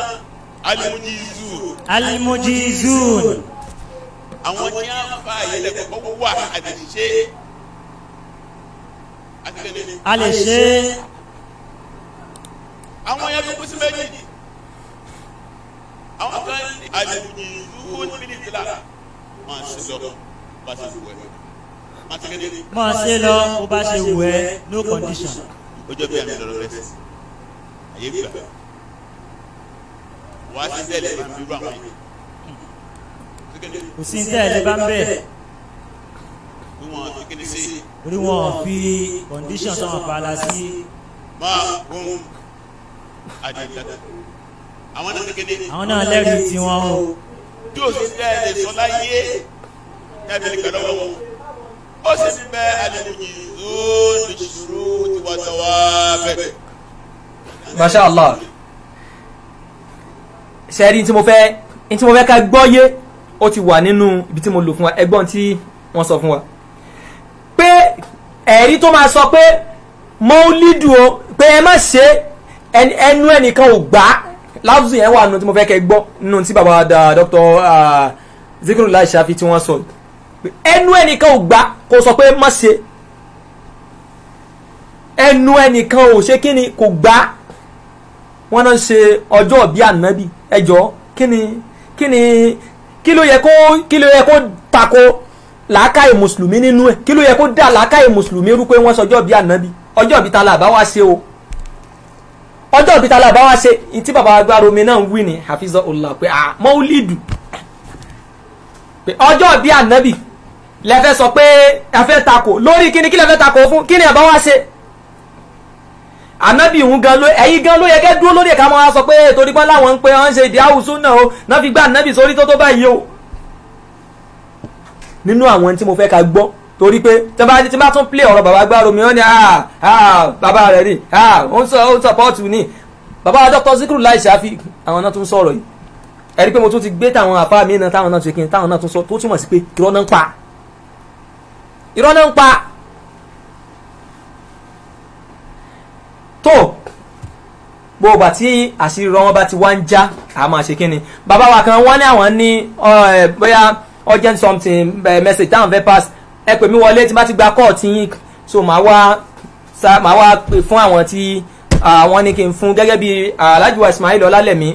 F: alimujizun. àwọn tí a fa àyẹlẹ kọ́kọ́ wà àdìsẹ́ a àwọn yẹn kúkú sí méjì àwọn kan alimujizun níbi ìtura máa ṣe lọ bá ṣe wù ẹ́ mọ̀ ṣe lọ bó bá ṣe wù no condition. ojú bí àmì lọ́rọ́ rẹ̀ ayé gbà wá sí tẹ́lẹ̀ bá mi rú àwọn yìí. kò sí tẹ́lẹ̀ bá ń bẹ̀. orí wọn fi condition sọ̀rọ̀ fàlà sí. máa ń àdìgbà àwọn náà kékeré. àwọn náà lẹ́rìí tiwọn o. tí o sì tẹ́lẹ̀ sọ láyé tẹ́lẹ̀ kẹlọ́wọ́ ó sì ń bẹ alẹ́lẹ́yìn lóòrùn ìṣòro tiwantawa bẹ́ẹ̀.
B: allah ṣẹ́rí tí mo fẹ́ tí mo fẹ́ ká gbọ́ yé ó ti wà nínú ibi tí mo lò fún wa ẹgbọ́n tí wọ́n sọ fún wa pé ẹ̀rí tó máa sọ pé mọ́lídù o pé ẹ má ṣe ẹnu ẹnìkan ò gbà á láwùjọ yẹn wà nù tí mo fẹ́ kẹ́ gbọ́ nù tí bàbá dr ah, zikrullah ṣàfi tí wọ́n sọ ẹnu ẹnìkan ò gbà kó sọ pé má ṣe ẹnu ẹnìkan ò ṣe kí ni kò gbà wọn náà ṣe ọjọ́ bí ànábì ẹjọ́ kí ni kí ni kí ló yẹ kó kí ló yẹ kó tako làákàyè mùsùlùmí nínú ẹ kí ló yẹ kó dá làákàyè mùsùlùmí rú pé wọ́n sọjọ́ bí ànábì ọjọ́ bí ta la bá ṣe o
G: ọjọ́ bí ta la bá wá
B: ṣe ìtí bàbá agbára omi náà ń wí ni hafizahullah pé ah mọ́wúlídù pé ọjọ́ bí ànábì lẹ́fẹ́ sọ pé ẹfẹ́ takò lórí kíni kí lẹ́fẹ́ takò fún kíni ẹ̀bá wá ṣe anabi ìhun gan ló ẹ̀yin gan ló yẹ kẹ́ dúró lórí ẹ̀ka máa sọ pé torí pé láwọn ń pe ọ́n ṣe ìdí àwùsù náà o náà fi gbá anabi sórí tó tó báyìí o nínú àwọn tí mo fẹ́ ka gbọ́ torí pé tí bá tí bá tún play ọ̀rọ̀ bàbá gbárò mi ó ní ah ah bàbá rẹ̀ ni ah ó ń sọ ó ń support ni bàbá dr zikiru láì ṣàfi àwọn náà tún sọ̀rọ̀ yìí ẹ̀rí pé mo tún ti gbé táwọn àfáà mi náà táwọn náà tún ṣe kí táwọn náà tún sọ tó túmọ̀ sí pé kí lọ́nà ń pa irọ́ náà ń pa tó gbogbo àti àṣírí irọ́ wọn bá ti wá ń já a máa ṣe kí ni bàbá wa kan wọ́n ní àwọn ní bóyá urgent something message táwọn fẹ́ pass ẹ pè mí wọlé tí bá ti gba call yín so màá wá màá wá pè fún àwọn tí àwọn ní kí n fún gẹ́gẹ́ bí alájùwà Ismail Ọlálẹ̀mí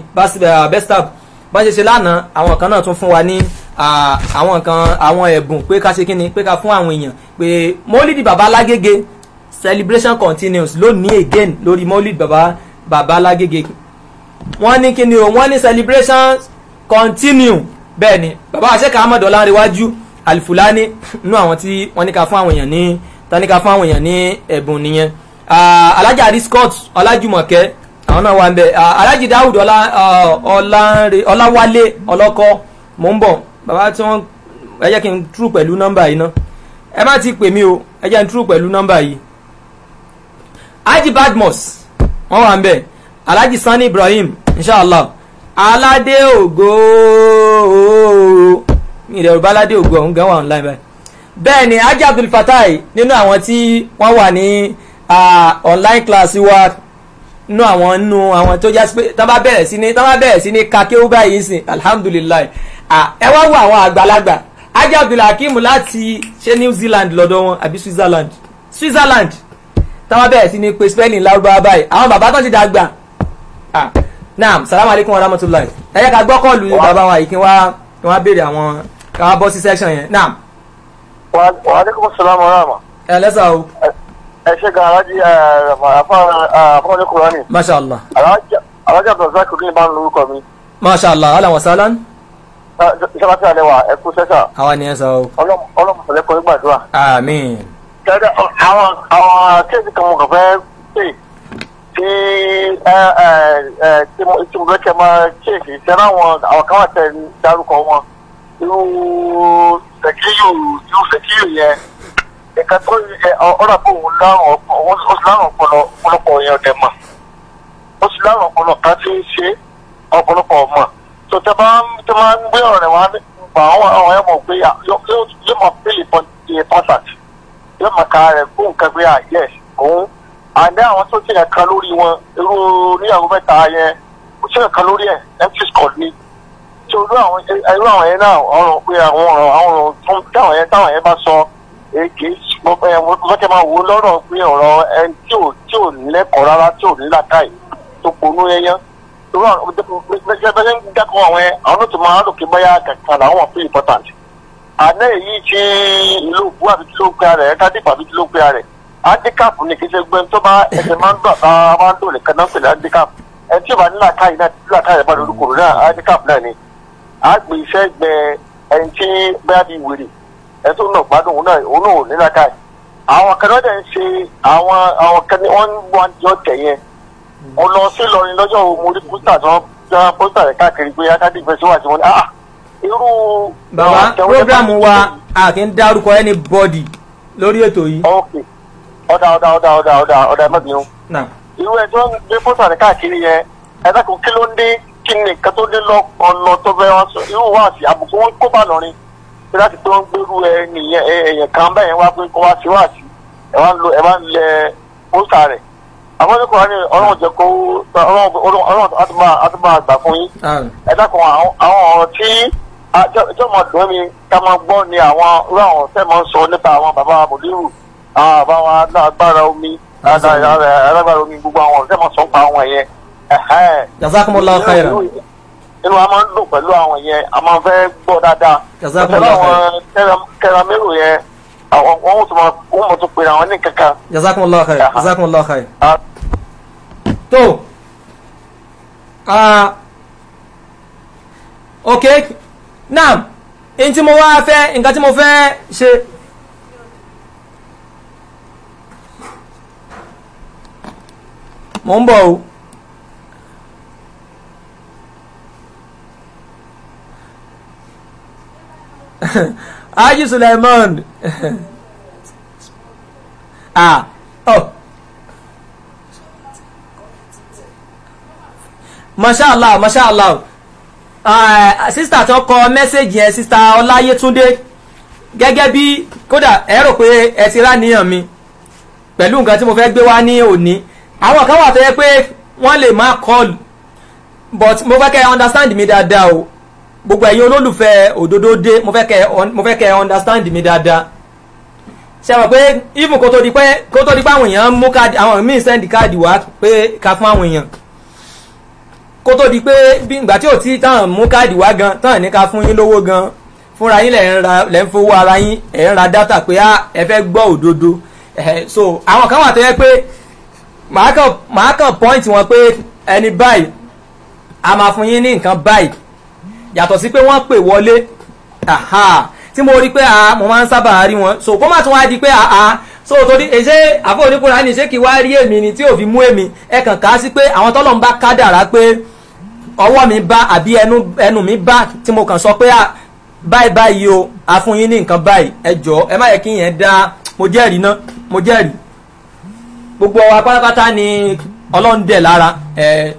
B: best up bá ṣe ṣe lánàá àwọn kan náà tún fún wa ní àwọn kan àwọn ẹ̀bùn pé ká ṣe kínni pé ká fún àwọn èèyàn pé mọ́lídì bàbá lágége celebration continues lónìí again lórí mọ́lídì bàbá bàbá lágége wọ́n ní kínni o wọ́n ní celebration continue bẹ́ẹ̀ ni bàbá àṣekà ahmed ọlárẹ̀wájú alifulani nú àwọn tí wọ́n ní ká fún àwọn èèyàn ní tani ká fún àwọn èèyàn ní ẹ̀bùn nìyẹn alájà àdí scott ọlájúmọ̀kẹ́ àwọn náà wà ń bẹ alájì dáhùd ọláwálé ọlọ́kọ́ mò ń bọ̀ bàbá tí wọ́n ẹ jẹ́ kí n tú pẹ̀lú nọ́mbà yìí náà ẹ má ti pè mí o ẹ jẹ́ n tú pẹ̀lú nọ́mbà yìí Haji Badmus wọ́n wà ń bẹ̀ Alhaji Sani Ibrahim inshallah Aládé Ògo ìrẹ̀rù baládé Ògo ọ̀hún gan wà online báyìí bẹ́ẹ̀ ni Haji Abdul Fatai nínú àwọn tí wọ́n wà ní online class wa nínú àwọn nínú àwọn tó jásí pé tá bá bẹ̀rẹ̀ sí ní tá bá bẹ̀rẹ̀ sí ní kakéwú báyìí sìn alhamdulilayi ẹ wá wo àwọn àgbàlagbà ajé abdulhakeem láti ṣe new zealand lọ́dọ̀ wọn àbí switzerland switzerland táwọn bẹ̀rẹ̀ sí ní pé spelling lárúbáwá báyìí àwọn bàbá tó ti dàgbà naam salamu aleykum wa rahmatulahi ẹ yẹ ká gbọ́ kọ́ọ̀lù bàbá wa yìí kí wọ́n wá béèrè àwọn ká wá bọ́ sí section yẹn naam. wa
H: aleykum salaam wa rahma. ẹ lẹ́sà o. ẹ ṣe gan alájí àfọwọ́n ní kúrọ́ọ̀nì. masha allah. alájí abdulrasaq ní ìbámu lórúkọ mi.
B: masha allah alan wa salam
H: ìjọba tí a lè wà ẹkú sẹ́sà. àwa ni ẹ sọ. ọlọ́mọ fẹlẹ́ kọ́ gbàdúrà. àmín. kẹ́kẹ́ àwọn àwọn kéèsì kan mo kàn fẹ́ pè tí ẹ ẹ tí mo fẹ́ kẹ́ máa kéèsì sẹ́nà àwọn àwọn kan wà tẹ̀ dárúkọ wọn irú fẹ̀kíyù irú fẹ̀kíyù yẹn ẹ̀ka tó ọ̀rọ̀ àpò òun láwọn ọ̀pọ̀ ọ̀pọ̀lọpọ̀ yẹn ọ̀dẹ̀ mọ̀ ó sì láwọn ọ̀pọ̀lọpọ̀ kan ti ń ṣe ọ̀pọ̀lọpọ̀ mọ̀ tó tẹ bá ń tẹ máa ń gbé ọ̀rẹ́ wa gbà àwọn àwọn ẹ̀ mọ̀ pé yóò máa fílì pọ́sàt yóò máa ka rẹ̀ kó nǹkan gbé à yes òun àdé àwọn tó ti yẹn kan lórí wọn irú oníyàwó mẹ́ta yẹn kò sí ẹ̀kan lórí ẹ̀ empty squad ni tí olú àwọn irú àwọn yẹn náà ọ̀rọ̀ pé àwọn ọ̀rọ̀ àwọn ọ̀rọ̀ táwọn yẹn táwọn yẹn bá sọ èké mọ́tẹ́ máa wò lọ́rọ̀ pé ọ̀rọ̀ ẹni tí ò lẹ́kọ̀ọ́ rárá tí ò ní làkàì tó ponú yẹn yẹn wọn bẹ́ẹ̀ ń dákọ̀ àwọn yẹn àwọn tó máa lò kí báyà kankan làwọn wà fún important àná èyí ti ìlú òkú àbí tí ló ń pe ara rẹ̀ kádìpù àbí tí ló ń pe ara rẹ̀ handicap ni kì í ṣe gbẹ́ni tó bá ẹsẹ̀ máa ń dùn àbá máa ń dùn nìkan náà ń pèlè handicap ẹni tí ò bá ní làákàyè náà tí làákàyè rẹ̀ bá lórí kòrò náà handicap náà ni àgbè iṣẹ́ gbẹ ẹni tí bẹ́ẹ̀ bí wèrè ẹni tó nà gbádùn òun náà òun náà ò ní làákàyè àwọn kan náà dẹ̀ ń ṣe àwọn àwọn kan ní wọ́n ń wọ́n jọ tẹ̀ yẹn mo lọ sí Ìlọrin lọ́jọ́ wo mo rí pósítà tó jẹ́ pósítà rẹ̀ káàkiri pé akadé ìfẹ́ sí wà tí wọ́n ah
C: irú.
B: bàbá programu wa a kì í dárúkọ anybody
H: lórí ètò yìí. ok ọ̀dà ọ̀dà ọ̀dà ọ̀dà ọ̀dà ọ̀dà ẹ̀ má bínú. irú ẹ̀ tí wọ́n gbé pósítà rẹ̀ káàkiri yẹn ẹ̀ dákun kí ló ń dé kí ni nǹkan tó dé lọ ọ̀nà tó fẹ́ wá sọ irú wá sí àbùkù wọn kó bá lọrin bí láti tó ń gbérú ẹ̀yìn kan bẹ́ẹ̀ wá pé kó wá sí wá sí ẹ̀ wá ń lẹ pósítà rẹ̀ àwọn ní kòrán ní ọlọ́run jẹ́ kó ọlọ́run àtúbà àgbà fún yín ẹ dákun àwọn ọ̀rọ̀ tí jọ́mọ̀ dùn ká máa gbọ́ ni àwọn ráwọn tẹ́ máa ń sọ nípa àwọn bàbá mòlíwù àwọn bàbá wa lágbára omi alágbára omi gbogbo àwọn tẹ́ máa sọ pa àwọn yẹn. jazakumullahu khairan. inú a máa ń dùn pẹ̀lú àwọn yẹn a máa fẹ́ gbọ́ dáadáa. jazakumullahu khairan. kẹramẹ́rù yẹn àwọn wọn tún máa wọn mọ̀ tún pé àwọn ní kankan.
B: jazakumullahu khair jazakumullahu khair. tó ok naam n tí mo wá fẹ́ nǹkan tí mo fẹ́ ṣe. mo ń bọ̀ o. Heh. Haji Suleiman ah oh mashallah mashallah uh, ah, sista tó kọ mẹ́sẹ̀gì yẹn sista Ọláyétúndé gẹ́gẹ́ bí kódà ẹ rò pé ẹ ti rá níyàn mi pẹ̀lú nǹkan tí mo fẹ́ gbé wa ní òní àwọn kan wà tó yẹ pé wọ́n lè má kọlù but mo fẹ́ kẹ́ understand me dáadáa o gbogbo ẹ̀yin olólùfẹ́ òdodo dé mo fẹ́ kẹ́ mo fẹ́ kẹ́ understand mi dáadáa ṣe àwọn pé even kó tó di pé kó tó di pé àwọn èèyàn mú káàdì àwọn míì send káàdì wá pé ká fún àwọn èèyàn kó tó di pé bí ìgbà tí ò tí tàn mú káàdì wá gan tàn ní ká fún yín lówó gan fúnra yín lẹ̀ ń ra lẹ̀ ń fowó ara yín ẹ̀ ń ra dátà pé á ah, ẹ fẹ́ gbọ́ òdodo so àwọn kan wà tó yẹ pé màá kàn màá kàn point wọn pé ẹni báyìí a máa fún yín ní nǹkan báyìí yàtọ̀ sí pé wọ́n pè wọlé tí mo rí pé àá mo máa ń sábà rí wọn so kó má tún wá di pé àá so torí ṣé àfọ oníkùnrin àní ṣé kí wá rí èmi ni tí ò fi mú èmi ẹ kàn ká sí pé àwọn tọ́lọ̀ ń bá kádàrá pé ọwọ́ mi bá àbí ẹnu ẹnu mi bá tí mo kàn sọ pé báyìí báyìí o àfún yín ní nǹkan báyìí ẹ jọ ẹ má yẹ kí yẹn dá mo jẹ́rìí ná mo jẹ́rìí gbogbo wa pátápátá ni ọlọ́run lára ẹ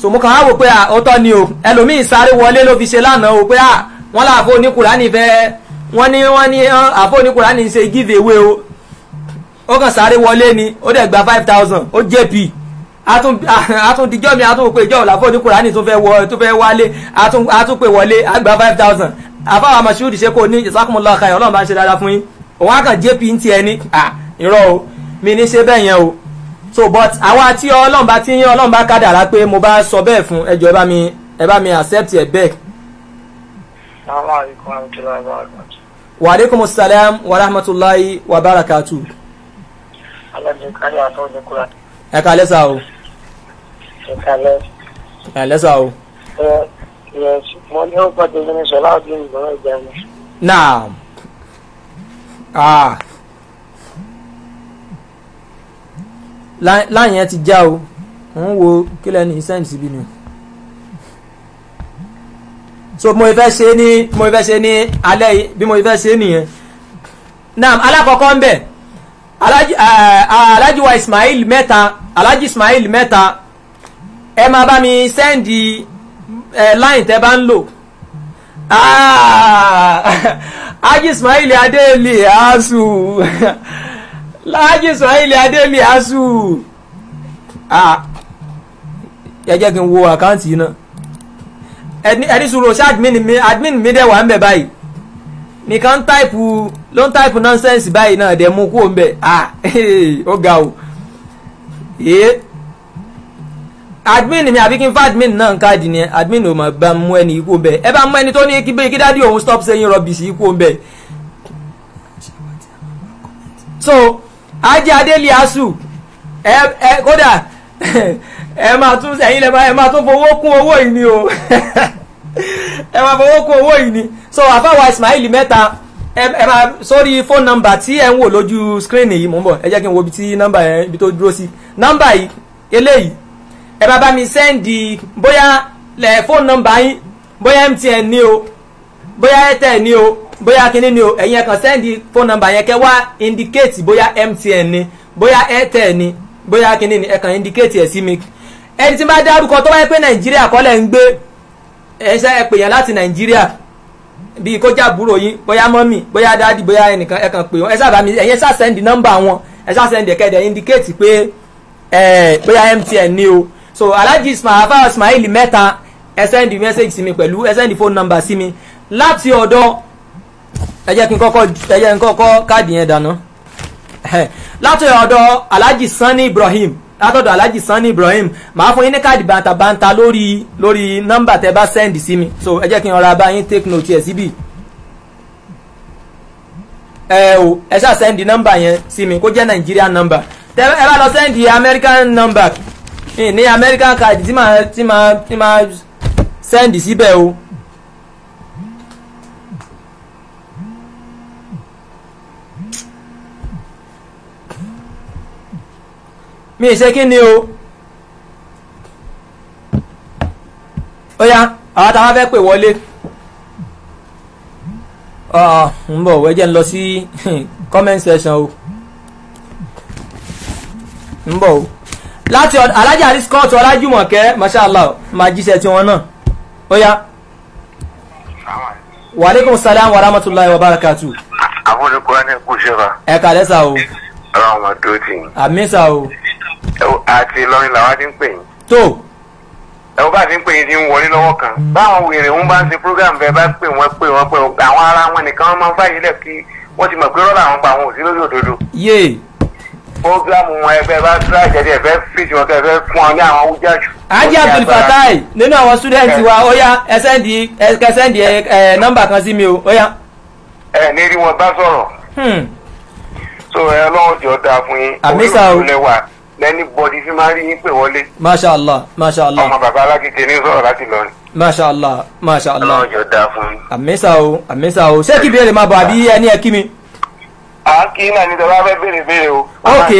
B: so mo kàn wá wò pé à ọtọ́ ni o ẹlòmíì sáré wọlé ló fi ṣe lánàá o pé à wọ́n là àfọ oníkùránì fẹ́ wọ́n ní wọ́n ní àfọ oníkùránì ṣe give away o ó kàn sáré wọlé ni ó dẹ̀ gba five thousand ó jp àtúndíjọ́ mi àtúnpè ìjọ́ làfọ oníkùránì tó fẹ́ wọ tó fẹ́ wálé àtúnpè wọlé á gba five thousand àfáwọn àmọ̀ṣúrù ṣe kò ní ìsákùnmọ́lá ọ̀kan ọlọ́run bá ń ṣe dáadáa fún yín òun á kàn jp ń tiẹ̀ ní à irọ́ o mi ní ṣe bẹ́ẹ̀ yẹn o so but àwa tí ọlọ́run bá ti yín ọlọ́run bá kádàrá pé mo bá sọ bẹ́ẹ̀ fún ẹjọ́ ẹ bá mi ẹ bá mi accept ẹ bẹ́ẹ̀. wa aleykum salaam wa rahmatulahi wa barakatu. ẹ kalẹ́ sá o. ẹ kalẹ́. ẹ kalẹ́ sá o.
H: ẹ ẹ mo ní ó gbọ́dọ̀ ní sọlá ọdún ìgbọràn ìjẹun.
B: ah. láyẹn ti já o ń wo kí lẹ́nu send síbi ni so mo fẹ́ ṣe ní mo fẹ́ ṣe ní alẹ́ yìí bí mo fẹ́ ṣe nìyẹn naam alákọ̀ọ́kọ́ ń bẹ̀ alájí wa Ismail mẹ́ta alájí Ismail mẹ́ta ẹ máa bá mi sẹ́ndì ẹ láyìn tẹ́ bá ń lò ah! ají Ismail adéèlì asu. láàájì Israẹli Adéliasu ẹ jẹ́ kí n wo àkáǹtì yìí náà ẹni sùúrù ṣé admin mi admin mi dẹ̀ wà ń bẹ̀ báyìí nìkan táìpù ló ń táìpù nọ́nsẹ́ǹsì báyìí náà dẹ̀ mú kúrò ń bẹ̀ à ó ga o ee admin mi àbí kí n fa admin náà káàdì ni admin ò mà bá mú ẹni ikú ń bẹ̀ ẹ bá mú ẹni tó ní kí bẹ́ẹ̀ kí dádì òun stop saying rubbish ikú ń bẹ̀ so. ajé adéliasu ẹ ẹ kódà ẹ máa tún Ẹyin lẹ́ba ẹ máa tún fowó kún owó yìí ni o ẹ máa fowó kún owó yìí ni so àfáwà Ismail mẹ́ta ẹ máa sórí fóònù nọ́mbà tí ẹ ń wò lójú screen yìí mò ń bọ̀ ẹ jẹ kí n wo ibi tí nọ́mbà yẹn eh, ibi tó dúró sí nọ́mbà yìí eléyìí ẹ eh, bá bá mi sẹ́ndì bóyá fóònù nọ́mbà yín bóyá MTN ni o oh. bóyá airtel ni o bóyá kíní ni o ẹ̀yin ẹ sẹ́ndì phone nọmba yẹn kẹ́ wá indicate mtn ni bóyá airtel ni bóyá kíní ni ẹ indicate ẹ̀ sí mi ẹni tí n bá dárúkọ tó bá pé nàìjíríà kọ́lẹ̀ ń gbé ẹ̀ṣẹ́ ẹ yẹn láti nàìjíríà bíi kójà búrò yín bóyá mọ́mì bóyá dáàdì bóyá ẹnìkan ẹ pè ẹ ẹ̀yin sẹ́ndì ẹ láti ọ̀dọ̀ ẹ jẹ́ kí n kọ́kọ́ ẹ jẹ́ kí n kọ́kọ́ káàdì yẹn dànù láti ọ̀dọ̀ alhaji sani ibrahim látọ̀dọ̀ alhaji sani ibrahim màá fún yín ní káàdì bàǹtàbàǹtà lórí lórí nọ́mbà tẹ́ bá sẹ́ndì sí mi so ẹ jẹ́ kí n rọra bá yín take note ẹ̀ síbí ẹ o ẹ ṣáà sẹ́ndì nọ́mbà yẹn sí mi kó jẹ́ nàìjíríà nọ́mbà tẹ́ ẹ bá lọ sẹ́ndì american nọ́mbà ní american card tí màá tí màá tí màá sẹ́ndì síbẹ̀ o. mi ì ṣe kí ni o ó yá àwọn táwọn fẹ́ pè wọlé ń bọ̀ wẹ́jẹ̀ ń lọ sí comment section o ń bọ̀ o láti alájà àti scott ọlájúmọ̀kẹ́ mashallah máa jíṣẹ́ tiwọn náà ó yá wàlékún salam wa rahmatulahi wa barakatu.
H: àbúrò kúránì kú ṣe wa. ẹ̀ka lẹ́sà o. ọlọ́run ma dúró tì yín. sà o àti Ìlọrin làwọn ti ń pè yín. tó. ẹ wọ́n bá ti ń pè yín ti ń wọlé lọ́wọ́ kan. báwọn wèrè ń bá ń ṣe program bẹ́ẹ̀ bá pè wọ́n pè wọ́n pè wọ́n àwọn ará wọn nìkan máa ń fàyè lẹ̀ kí wọ́n ti mọ̀ pé rọ́lá àwọn pa àwọn òsì lórí òdodo. yé. program wọn ẹgbẹ́ bá tíra ìjẹ́dí ẹ̀fẹ́ fíjì wọn kẹfẹ́ fún ọ ní àwọn awújájú. Haji Abdul
B: nínú àwọn students wa ó yá ẹ sẹ́ndì o ó yá.
H: ẹ ní rí wọn bá sọ̀rọ̀. Hmm. so ẹ lọ́wọ́ jọ o orí òṣèlú lẹ́ni bọ́dí fi máa rí yín pè wọlé.
B: masha allah masha allah. ọmọ
H: bàbá alákìtì ní sọ̀rọ̀ láti lọrin.
B: masha allah masha allah.
H: ọlọ́run yóò dáa fún mi.
B: àmísà o àmísà o ṣé kí ìbéèrè máa bọ̀ àbí ẹni ẹ kí mi.
H: a kì í náà ní tẹ́lá fẹ́ béèrè béèrè o. ok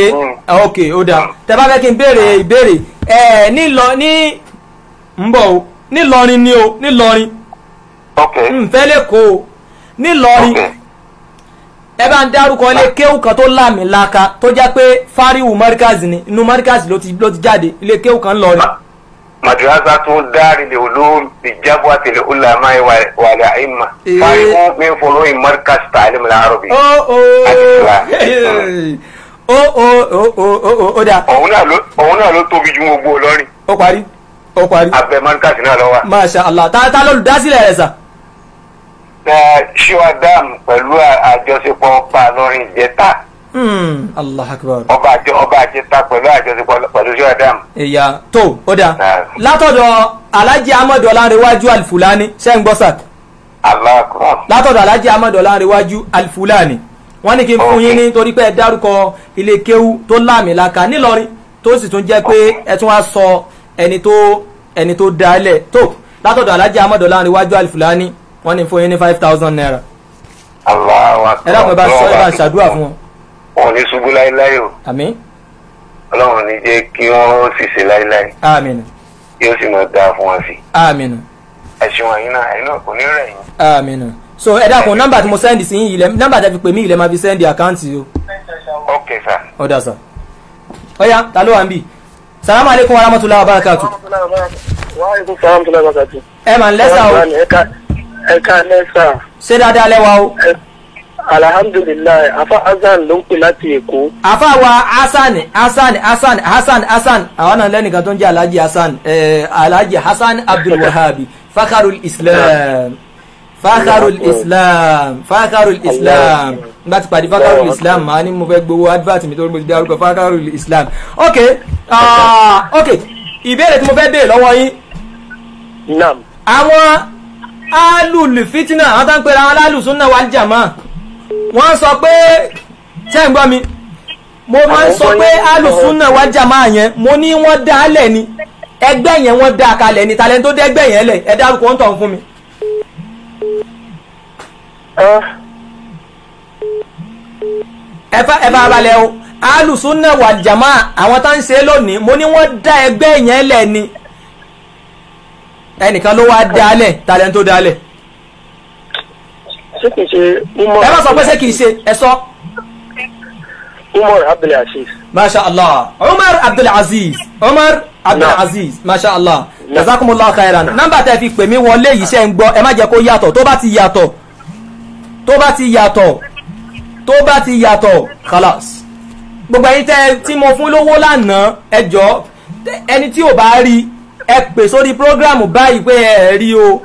H: ah, ok ó dáa
B: tẹ́lá fẹ́ kí n béèrè ìbéèrè ẹ̀ nílọ ní ń bọ̀ o nílọrin ni o nílọrin. ok nfẹ́ lẹ́kọ̀ọ́ nílọrin. okay ẹ bá ń dárúkọ ilé kéwù kan tó láàmì laka tó jẹ́ pé fáríwù mọ́ríkàzì ni inú mọ́ríkàzì ló ti ló ti jáde ilé kéwù kan lọ rẹ.
H: madrasa tó dárí lè olóhùn ìjábọ̀ àtẹlẹ ulama wàlẹ̀ àìmà eh. fáríwù mi fọlọ́ ì mọ́ríkàzì tààlẹ́ mi láàárọ̀ bí. ó ó ó ó ó ó dà. òun náà ló tóbi ju gbogbo olórin. ó parí ó parí. abẹ mọ́ríkàzì náà lọ wa.
B: masha allah ta ta ló lù dásílẹ̀ rẹ̀ sà ṣíwádàm pẹ̀lú
H: àjọṣepọ̀ ọba lọ́rin ìjẹta. Hmm. Allah akbar. ọba àjọ ọba àjẹta pẹ̀lú àjọṣepọ̀ pẹ̀lú ṣíwádàm.
B: ìyá tó ó dáa látọ̀dọ̀ alhaji amadu ọlánrewájú alfulani ṣẹ́yìn gbọ́sà. Allah akbar. látọ̀dọ̀ alhaji amadu ọlánrewájú alfulani wọ́n ní kí n fún yín ní torí pé ẹ dárúkọ ilé kéwú tó láàmìlaka nílọrin tó sì tún jẹ́ pé ẹ tún wá sọ ẹni tó ẹni tó dálẹ̀ tó látọ̀dọ̀ alhaji amadu ọlánrewájú alfulani wọ́n ní fún yín ní five thousand naira.
H: Allahu akbar ẹ dákun ẹ bá sọ ẹ bá ṣàdúrà fún wọn. wọn ò ní ṣubú láéláé o. àmín. ọlọ́run ní jẹ́ kí wọ́n ṣìṣe láéláé. àmín. yóò sì máa dáa fún wọn sí. àmín. ẹ̀sùn àyín náà àyín náà kò ní rẹ̀ yín.
B: àmín. so ẹ dákun nọ́mbà tí mo sẹ́ndì sí yìí nọ́mbà tí a fi pè mí ilẹ̀ máa fi sẹ́ndì àkáǹtì o. ok sir. ó dà sir. ó yá ta ló wà ń bì salamu aleykum wa rahmatulahi salaam wa
H: rahmatulahi wa barakatu. ẹ mà ń lẹ́sà o ẹ ká nẹ́sà. ṣé dáadáa lẹ́wà o. alhamdulilayi afa hasan ló ń pè láti èkó. afa wa
B: hasan hasan hasan hasan hasan àwọn náà lẹ́nìkan tó ń jẹ́ alhaji hasan alhaji hasan abdulwahabi fakharul islam fakarul islam fakarul islam nígbà tí pàdé fakarul islam màá ní mo fẹ́ gbowó advert mi tó ń gbé dárúkọ fakharul islam ok ah, ok ìbéèrè tí mo fẹ́ béèrè lọ́wọ́ yín. naam. àwọn alùlù fitina àwọn tó ń pera wọn alùlù sunna wal jama sọ pé tẹ́ ń gbọ́ mi mo máa ń sọ pé alùlù sunna wal jama yẹn mo ní wọ́n dá lẹ̀ ni ẹgbẹ́ yẹn wọ́n dá kalẹ̀ ni talẹ́ tó dẹ́gbẹ́ yẹn lẹ̀ ẹ dárúkọ ń tàn fún mi. ẹ fara balẹ̀ o alùlù sunna wal jama àwọn tó ń ṣe lónìí mo ní wọ́n dá ẹgbẹ́ yẹn lẹ̀ ni ẹnìkan ló wá dálẹ̀ talẹ̀ tó dálẹ̀.
H: ṣé kìí ṣe umar. ẹ má sọ pé ṣé
B: kìí ṣe ẹ sọ. umar abdulaziz. masha allah umar abdulaziz umar abdulaziz masha allah jazakumullah khairan nọ́mbà tẹ́ fi pè mí wọlé yìí ṣe ń gbọ́ ẹ má jẹ́ kó yàtọ̀ tó bá ti yàtọ̀ tó bá ti yàtọ̀ tó bá ti yàtọ̀ khalas gbogbo ẹ̀yin tẹ́ tí mo fún lówó lánàá ẹjọ́ ẹni tí ò bá rí ẹ pè sórí prógrámù báyìí pé ẹ rí o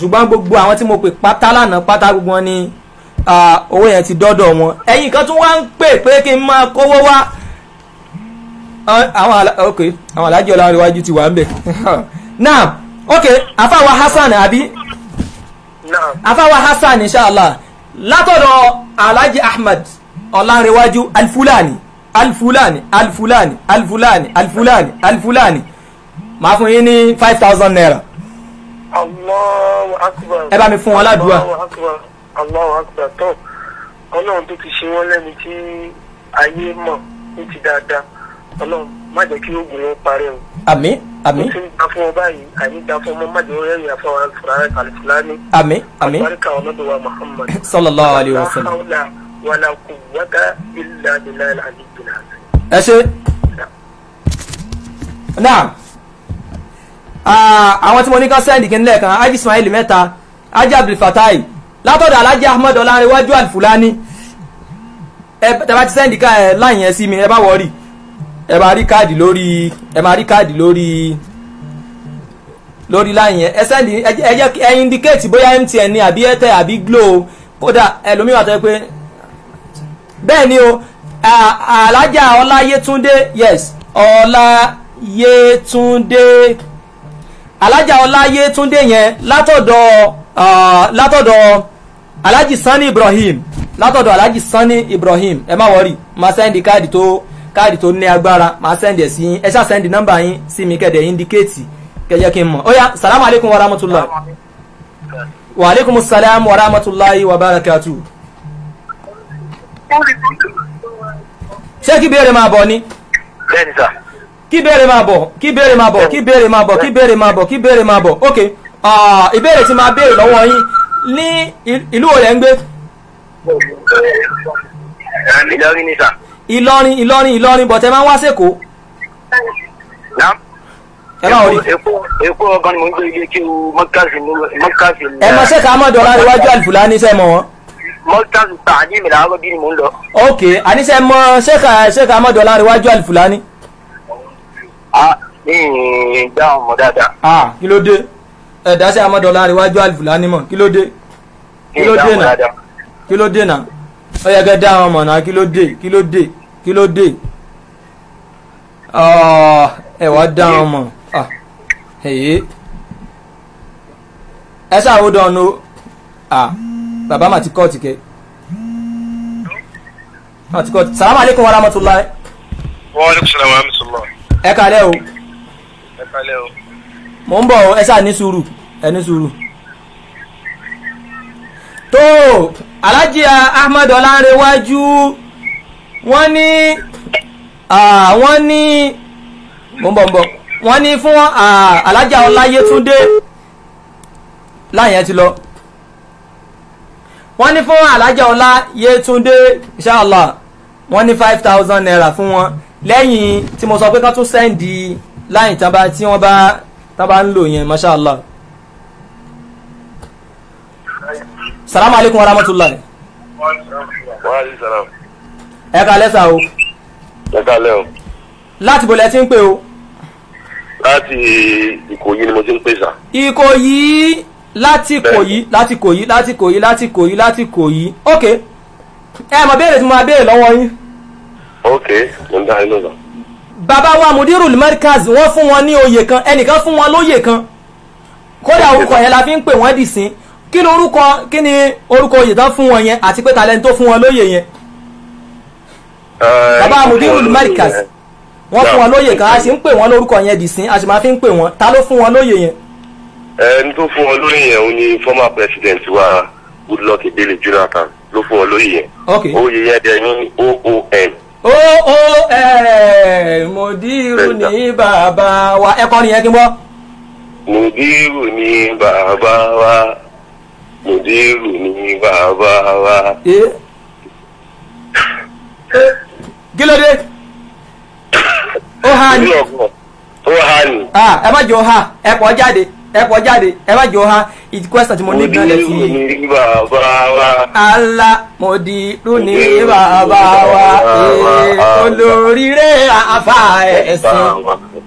B: ṣùgbọ́n gbogbo àwọn tí mo pè pátá lánàá pátá gbogbo wọn ni owó yẹn ti dọ́dọ̀ wọn ẹ̀yin kan tún wá ń pè pé kí n máa kówó wá àwọn ok àwọn alájọ ọlọ́rẹ̀wájú ti wà ń bẹ̀ now ok àfàwà Hasan àbí àfàwà Hasan inshallah látọ̀dọ̀ alhaji Ahmad ọlọ́rẹ̀wájú alfulani alfulani alfulani alfulani alfulani alfulani. alfulani màá fún yín ní five thousand naira.
H: Allahu Akbar. ẹ bá mi fún wọn ládùúgbà. Akbar Allahu Akbar tó ọlọ́run tó ti ṣe wọ́n lẹ́ni tí ayé mọ̀ ní ti dáadáa ọlọ́run má jẹ́ kí oògùn wọn parẹ́ o.
B: àmín àmín. mo ti ń
H: gba fún ọ báyìí àyè gba fún ọmọ má jẹ́ orí ẹ̀yìn àfọwọ́ alifulani alifulani. àmín àmín. àbáríkà ọlọ́dọ̀ wa Muhammad.
B: sallallahu alayhi wa
H: sallam. wàlá wákà ilà ilà ilà àdìgbò
B: ẹ ṣe. naam. Ah, àwọn tí mo ní kán sẹ́ndì kí n lẹ́ẹ̀kan Haji Ismail mẹ́ta Haji Abdulfatai látọ̀dọ̀ Alhaji Ahmed Ọlárẹ̀wájú Alfulani ẹ tẹ bá ti sẹ́ndì ká ẹ láyìn ẹ sí mi ẹ bá wọrí ẹ máa rí káàdì lórí ẹ máa rí káàdì lórí lórí láyìn ẹ sẹ́ndì ẹ jẹ́ ẹ indicate bóyá MTN ni àbí Airtel àbí Glo kódà ẹlòmíràn tó yẹ pé bẹ́ẹ̀ ni o Alhaja Ọláyétúndé yes Ọláyétúndé alájà ọláyé túndé yẹn látọ̀dọ̀ látọ̀dọ̀ alájì sanni ibrahim látọ̀dọ̀ alájì sanni ibrahim ẹ má wọrí máa sẹ́ndì káàdì tó káàdì tó ní agbára máa sẹ́ndì ẹ̀ sí yín ẹ ṣáà sẹ́ndì nọ́mbà yín sí mi kẹ́dẹ̀ indicate kẹjẹ kí n mọ̀ ó salamu aleykum wa rahmatulah wa aleykum salam wa rahmatulahi wa barakatu. ṣé kí béèrè máa bọ̀ ni. bẹ́ẹ̀ ni sà kí béèrè máa bọ̀ kí béèrè máa bọ̀ kí béèrè máa bọ̀ kí béèrè máa bọ̀ kí béèrè máa bọ̀ ok ìbéèrè tí máa béèrè lọ́wọ́ yín ní ìlú òòlẹ̀ ń gbé. Ìlọrin ni sà. Ìlọrin Ìlọrin Ìlọrin bọ̀tẹ́ máa ń wá sẹ́kọ̀ọ́.
H: ẹ máa wọlé. èkó ọkàn ni mo ń gbé ilé kí o mọ́kàsì mọ́kàsì. ẹ máa ṣèkà mọ́dọ̀ láti wájú àlùfùlà ní sẹ́mọ̀ wọn. mọ́kàsì tà ní ìmìlá ọgọ́bí ni mò ń lọ.
B: ok àníṣe mọ ṣèkà ṣèkà mọ́dọ̀ láti wájú àlùfùlà ní
H: ní ah, ìdáhùn mọ́ dáadáa.
B: Ah, kí ló dé ẹ̀dá sí amọ́dọ̀lá àríwájú àlùfùlà nímọ̀ kí ló dé kí ló dé náà kí ló dé náà ó yẹ kẹ́ dá àwọn ọmọ náà kí ló dé kí ló dé kí ló dé ah, ẹ wá dá àwọn ọmọ ẹ̀yẹ ẹ ṣàwọ́ dánú bàbá mà ti kọ́ọ̀tì kẹ́ mà ti kọ́ọ̀tì sàlámù aleykum wa rahmatulahi.
H: wa aleykum salaam wa rahmatulahi ẹ kalẹ́ o. ẹ kalẹ́ o.
B: mò ń bọ̀ ẹ ṣáà ní sùúrù ẹ ní sùúrù. tó Alhaji Ahmed Ọlánrewájú wọ́n ní wọ́n ní mò ń bọ̀ ń bọ̀ wọ́n ní fún Alhaji Ọláyétúndé láyẹn ti lọ wọ́n ní fún Alhaji Ọláyétúndé inshallah wọ́n ní five thousand naira fún wọn lẹ́yìn tí mo sọ pé ká tún sẹ́ndì láyìn tí wọ́n bá tán bá ń lò yẹn masha allah. salamu aleykum wa rahmatulahi. ẹ ká lẹ́sà o. ẹ ká lẹ́ o. láti bo lẹ ti ń pè o.
H: láti Ìkòyí ni mo ti ń pè sà.
B: Ìkòyí láti Ìkòyí láti Ìkòyí láti Ìkòyí láti Ìkòyí láti Ìkòyí ok ẹ mọ̀ béèrè tí mo máa béèrè lọ́wọ́ yín
H: ok mo ń dá inú lọ.
B: bàbá wa mudirul markaz wọ́n fún wọn ní oyè kan ẹnìkan fún wọn lóyè kan kódà orúkọ yẹn la fi ń pè wọ́n dì sí kí ni orúkọ kí ni orúkọ oyè tán fún wọn yẹn àti pé talẹ́ni tó fún wọn lóyè yẹn.
H: bàbá mudirul markaz wọ́n fún wọn lóyè kan
B: a sì ń pè wọ́n lórúkọ yẹn dì sí a sì máa fi ń pè wọ́n ta ló fún wọn lóyè yẹn.
H: ẹni tó fún wọn lóyè yẹn òun ni former president wa Goodluck Ebele Jonathan ló fún wọn lóyè yẹn oyè yẹn dẹ ní OON ó ó ẹ mòdìrú ni bàbá wa ẹ kọrin yẹn kí n bọ. mòdìrú ni bàbá wa mòdìrú ni bàbá wa.
B: kí ló dé ó hà ní. ó hà ní. Ah, ẹ má jẹ́ ó hà ẹ jáde ẹ kọ jáde ẹ bá jọ ha ìkwẹ́sà tí mo ní gan
H: lẹ́sí yìí. Allah
B: mo di lónìí bàbá wa olóríire àfa ẹ̀sìn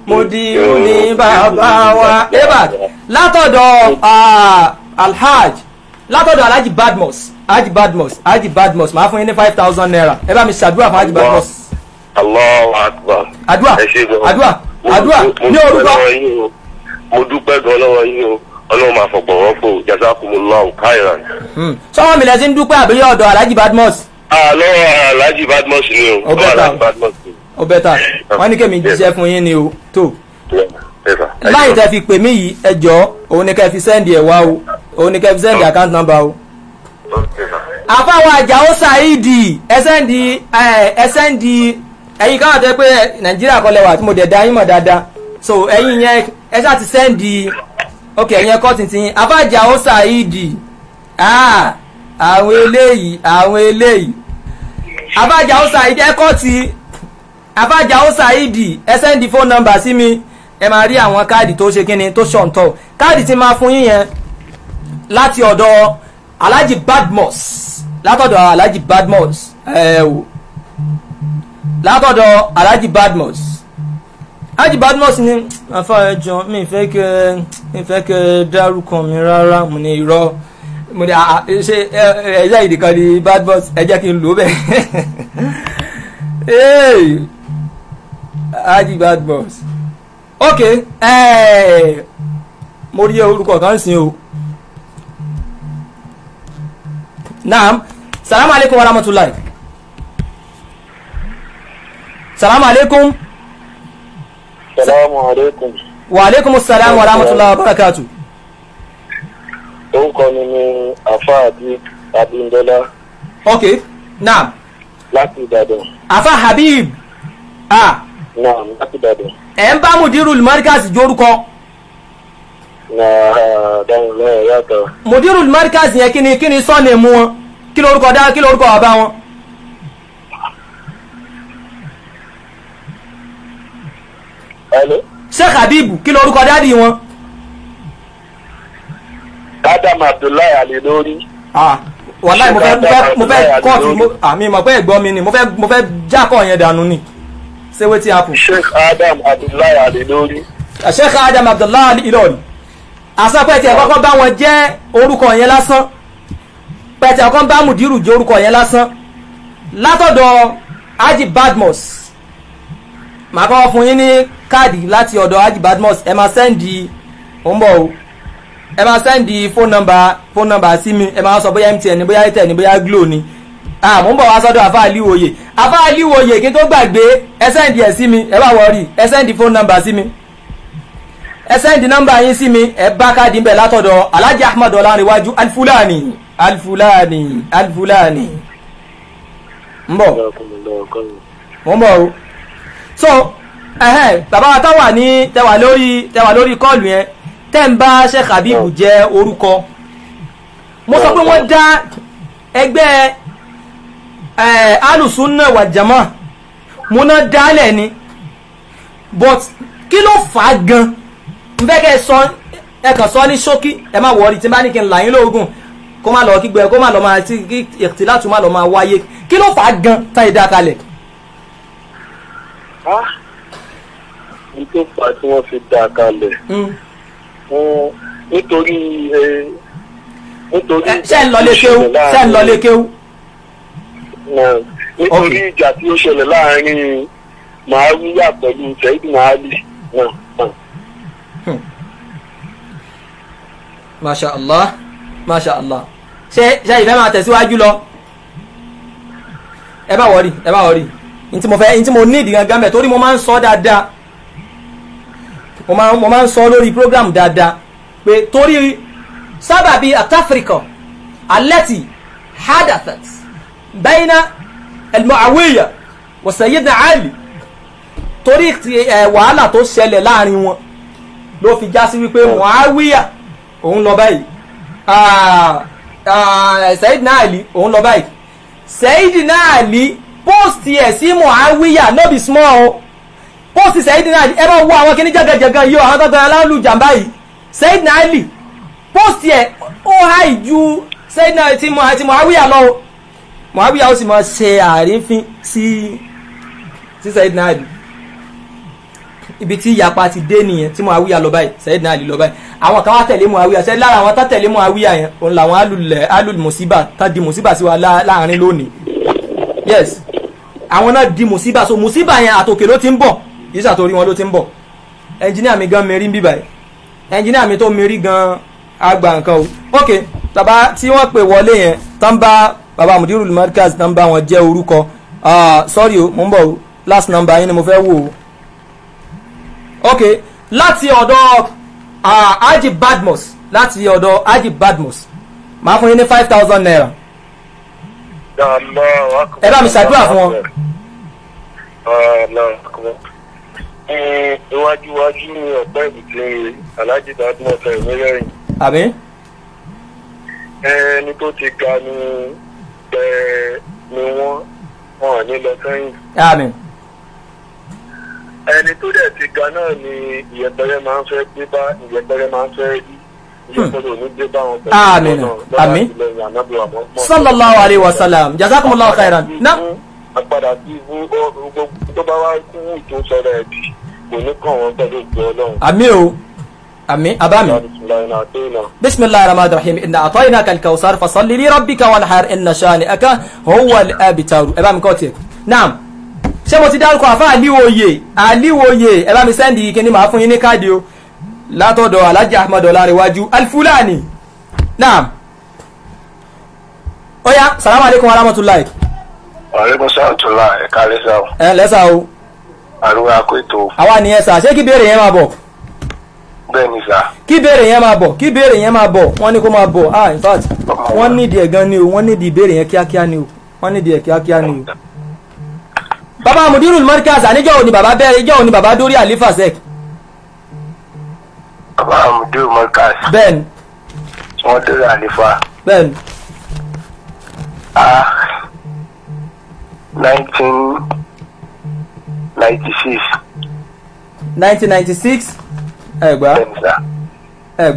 B: mo di lónìí bàbá wa. látọ̀dọ̀ alhaj látọ̀dọ̀ Alhaj badmus alhaji badmus alhaji badmus màá fún yín ní five thousand naira ẹ bá mi ṣàdúrà fún alhaji badmus.
H: Allahu akbar. Adua. Adua. Adua. ní orúkọ mo dúpẹ́ gan lọ́wọ́ yín o ọlọ́run máa fọ̀pọ̀ rọ́pò jazakumullahu khairan.
B: Hmm. sọ́wọ́n mi lẹ́sìn dúpẹ́ àbíyá ọ̀dọ̀ alhaji badmus.
H: àlọ́ alhaji
B: badmus ni o ọ̀dọ̀ alhaji badmus ni. ó bẹ́tà wọ́n ní kẹ́mi jíṣẹ́ fún yín ni o tó. láì tẹ́ fi pè mí yìí ẹ jọ òun ni kẹ́ fi sẹ́ndì ẹ̀ wá o òun ni kẹ́ fi sẹ́ndì account number o. àfàwọn àjàó saidi ẹ sẹ́ndì ẹ sẹ́ndì ẹ̀yin káwọn tẹ́ pé nàìjíríà kọ́lẹ̀ wà tí mo dẹ̀ da yín mọ̀ dáadáa so ẹ̀yin yẹn ẹ ṣáà ti sẹ́ndì ok ẹ̀yẹn kọ́ tìǹtìǹ afáàjà ó ṣàìdì ah, àwọn eléyìí àwọn eléyìí
G: afáàjà ó ṣàìdì ẹ
B: kọ́ ti afáàjà ó ṣàìdì ẹ sẹ́ndì fóònù nọ́mbà sí mi ẹ máa rí àwọn káàdì tó ṣe kíni tó ṣọ̀ǹtọ̀ káàdì tí máa fún yín yẹn láti ọ̀dọ̀ alhaji badmus látọ̀dọ̀ alhaji badmus ẹ̀ wò látọ̀dọ̀ alhaji badmus. Haji Badmus ni afa ẹjọ mi ìfẹ́ kẹ ìfẹ́ kẹ dárúkọ mi rárá mo ní irọ́ mo ní ṣe ẹ̀yà ìdìkan ni Badmus ẹ jẹ́ kí n lò ó bẹ́ẹ̀ Haji Badmus ok mo rí orúkọ kan sìn o naam salamu aleykum wa rahmatulahi salamu aleykum
H: salamu aleykum. wa aleykum salaam wa rahmatulah wa barakatu. orúkọ mi ni afaadi abimbola. ok naam. láti ìbàdàn.
B: afa habib.
H: ah. naam láti ìbàdàn.
B: ẹ̀ ń bá mudirul markaz jorúkọ.
H: na dáhùn náà yàtọ̀.
B: mudirul markaz yẹn kí ni kí ni sọ́ọ̀nì mú wọn kí lórúkọ dá kí lórúkọ bàbá wọn. sheikh habibu kí lorúkọ dádì wọn. adam abdullahi ali lórí. wàláì mo fẹ́ mo fẹ́ kọ́ọ̀tù àmì mo fẹ́ gbọ́ mi ni mo fẹ́ mo fẹ́ jákọ̀ yẹn dànù ni ṣé wetin happen. sheikh adam abdullahi ali lórí. sheikh adam abdullahi ali lórí àsọpẹ́ tí ẹ kọ́kọ́ bá wọn jẹ́ orúkọ yẹn lásán pẹ̀tẹ̀ ọkàn bá mùdírù jẹ́ orúkọ yẹn lásán látọ̀dọ̀ haji badmus màá kọ́ fún yín ní káàdì láti ọ̀dọ̀ Haji Badmus ẹ máa sẹ́ndì ó ń bọ̀ o ẹ máa sẹ́ndì phone number phone number sí mi ẹ máa sọ bóyá MTN ni bóyá Airtel ni bóyá Glo ni àmú ń bọ̀ wá sọ́dọ̀ àfa àlíwòye àfa àlíwòye kí n tó gbàgbé ẹ sẹ́ndì ẹ̀ sí mi ẹ bá wọ̀ọ́rì ẹ sẹ́ndì phone number sí mi ẹ sẹ́ndì nọ́mbà yín sí mi ẹ bá káàdì ń bẹ̀ látọ̀dọ̀ Alhaji Ahmad Ọlánrewájú Alfulani Alfulani Alfulani ń bọ̀ ń bọ̀ o so bàbá wa táwà ní tẹwà lórí tẹwà lórí kọ́ọ̀lù yẹn tẹ́ ń bá Sheikh Habib jẹ́ orúkọ mo sọ pé wọ́n dá ẹgbẹ́ alùsùnà wà jama mo ná dálẹ̀ ni but kí ló fà á gan n fẹ́ kẹ́ ẹ sọ ẹ kàn sọ ní ṣókí ẹ má wọrí tí n bá ní kí n là yín lóògùn kó má lọ kígbẹ kó má lọ máa tí ìtìlátù má lọ máa wáyé kí ló fà á gan tá dá kalẹ̀
H: ní tó fà á tí wọ́n fi dá a kalẹ̀ hmm. nítorí eh, nítorí eh, ṣe ń lọlé kéwú ṣe ń lọlé kéwú. nítorí ìjà tí ó ṣẹlẹ̀ láàrin màáwíyà pẹ̀lú ṣẹ́yìn màálì hmm.
B: masha allah masha allah ṣe ṣe ìfẹ́ máa tẹ̀síwájú lọ ẹ bá wọrí ẹ bá wọrí ntí mo fẹ́ ntí mo ní ìdí gangan torí mo máa ń sọ dáadáa mo máa mo máa ń sọ lórí program dáadáa pé torí sábàbí àtàfíríkà alẹ́tì hadathat bayna al-Mu'awiyya wa Sayyidina Ali torí wàhálà tó ṣẹlẹ̀ láàrin wọn ló fi já sí wípé Mu'awiyya òun lọ báyìí Sayyidina Ali òun lọ báyìí Sayyidina Ali post ẹ̀ sí Mu'awiyya no be small o pósì Sayyidina Ali ẹ máa wo àwọn kìíní jẹ́gẹ́jẹ́gẹ́ yìí àwọn tọ́gbọ́n aláàlú jàmbá yìí Sayyidina Ali pósì ẹ̀ ó háì ju Sayyidina ti Muawiya lọ o Muawiya ó sì máa ṣe àrífín sí Sayyidina Ali ibi tí ìyapa ti dé nìyẹn tí Muawiya lọ báyìí Sayyidina Ali lọ báyìí àwọn kan wá tẹ̀lé Muawiya ṣe lára àwọn tá tẹ̀lé Muawiya yẹn òun làwọn alùlẹ̀ alùmùsíbà tá di mùsíbà sí wa láàrin lónìí yes àwọn náà di mùsíbà so mùsíbà yẹn àtòkè ló ti ń bọ̀ yìí sàtórí wọn ló ti ń bọ̀ ẹnjìníà mi gan mẹ́rí ń bíbà yìí ẹnjìníà mi tó mẹ́rí gan àgbà nǹkan o ok tàbá tí wọ́n pè wọlé yẹn tán bá baba mudirul markaz tán bá wọn jẹ́ orúkọ sorry o mo ń bọ̀ o last number yín ni mo fẹ́ wò o ok láti ọ̀dọ̀ Haji Badmus láti ọ̀dọ̀ Haji Badmus màá fún yín ní five thousand naira
H: ẹ bá mi ṣàdúrà fún wọn iwájú iwájú ni ọ̀pẹ́ ìdílé aláàjì dàdúmọ̀ fẹ́ mẹ́rẹ̀ẹ̀rin. àmì. ẹni tó ti ga ni bẹ́ẹ̀
B: ni wọ́n hàn ní lọ sẹ́yìn.
H: ẹni tó dẹ̀ ti ga náà ni ìyẹpẹrẹ máa ń fẹ́ gbé bá ìyẹpẹrẹ máa ń fẹ́ rí àmín àmín
B: sallallahu wa sallam jazakumullahu khairan agbada sí irú gbogbo tó bá wá kú tó sọ̀rọ̀ ẹbí kò ní kàn wọn pẹ̀lú ìgbẹ Ọlọ́run. àmì o àmì abami. bisimilahi rahmaani rahim inna atayna kalkawusar fasalli li rabbika walhar inna shani aka howal abitaru ẹ bá mi kọ́ tiẹ̀. naam ṣé mo ti dárúkọ àfa àlíwòye àlíwòye ẹ bá mi sẹ́ndì kíní màá fún yín ní káàdì o látọ̀dọ̀ alhaji ahmed ọ̀làríwájú alfulani naam oya salamu alaikum warahmatulahi
H: ọ̀rẹ́gun sọ́ọ̀tùlá ẹ̀ka lẹ́sà o.
B: ẹ lẹ́sà o.
H: àrùwá kó ètò.
B: àwa nìyẹn sà ṣé kí béèrè yẹn máa bọ̀. bẹ́ẹ̀ni sà. kí béèrè yẹn máa bọ̀ kí béèrè yẹn máa bọ̀ wọ́n ní kó máa bọ̀ ah in fact wọ́n nídìí ẹ̀ gan ni o wọ́n nídìí ìbéèrè yẹn kíákíá ni o wọ́n nídìí ẹ̀ kíákíá ni o. bàbá mudirul markaz àníjọ́ òní bàbá bẹ́ẹ̀ ìjọ́ òní bàbá dórí àlífà sec.
H: bàbá mudirul markaz. bẹ́ẹ̀ni. wọ́n dórí ah nineteen ninety six.
B: nineteen ninety six ẹ gbà ẹ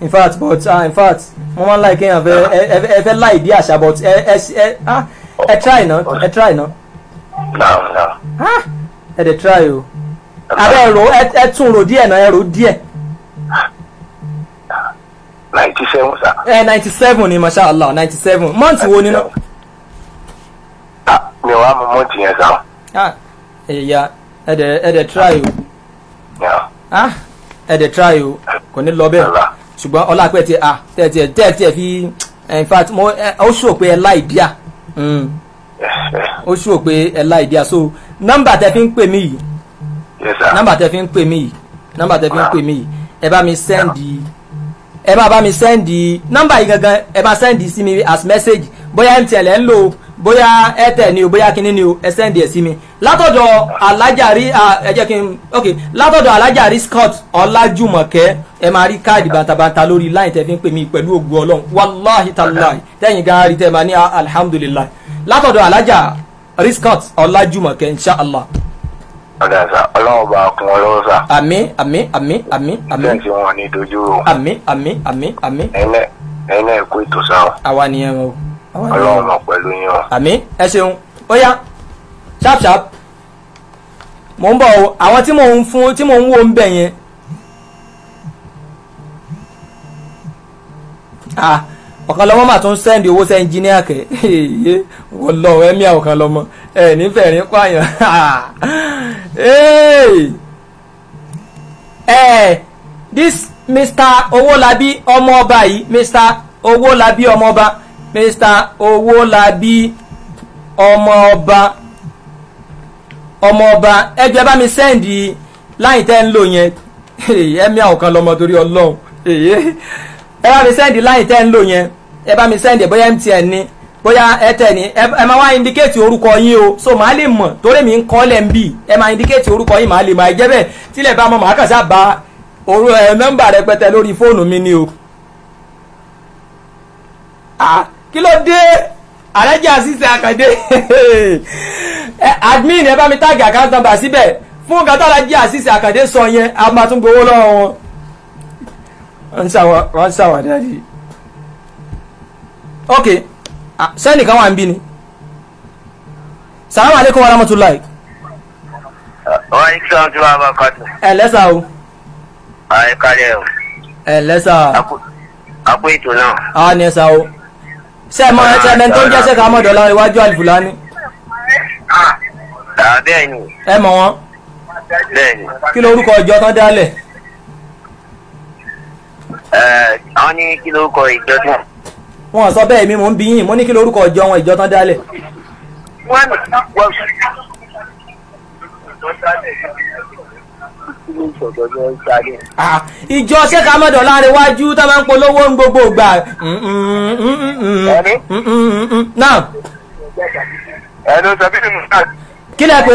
B: in fact but uh, in fact mo máa ń láì kéèyàn fẹ́ ẹ fẹ́ láì bí àṣà but ẹ ẹ ẹ ẹ try na ẹ try na.
H: naam naam.
B: ẹ dẹ̀ try o. àbẹ̀ ẹ̀rọ ẹ tún ro díẹ̀ náà ẹ̀rọ díẹ̀. ninety seven sir. ẹ eh, ninety seven ni masha allah ninety seven month wo nínú
H: mi wa mo mo tiɲɛ sa.
B: ah eya eh, ɛdɛ de try o. ah ɛdɛ try o kò ní lọ bẹ́ẹ̀ ṣùgbọ́n ọlá pẹ́ tiẹ̀ ah tẹ́ tiẹ̀ tẹ́ tiẹ̀ fi eh, in fact mo o eh, ó sọ pé ẹ láì díà hmm. ó sọ pé ẹ láì díà so nọ́mbà tẹ́ fi ń pè mí yìí nọ́mbà tẹ́ fi ń pè mí yìí nọ́mbà tẹ́ fi ń pè mí yìí ẹ bá mi sẹ́ndì ẹ máa bá mi sẹ́ndì nọ́mbà yìí gangan ẹ máa sẹ́ndì sí mi as message bóyá mtn ẹ ń lò bóyá airtel ni o bóyá kinní ni o ẹ sẹ́ndì ẹ̀ sí mi látọ̀dọ̀ alájàrí ẹ jẹ́ kí n ok látọ̀dọ̀ alájàrí scott ọlájùmọ̀kẹ́ ẹ máa rí káàdì bàtàbàtà lórí láì tẹ́ fi ń pè mí pẹ̀lú ògùn ọlọ́run wàláhì tàláì tẹ́yìn gan rí tẹ́ ní ah, alihamudulilayi látọ̀dọ̀ alájàrí scott ọlájùmọ̀kẹ́ inṣàlá.
H: ọ̀dà sà ọlọ́run bá kún ọ lọ́wọ́ sà.
B: àmín àmín àmín àmín àmín. bẹ́ẹ̀ tí wọ́n ní dojú o. àmín àmín àmín àmín. ẹ̀yin náà ẹ̀yin náà ẹ kú ètò sáà. àwa nìyẹn ọlọ́run pẹ̀lú yín o. àmín ẹ ṣeun ó yá o àwọn tí mò ń fún tí mò ń ń bẹ̀ yẹn. ọ̀kan lọ́mọ mà tún sẹ́ndì owó sẹ́ kẹ́ ẹ̀mí ọ̀kan lọ́mọ ẹ̀ nífẹ̀ẹ́ rí pààyàn mr owolabi ọmọ ọba mr owolabi ọmọ mista owolabi ọmọ ọba ọmọ ọba ẹgbẹ́ bá mi sẹ́ndì láyìn tẹ́ ń lò yẹn ẹ̀mí àwọn kan torí ọlọ́run ẹ bá mi sẹ́ndì láyìn tẹ́ ń lò yẹn ẹ bá mi sẹ́ndì bóyá mtn ni bóyá airtel ni ẹ máa wá indicate orúkọ yín o so màá lè mọ̀ mi ń kọ́ ń bì ẹ máa indicate orúkọ yín màá lè mọ̀ àìjẹ́ bẹ́ẹ̀ tílẹ̀ bá mọ̀ màá orú kí ló dé alájì àṣìṣe àkàndé admin ẹ bá mi táàgì àkáǹtì nọ́mbà síbẹ̀ fún nǹkan tó alájì àṣìṣe àkàndé sọ yẹn a máa tún gbowó lọ́wọ́ wọn. wọ́n ń ṣàwádà yìí ok sẹ́ni kan wà ń bí ni salamu aleykum wa rahmatulahi.
H: wọ́n ń sọ ọdún wa bá kọ́tù. ẹ lẹ́sà o. ẹ kọ́lé o. ẹ lẹ́sà. a kú ètò náà.
B: a ní ẹ̀sà o
H: ṣe mọ ẹsẹmẹ tó ń jẹsẹ ah, ah, ká mọ dọlà iwájú àlùfùlání. bẹ́ẹ̀ni. ẹ mọ̀ wọ́n. bẹ́ẹ̀ni.
F: kí ló orúkọ ìjọ tán dálẹ̀.
H: Eh, àwọn ní kí ló orúkọ ìjọ tán.
B: wọn sọ bẹ́ẹ̀ mi mò ń bí yín mo ní kí ló orúkọ ìjọ wọn ìjọ tán dálẹ̀.
H: wọ́n ní ìṣọ̀dọ̀ ní ìsáré.
B: ìjọ ṣé ká mọ̀dọ̀ láàrin wájú tá máa ń polówó ń gbogbo ìgbà. náà. ẹnu sàbílì najat. kí lẹ pé.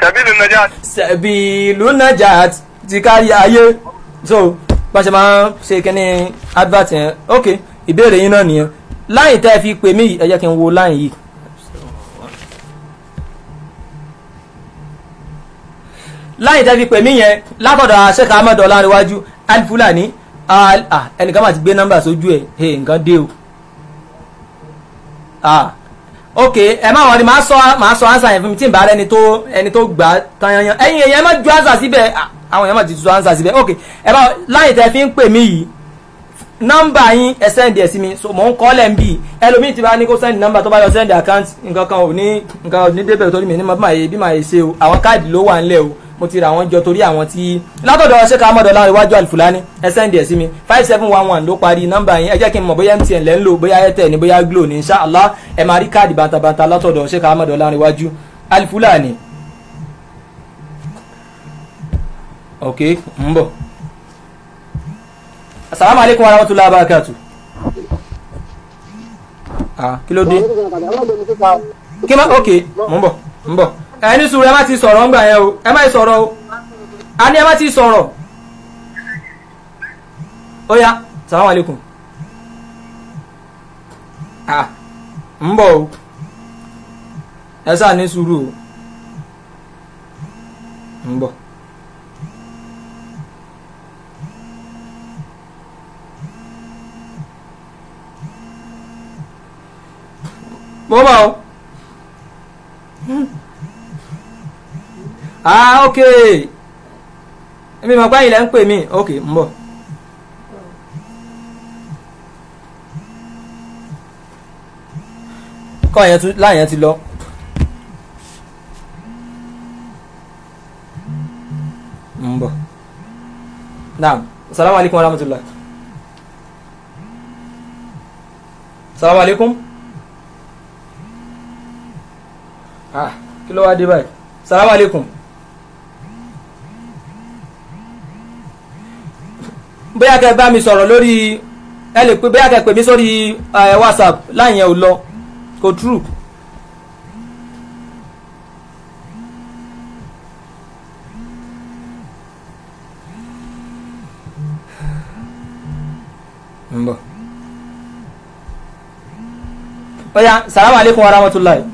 B: sàbílì najat. sàbílì najat ti kárí ayé so bá ṣe máa ń ṣe kíní advert yẹn ok ìbéèrè yín náà nìyẹn láyìn tẹ́ ẹ fi pè mí ẹ jẹ́ kí n wo láyìn yìí. láyìn tẹ́fi pèmí yẹn látọ̀dọ̀ sẹ́ka amọ̀dọ̀ láríwájú alifulani ẹnìkan máa ti gbé nọ́mbà sójú ẹ̀ nǹkan dé o ok ẹ má wọlé màá sọ màá sọ ansa yẹn fún mi tí n bá rẹ ẹni tó ẹni tó gbà á tanyanyan ẹ̀yin èèyàn ẹ má ju ansa síbẹ̀ àwọn èèyàn má ti ju ansa síbẹ̀ ok ẹ bá láyìn tẹ́ fi ń pè mí yìí nọ́mbà yín ẹ sẹ́ndì ẹ̀ sí mi so mò ń kọ́ lẹ́ ń bì ẹlòmíì ti bá ní kó sẹ́ndì nọ́mbà tó bá yọ sẹ́ndì àkáǹtì nǹkan kan ò ní nǹkan ò ní débẹ̀ torí mi ní màá yé bí màá yé ṣe o àwọn káàdì ló wà ńlẹ̀ o mo ti ra àwọn jọ torí àwọn tí látọ̀dọ̀ ṣé ká mọ̀dọ̀ láwọn iwájú àlùfùlání ẹ sẹ́ndì ẹ̀ sí mi five seven one one ló parí nọ́mbà yín ẹ jẹ́ kí n mọ̀ bóyá mtn lẹ́ ń lò bóyá airtel ni bóyá glo ni insha Allah ẹ máa rí káàdì bàtàbàtà látọ̀dọ̀ ṣé ká mọ̀dọ̀ láwọn iwájú àlùfùlání ok ń bọ̀ assalamu alaikum warahmatullahi wabarakatuh. Ah, kí ló dé
H: kí má ok mo ń bọ̀
B: ń bọ̀ ẹ ní sùúrù ẹ má ti sọ̀rọ̀ ńgbà yẹn o ẹ má ti sọ̀rọ̀ o a ní ẹ má ti sọ̀rọ̀ ó yá assalamu alaikum ah, ń bọ̀ o ẹ sáà ní sùúrù o ń bọ̀. mo bá o. ah ok èmi mọ̀ pé ilẹ̀ ń pè mí ok ń bọ̀. kọ́ yẹn tún láyẹn ti lọ. ń naam salamu alaykum wa rahmatulah. salamu alaykum. Ah, kí ló wá dé báyìí salamu aleykum. bóyá kẹ bá mi sọ̀rọ̀ lórí ẹ lè pé bóyá kẹ pè mí sórí eh, whatsapp láyẹn ò lọ kò true. ń bọ̀. bóyá salamu aleykum wa rahmatulahi.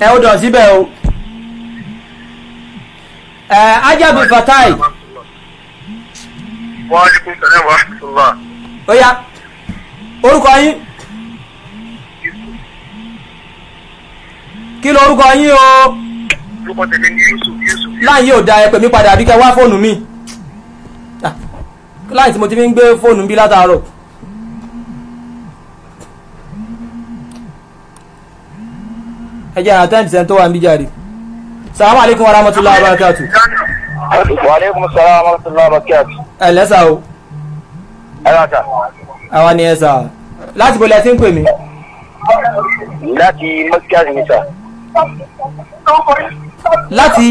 B: ẹ ó dọ̀ síbẹ̀ o ẹ ajabu fatai.
H: wa aleykum salaam wa rahmatulah. ó yá orúkọ yín. kí
B: ló orúkọ yín o. orúkọ tèmi ni yusuf yusuf. láyé ò da ẹ pè mí padà àbíkẹ́ wá fóònù mi ah, láì tí mo ti fi ń gbé fóònù bí látàárọ̀. ẹjẹ́ àwọn ten percent tó wà níbí jàre. salamu aleykum wa rahmatulahi wa barakatu. wa aleykum salaam wa rahmatulahi wa barakatu. ẹ lẹ́sà o. ẹ lọ àwa ni ẹ sà. láti bọ̀lẹ̀ tí ń pè mí. láti mọ́síkàsì mi sà.
H: láti.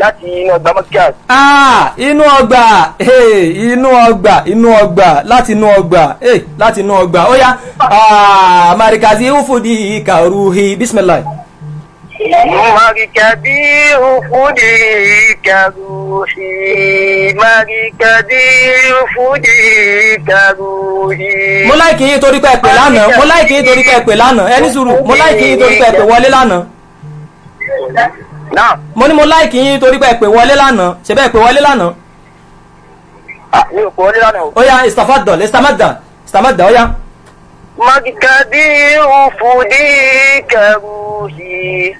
H: láti inú ọgbà mọ́kíà.
B: Ah, inú ọgbà ee inú ọgbà inú ọgbà láti inú ọgbà ee láti inú ọgbà ó yá ah, marikazi ufudi karuhi bisimilayi.
H: Marikadi ufudi karuhi Marikadi ufudi karuhi. Mo láìkì yín torí pé ẹ lánàá, mo láìkì yín torí pé ẹ lánàá, ẹ ní sùúrù, mo láìkì yín torí pé ẹ wọlé
B: lánàá. mo ní mo láìkì yín torí pé ẹ pè wọlé lánàá ṣe bẹ́ẹ̀ pè wọlé lánàá. Ah, mi ò pè wọlé lánàá o. ó yá istafadol istamada
H: istamada ó yá. مكدي أفديك روحي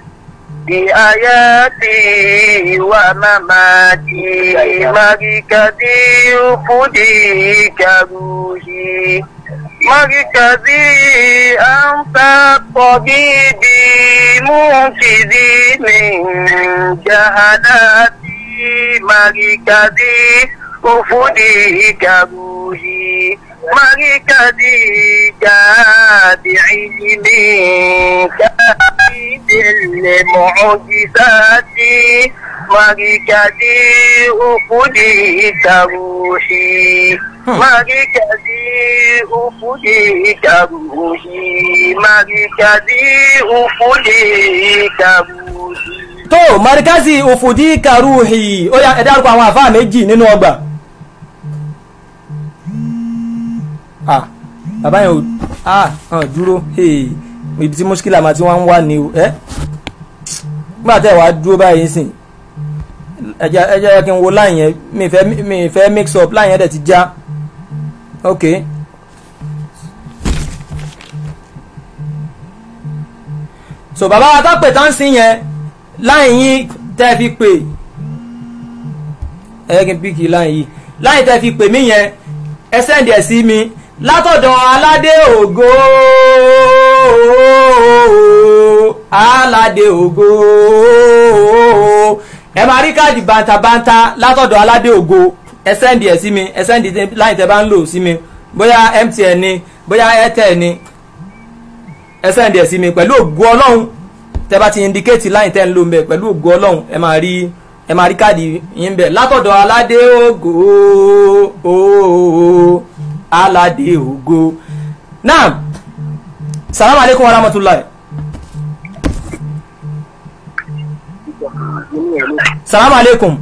H: بآياتي ومماتي مكدي أفديك روحي مركزي أنت طبيبي منفذي من جهلاتي مركزي أفديك روحي خديجة بعلمك كل معجزاتي مركزي أفديك روحي مركزي أفديك روحي مركزي
B: أفديك روحي tó markazi òfòdí karuhi ó yá ẹ dárúkọ àwọn àfáà méjì nínú ọgbà. Ah, bàbá yẹn ò à ah, hàn dúró ibi tí mọ́ṣíkìlà máa ti wá ń wà ní ẹ́ nígbà tẹ́ wàá dúró báyìí sìn ẹ jẹ́ kí n wo láì yẹn mi fẹ́ mi fẹ́ mix up láì yẹn dẹ̀ ti já ok. so bàbá wa tá pè tán sí yẹn láì yín tẹ́ fi pè ẹ kí n píkì láì yìí láì tẹ́ fi pè mí yẹn ẹ sẹ́ǹdì ẹ̀ sí mi látọ̀dọ̀ aládé ògo aládé ògo ẹ máa rí káàdì bàǹtàbàǹtà látọ̀dọ̀ aládé ògo ẹ sẹ́ndì ẹ̀ sí mi ẹ sẹ́ndì láyìn tẹ́ bá ń lò sí mi bóyá MTN ni bóyá Airtel ni ẹ sẹ́ndì ẹ̀ sí mi pẹ̀lú ògo ọlọ́run tẹ́ bá ti indicate láyìn tẹ́ ń lò mbẹ pẹ̀lú ògo ọlọ́run ẹ máa rí ẹ máa rí káàdì yín bẹ̀ látọ̀dọ̀ aládé ògo aládé ògo naam salamu aleykum wa rahmatulahi. salamu aleykum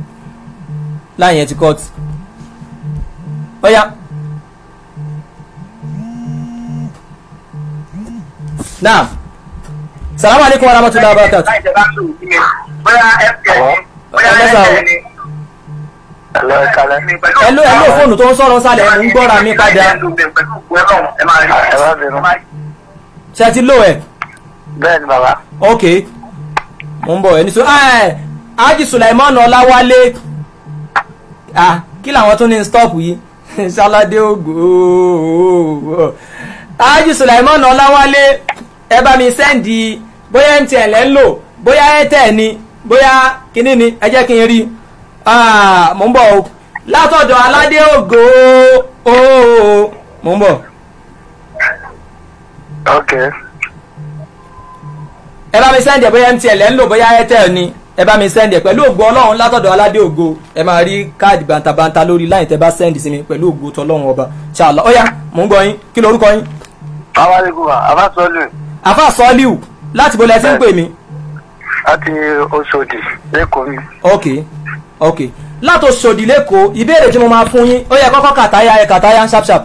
B: láàyè ẹ ti cut ó yá. naam salamu aleykum wa rahmatulahi wa barakatu
H: ẹlò ẹlò fóònù tó ń sọ̀rọ̀ sálẹ̀ ń gbọ́ra mi padà ṣe ti lò ẹ̀. bẹ́ẹ̀ni bàbá.
B: ok mo ń bọ̀ ẹni tó ẹ Haji Sulaiman Ọláwálé ah kí làwọn tó ní stop yìí ṣáládé ògò Haji Sulaiman Ọláwálé ẹ bá mi sẹ́ndì bóyá MTN lẹ́ ń lò bóyá airtel ni bóyá kíní ni ẹ jẹ́ kí n rí i. Ah, mò ń bọ̀ o látọ̀dọ̀ aládé ògo o mò ń bọ̀. ẹ bá mi sẹ́ndì ẹ̀ bóyá mtn ẹ̀ ń lò bóyá airtel ni ẹ bá mi sẹ́ndì ẹ̀ pẹ̀lú ògo ọlọ́run látọ̀dọ̀ aládé ògo ẹ máa rí káàdì bantabanta lórí láyìn tẹ́ bá sẹ́ndì sí mi pẹ̀lú ògo tọlọ́run ọba ṣàlọ́ ọ̀yá mò ń gbọ́ yín kí lorúkọ yín. àwọn àlejò àfa sọ́líù. àfa sọ́líù láti láti mi. ok látò sòdì lẹ́kọ̀ọ́ ìbéèrè tí mo máa fún yín ó yẹ kọ́kọ́ kàtáyà ẹ kàtáyà sharp sharp.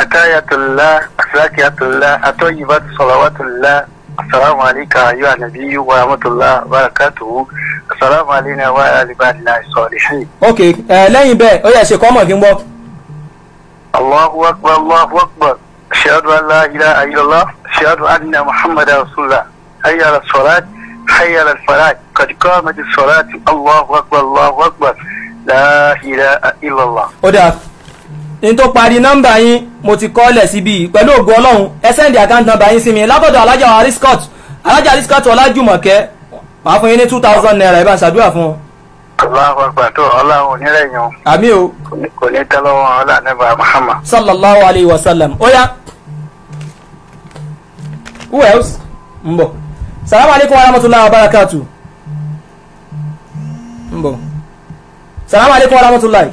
H: atayatullah asakiyatullah atọyibatu salawatullah asalaamu alayka ayo anabi wa rahmatulah barakatuhu asalaamu alayna wa alibadila salihin.
B: ok ẹ lẹ́yìn bẹ́ẹ̀ ó yẹ ṣe kọ́ mọ̀ kí n gbọ́.
H: allahu akbar allahu akbar ashhadu an la ilaha illallah ashhadu anna muhammadan rasulullah hayya ala salat. حي على الفلاح قد قامت الصلاة الله أكبر الله أكبر لا إله إلا الله.
B: ó dáa ní tó parí nọ́mbà yín mo ti kọ́ lẹ̀ síbi pẹ̀lú ògo ọlọ́run ẹ sẹ́ndì àkáǹtì nọ́mbà yín sí mi látọ̀dọ̀ alájà ariscot alájà ariscot ọlájùmọ̀kẹ́ màá fún yín ní two thousand naira ẹ bá ń ṣàdúrà fún un.
H: Allahu akbar tó ọlọ́run onírẹ̀yìn o. àmì o. kò ní tẹ́ lọ́wọ́ ọlá nípa Muhammad.
B: sallallahu alayhi wa sallam ó yá who else ń bọ̀ salamu alaikum warahmatullahi wabarakatuh ń bọ̀ salamu alaikum warahmatullahi.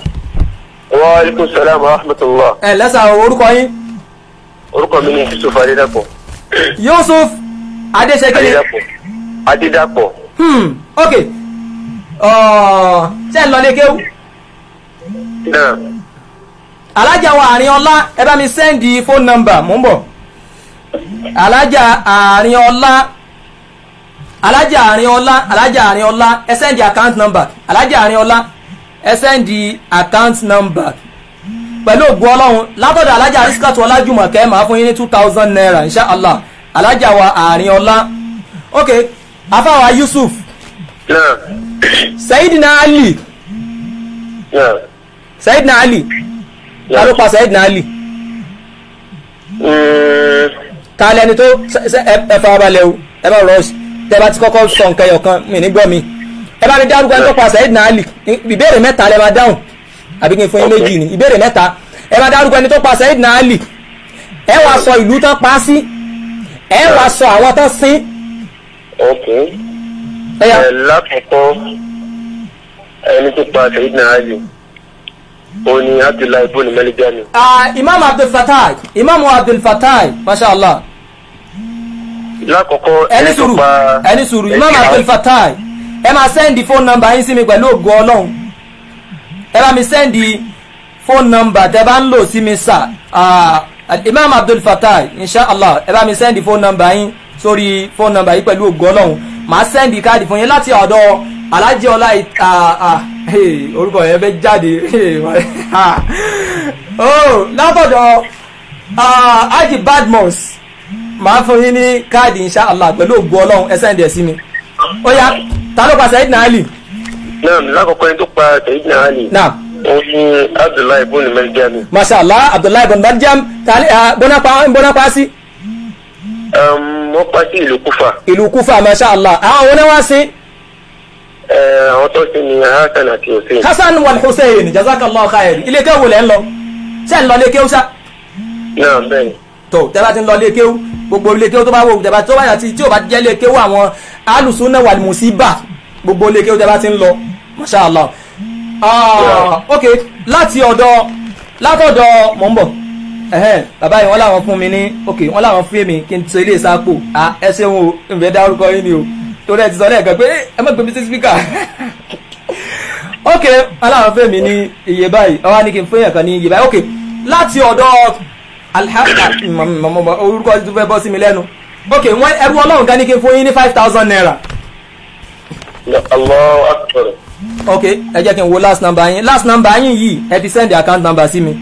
H: wa alaikum salam warahmatullahi.
B: ẹ eh, lẹ́sà orúkọ yín.
H: orúkọ mi ni yusuf adédàpọ̀. yusuf adéṣekele. adédàpọ̀ adédàpọ̀. hmm ok
B: ṣe ń lọ lé kéwú. náà. alájà wa àárín ọlá ẹ bá mi sẹ́ndì fóònù nọ́mbà mò ń bọ̀ alájà àárín ọlá alájà Àrínọlá alájà Àrínọlá ẹ sẹ́ndì account number alájà Àrínọlá ẹ sẹ́ndì account number pẹ̀lú ògùn ọlọ́run látọ̀dọ̀ alájà àrísíkàtù ọlájùmọ̀kẹ́ máa fún yín ní two thousand naira insha allah alájà wa Àrínọlá ok afáwa Yusuf Sayidina Ali Sayidina Ali ta ló pa Sayidina Ali ta lẹni tó ẹ fara balẹ̀ o ẹ bá rọ́ọ̀sì tẹ́ bá ti kọ́kọ́ sọ nǹkan ẹyọ kan mi ní gbọ́ mi ẹ bá mi dárúkọ ẹni tó pa Saheed na Ali ìbéèrè mẹ́ta lẹ máa dáhùn àbí kí n fún yín méjì ni ìbéèrè mẹ́ta ẹ máa dárúkọ ẹni tó pa Saheed na Ali ẹ wàá sọ ìlú tán pa á sí ẹ wàá sọ àwọn tán sí.
H: ok ẹ lákòókò ẹni tó pa Saheed na Ali ó ní Abdullahi ibn Maljani.
B: Ah, imam Abdul imam imaamu Abdul Fattah masha Allah
H: lákòókò ẹni tó pa
B: ẹni sùúrù imam abdulfatai ẹ máa sẹ́ndì fóònù nọ́mbà yín sí mi pẹ̀lú ògo ọlọ́run ẹ bá mi sẹ́ndì fóònù nọ́mbà tẹ bá ń lò sí mi sà imam abdulfatai inshallah ẹ bá mi sẹ́ndì fóònù nọ́mbà yín sórí fóònù nọ́mbà yín pẹ̀lú ògo ọlọ́run màá sẹ́ndì káàdì fún yín láti ọ̀dọ̀ alájẹ ọlá orúkọ yẹn fẹ́ jáde oh, látọ̀dọ̀ aji badmus màá fún yín ní káàdì insha Allah pẹ̀lú ògbó ọlọ́run ẹ sẹ́ndì ẹ̀ sí mi.
H: ó yá ta ló pa Sayyidina Ali. náà lákòókò ẹni tó pa Sayyidina Ali. náà òun ni Abdullahi ibn Maljam.
B: masha Allah Abdullahi ibn Maljam tali ah, bọ́nàpá bọ́nàpá sí.
H: wọ́n pa sí ìlú Kúfà.
B: ìlú Kúfà masha Allah ah, àwọn oní wá sí.
H: àwọn tó ti ní Hasan àti Hussein. Hasan
B: wal Hussein jazakAllah khairan ilé kẹ́wò lẹ́ ń lọ ṣé ń lọ ilé kẹ́wò sá. náà bẹ́ẹ̀ ni tó tẹ́bá ti ń lọ ilé kéwú gbogbo ilé kéwú tó bá wò tẹ́bá tó bá yà tí tí ò bá jẹ́ ilé kéwú àwọn alùsùnà wal musiba gbogbo ilé kéwú tẹ́bá ti ń lọ masha allah ah, ok láti ọ̀dọ̀ látọ̀dọ̀ mọ̀ ń bọ̀ bàbá yìí wọ́n làwọn fún mi ní ok wọ́n làwọn fún mi kí n so ilé sápò ẹ ṣeun o ìfẹ́ dárúkọ yín ni o torí ẹ ti sọ lẹ́ẹ̀kan pé eh, ẹ má gbé mi sí spíkà ok aláwọn fún mi ní iye báyìí ọwọ́ ni kí n fún yàn kan ní iye báyìí ok láti ọ̀dọ̀ alihamdulilayi mm, mm, mm, orúkọ tó fẹ́ bọ́ sí mi lẹ́nu ok wọ́n ẹrú ọlọ́run gan kí n fún yín ní five thousand naira. ok ẹ jẹ́ kí n wo last number yín last number yín yìí ẹ ti send account number sí mi.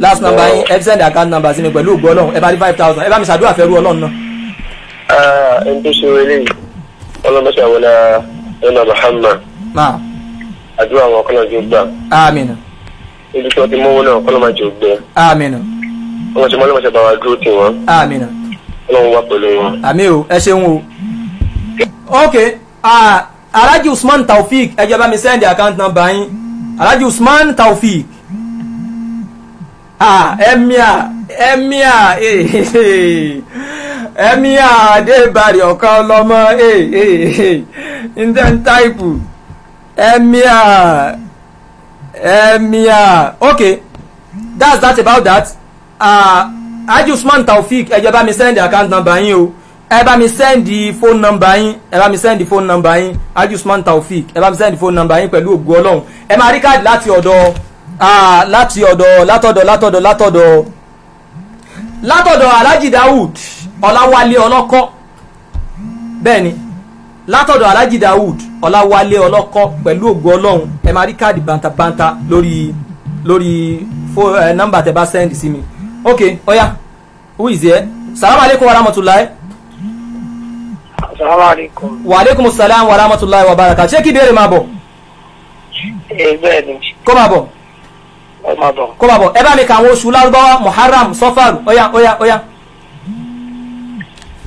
B: last number yín ẹ ti send account number sí mi pẹ̀lú ògbó ọlọ́run ẹ bá ní five thousand ẹ bá mi ṣàdúrà fẹ́ rú ọlọ́run náà.
H: Ah, ẹni tó ṣe eléyìí ọlọ́mọṣẹ́ àwọn ẹ̀rọ Muhammad àdúrà wọn kọ́nà ju gbà. àmín ibi tí wọ́n ti mówó náà kọ́nà máa jò gbẹ. àmín. wọ́n ti mọ́ lọ́mọ́sẹ̀ bá wa dúró tì wọ́n. àmín. ọlọ́run wà pẹ̀lú wọn.
B: àmín o ẹ ṣeun o. ok alhaji usman taofik ẹ jẹ́ bá mi sẹ́ndì àkáǹtì nọ́mbà yín alhaji usman taofik ẹ̀míà ẹ̀míà ẹ̀míà adébárì ọ̀kan ọlọ́mọ ẹ̀ ẹ̀ ẹ̀ ń tẹ́ ń táìpù ẹ̀míà um, yeah. okay that's that about that Haji uh, Usman Taofik ẹ jẹ́ bá mi send the account number yín o ẹ bá mi send the phone number yín ẹ bá mi send the phone number yín Haji Usman Taofik ẹ bá mi send phone number yín pẹ̀lú ògùn ọlọ́run ẹ máa rí káàdì láti ọ̀dọ̀ láti ọ̀dọ̀ látọ̀dọ̀ látọ̀dọ̀ látọ̀dọ̀ látọ̀dọ̀ Alhaji Dawud Ọláwálé Ọlọ́kọ́ bẹ́ẹ̀ ni látọ̀dọ̀ alhaji daoud ọláwálé ọlọ́kọ́ pẹ̀lú ògo ọlọ́run ẹ máa rí káàdì bàǹtàbàǹtà lórí lórí nọ́mbà tẹ bá sẹ́ndì sí mi ok ọ̀ya who is there salamu aleykum wa rahmatulahi. salamu wa aleykum salaam wa rahmatulahi wa baraka ṣé kí ìbéèrè máa bọ̀. ee eh, bẹ́ẹ̀ ni. kó máa bọ̀. ó máa bọ̀. kó máa bọ̀ ẹ bá mi kà àwọn oṣù lárúbáwá muharram sọfàrù ọ̀ya ọ̀ya ọ̀ya.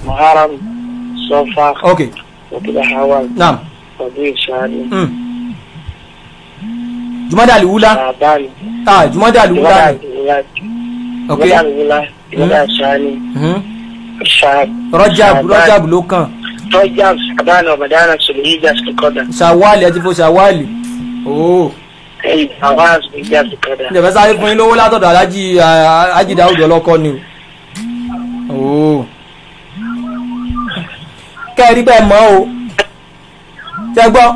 H: muharram sọfàrù.
B: وكده حاول نعم قضية شهادة جمادى الأولى آه جمادى الأولى
H: أوكي جمادى الأولى جمادى الثاني شهادة رجب رجب ló kàn. رجب شعبان رمضان سلهيجة القدر شوال يا جفو شوال أوه ìjẹ̀bẹ̀ sáré fún yín lówó látọ̀dọ̀ alájí ajídáwùjọ lọ́kọ́
B: ni o kẹ́rí pẹ́ mọ́ o tẹ́ gbọ́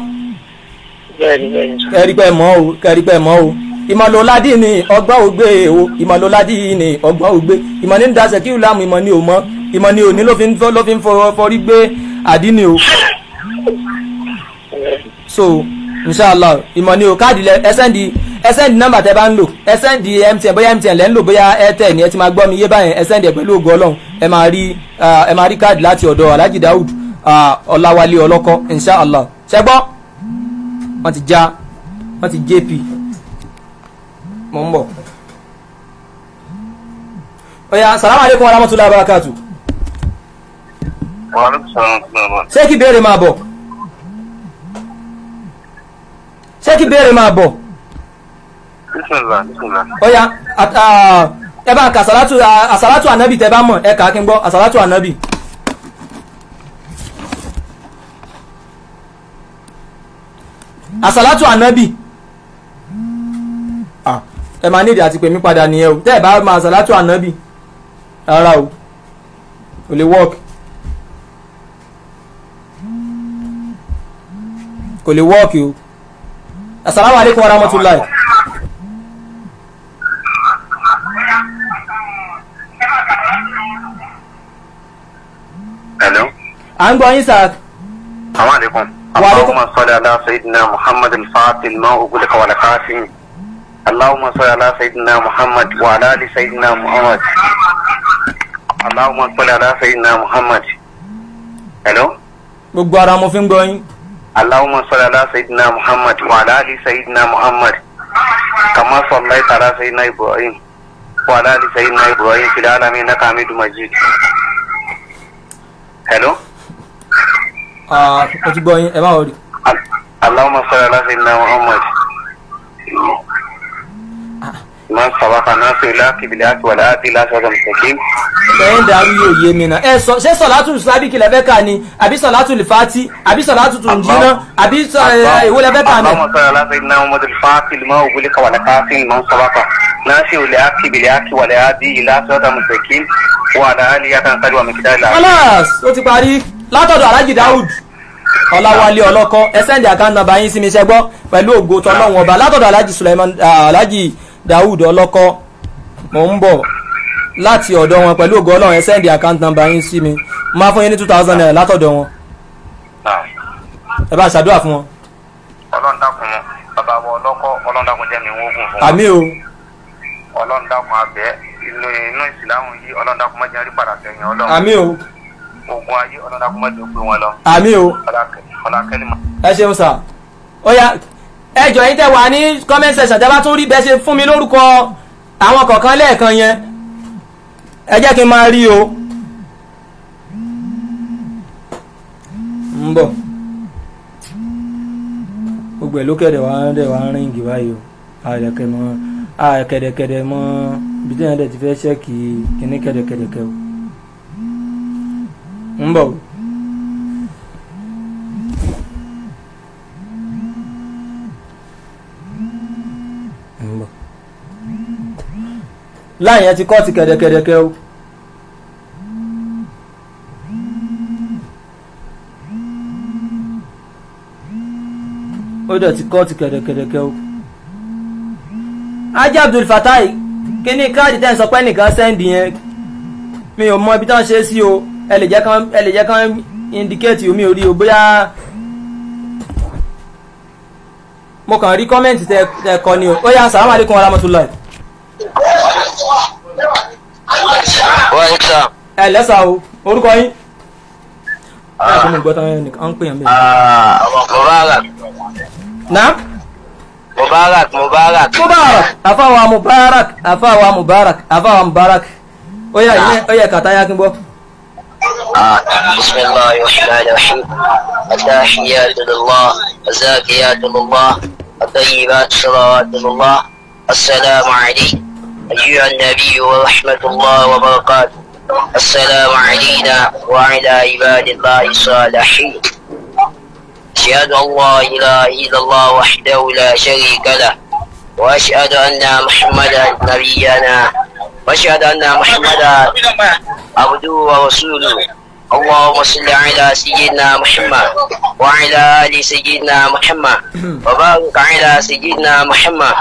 B: kẹ́rí pẹ́ mọ́ o kẹ́rí pẹ́ mọ́ o ìmọ̀lóládì ni ọgbọ́n ògbé e o ìmọ̀lóládì ni ọgbọ́n ògbé e. ìmọ̀ ní dasẹ̀ kí ìlàmù ìmọ̀ ni ò mọ́ ìmọ̀ ni òní ló fi ń ló fi ń fọrí gbé àdínì o so inshallah ìmọ̀ ni o káàdì lẹ ẹ sẹ́ndì ẹ sẹ́ndì nọ́mbà tẹ bá ń lò ẹ sẹ́ndì mtn bóyá mtn lẹ́ ń lò bóyá airtel ni ẹ ti máa gbọ́ mi yé báyẹn ẹ sẹ́ndì ẹ pẹ̀lú ògo ọlọ́run ẹ máa rí káàdì láti ọ̀dọ̀ alhaji daoud Ah, ọláwálé ọlọ́kọ́ inshallah ṣẹgbọ́ wọ́n ti já wọ́n ti jp mọ̀ ń bọ̀. ọ̀yà salamu aleykum wa rahmatulahi wa barakatu. ṣé kí béèrè máa bọ̀ ṣé kí béèrè máa bọ̀. ọ̀yà ah, ẹ bá ń ka àsàlátù ah, ànábì tẹ bá mọ̀ ẹ kà á kí n gbọ́ àsàlátù ànábì. àsàlátù ànábì ah, ẹ máa nídìí àti pè mí padà nìyẹn o tẹ́ ẹ bá máa àsàlátù ànábì rárá o ò lè work kò lè work o asalaamu aleykum wa rahmatulahi.
H: hello. à ń gbọ́ yín sáà. salaamu aleykum. اللهم صل على سيدنا محمد الفاتح ما أغلق ولا خاتم اللهم صل على سيدنا محمد وعلى آل سيدنا محمد اللهم صل على سيدنا محمد hello gbogbo ara mo fi ń gbọ́ yín. اللهم صل على سيدنا محمد وعلى آل سيدنا محمد كما صليت على سيدنا إبراهيم وعلى آل سيدنا إبراهيم في العالمين إنك حميد مجيد hello. Ah, ti gbọ́ yín ẹ má wọrí. Allahumma salli ala sayyidina Muhammad. Ah, man sabaka náà sọ ilá kìbìlẹ̀ àti wàlá àti ilá sọ̀rọ̀ mùsùlùmí.
B: ẹ̀yin dàrú yóò yé mi náà ẹ sọ ṣé sọ̀látù sábìkì lẹ́fẹ́ kà ni àbí sọ̀látù lìfàtì àbí sọ̀látù tùǹjìnà
H: àbí ìwé lẹ́fẹ́ kà ni. àbámu sọ̀rọ̀ láti iná ọmọdé fàákì lè máa wọlé kàwálà káàkiri máa ń sabaka náà sọ ilá kìbìlẹ̀ àti wàlá àti ilá sọ̀rọ̀ mùsùlùmí wà láàlì yàtàntàlù àmìkìdá ìlà. alas
B: ó ti parí látọ̀dọ̀ alájì dáhùd
H: ọláwálé ọlọ́kọ́
B: ẹsẹ̀ndì àkáǹtì nàbà yín sí mi ṣẹ́gbọ́ pẹ̀lú ògo tọ́lọ́wọ̀n ọba látọ̀dọ̀ alájì suleiman alájì Dawud ọlọ́kọ́ mò ń bọ̀ láti ọ̀dọ̀ wọn pẹ̀lú ògo ọlọ́run ẹ sẹ́ndì account number yín sí mi máa fún yín ní two thousand naira látọ̀dọ̀ wọn ẹ bá ṣàdúrà fún wọn.
H: ọlọ́run dákun bàbá wọ ọlọ́kọ́ ọlọ́run dákun jẹ́ mi ń wógun fún wọn. àmì o. ọlọ́run dákun abẹ́ inú inú ìsìlámù yìí ọlọ́run dákun má jẹ́ rí padà sẹ́yìn ọlọ́run. àmì o. ogun ayé ọlọ́run dákun má jẹ́ gbé wọn lọ. àmì o. ọlá kẹ́lí ma.
B: ẹ ṣeun sà ó yá ẹ jọ̀ọ́ yín tẹ́ wà ní comment section tẹ́ bá tún rí bẹ́ẹ̀ ṣe fún mi lórúkọ àwọn kọ̀ọ̀kan lẹ́ẹ̀kan yẹn ẹ jẹ́ kí n máa rí o ń bọ̀ gbogbo ẹ̀ lókè ẹ̀dẹ̀ wá ẹ̀dẹ̀ wá ríǹgì báyìí o àìrẹ̀kẹ̀ mọ́ àìkẹ̀dẹ̀kẹ̀dẹ̀ mọ́ ibi tí ẹ̀dẹ̀ ti fẹ́ ṣẹ́ẹ̀kì kíní kẹ̀dẹ̀kẹ̀dẹ̀kẹ̀ o ń bọ̀ o. láyẹn ti kọ́ ti kẹ̀dẹ̀kẹ̀dẹ̀kẹ̀ o. ó dẹ̀ ti kọ́ ti kẹ̀dẹ̀kẹ̀dẹ̀kẹ̀ o. ajá Abdul Fatai kíní káàdì tẹ́ ń sọ pé nìkan sẹ́ndì yẹn mi ò mọ ibi tí wọ́n ṣe é sí o ẹ lè jẹ́ kán ẹ lè jẹ́ kán indicate omi orí o bóyá mo kàn rí kọ́mẹ́ǹtì tẹ kọ ni o ó yá assalamu alaikum warahmatullahi ẹ lẹ́sà o orúkọ yín. Ah. Ah, ọmọ mubarak. na. mubarak mubarak. mubarak afawa mubarak afawa mubarak afawa mubarak oya yìí oya kàtá yá kí n bọ.
I: بسم الله الرحمن الرحيم التحيات لله الزاكيات لله الطيبات صلوات لله. السلام عليكم أيها النبي ورحمة الله وبركاته السلام علينا وعلى عباد الله الصالحين أشهد أن لا إله إلا الله وحده لا شريك له وأشهد أن محمدا نبينا وأشهد أن محمدا عبده ورسوله اللهم صل على سيدنا محمد وعلى آل سيدنا محمد وبارك على سيدنا محمد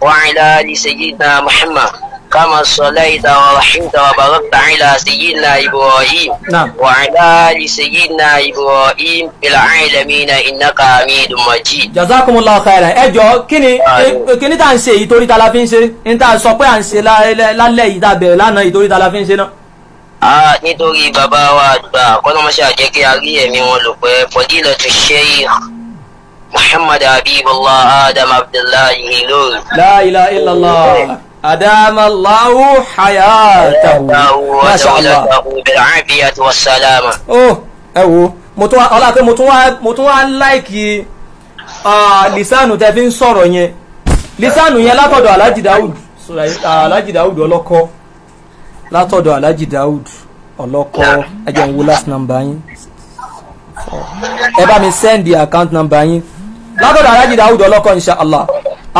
I: وعلى آل سيدنا محمد كما صليت ورحمت وباركت على سيدنا إبراهيم نعم. وعلى آل سيدنا إبراهيم في العالمين إنك حميد مجيد
B: جزاكم الله خيرا ẹ jọ̀ọ́ kí ni kí ni tá à ń ṣe yìí torí ta la fi ń ṣe ń tá a sọ pé à ń ṣe lálẹ́ yìí tá a bẹ̀rẹ̀ lánàá yìí torí ta la fi ń ṣe
I: náà nítorí bàbá wa àgbà kọ́lọ́mọṣẹ́ àjẹ́ kí a rí ẹ̀mí wọn lò pẹ́ fọdílẹ̀ tó ṣe é محمد حبيب الله آدم عبد الله نور
B: لا إله إلا الله أدام الله حياته
I: ما شاء الله بالعافية والسلامة
B: أوه أوه mutuwa ọlá pé mutuwa láìkì lisanu tẹ fi ń sọ̀rọ̀ yẹn lisanu yẹn látọ̀dọ̀ alhaji daoud alhaji daoud ọlọ́kọ́ látọ̀dọ̀ alhaji daoud ọlọ́kọ́ ẹjẹ̀ ń wo last number yín ẹ bá mi send the account number yín látọ̀dọ̀ alájì dáwùdù ọlọ́kọ̀ insha Allah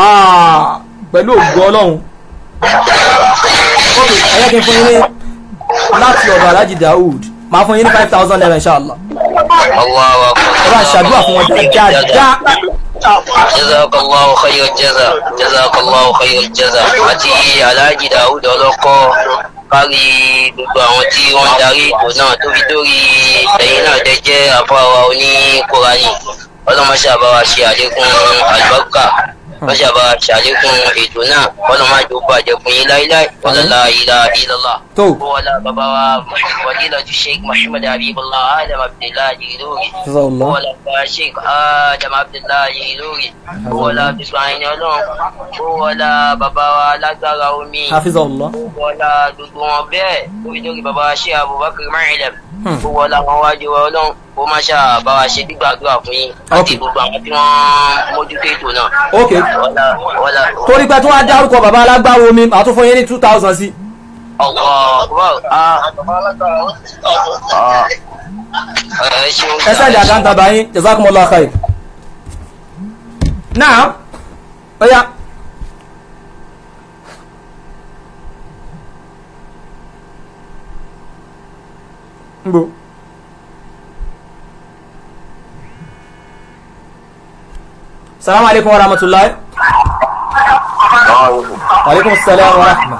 B: ah, pẹ̀lú ògùn ọlọ́run ẹ̀yẹ́ kí n fún yín ní láti ọ̀dọ̀ alájì dáwùd máa fún yín ní five thousand naira insha Allah ẹ bá ṣàdúrà fún wọn dáadáa.
I: جزاك الله خير الجزاء جزاك الله خير الجزاء àti alájì dáwùd ọlọ́kọ̀ kárí gbogbo àwọn tí wọ́n ń darí ètò náà tó fi dórí ẹ̀yin wazan mashi abawa shi a wọ́n ṣàbà ṣàlékún ètò náà wọ́n máa jò bàjẹ́ fún yín láíláí wọ́n lọ́la ìlà ìlọ́lá. tó o wọlá bàbá wa fadilatu sheikh muhammad abibullah adam
B: abdullahi lórí. wọlá bàbá sheikh adam
I: abdullahi lórí. wọlá bisimilayi ọlọ́run. wọlá bàbá wa lágbára omi. hafizahullah. wọlá gbogbo wọn bẹ́ẹ̀ lórí lórí bàbá sheikh abubakar mahilem gbogbo ọlá wọn wájú wa ọlọ́run ó má ṣàbáwá ṣe gbígbàdúrà fún yín àti gbogbo àwọn tí wọ́n mójútó ètò náà torí pé tí wọ́n á dárúkọ bàbá
B: alágbáwo mi màá tún fún yín ní two thousand sí. ẹ sẹ́ndì àkáǹtà báyìí jazakumullahu khair. náà ó yá. gbogbo. السلام عليكم ورحمة الله وعليكم السلام ورحمة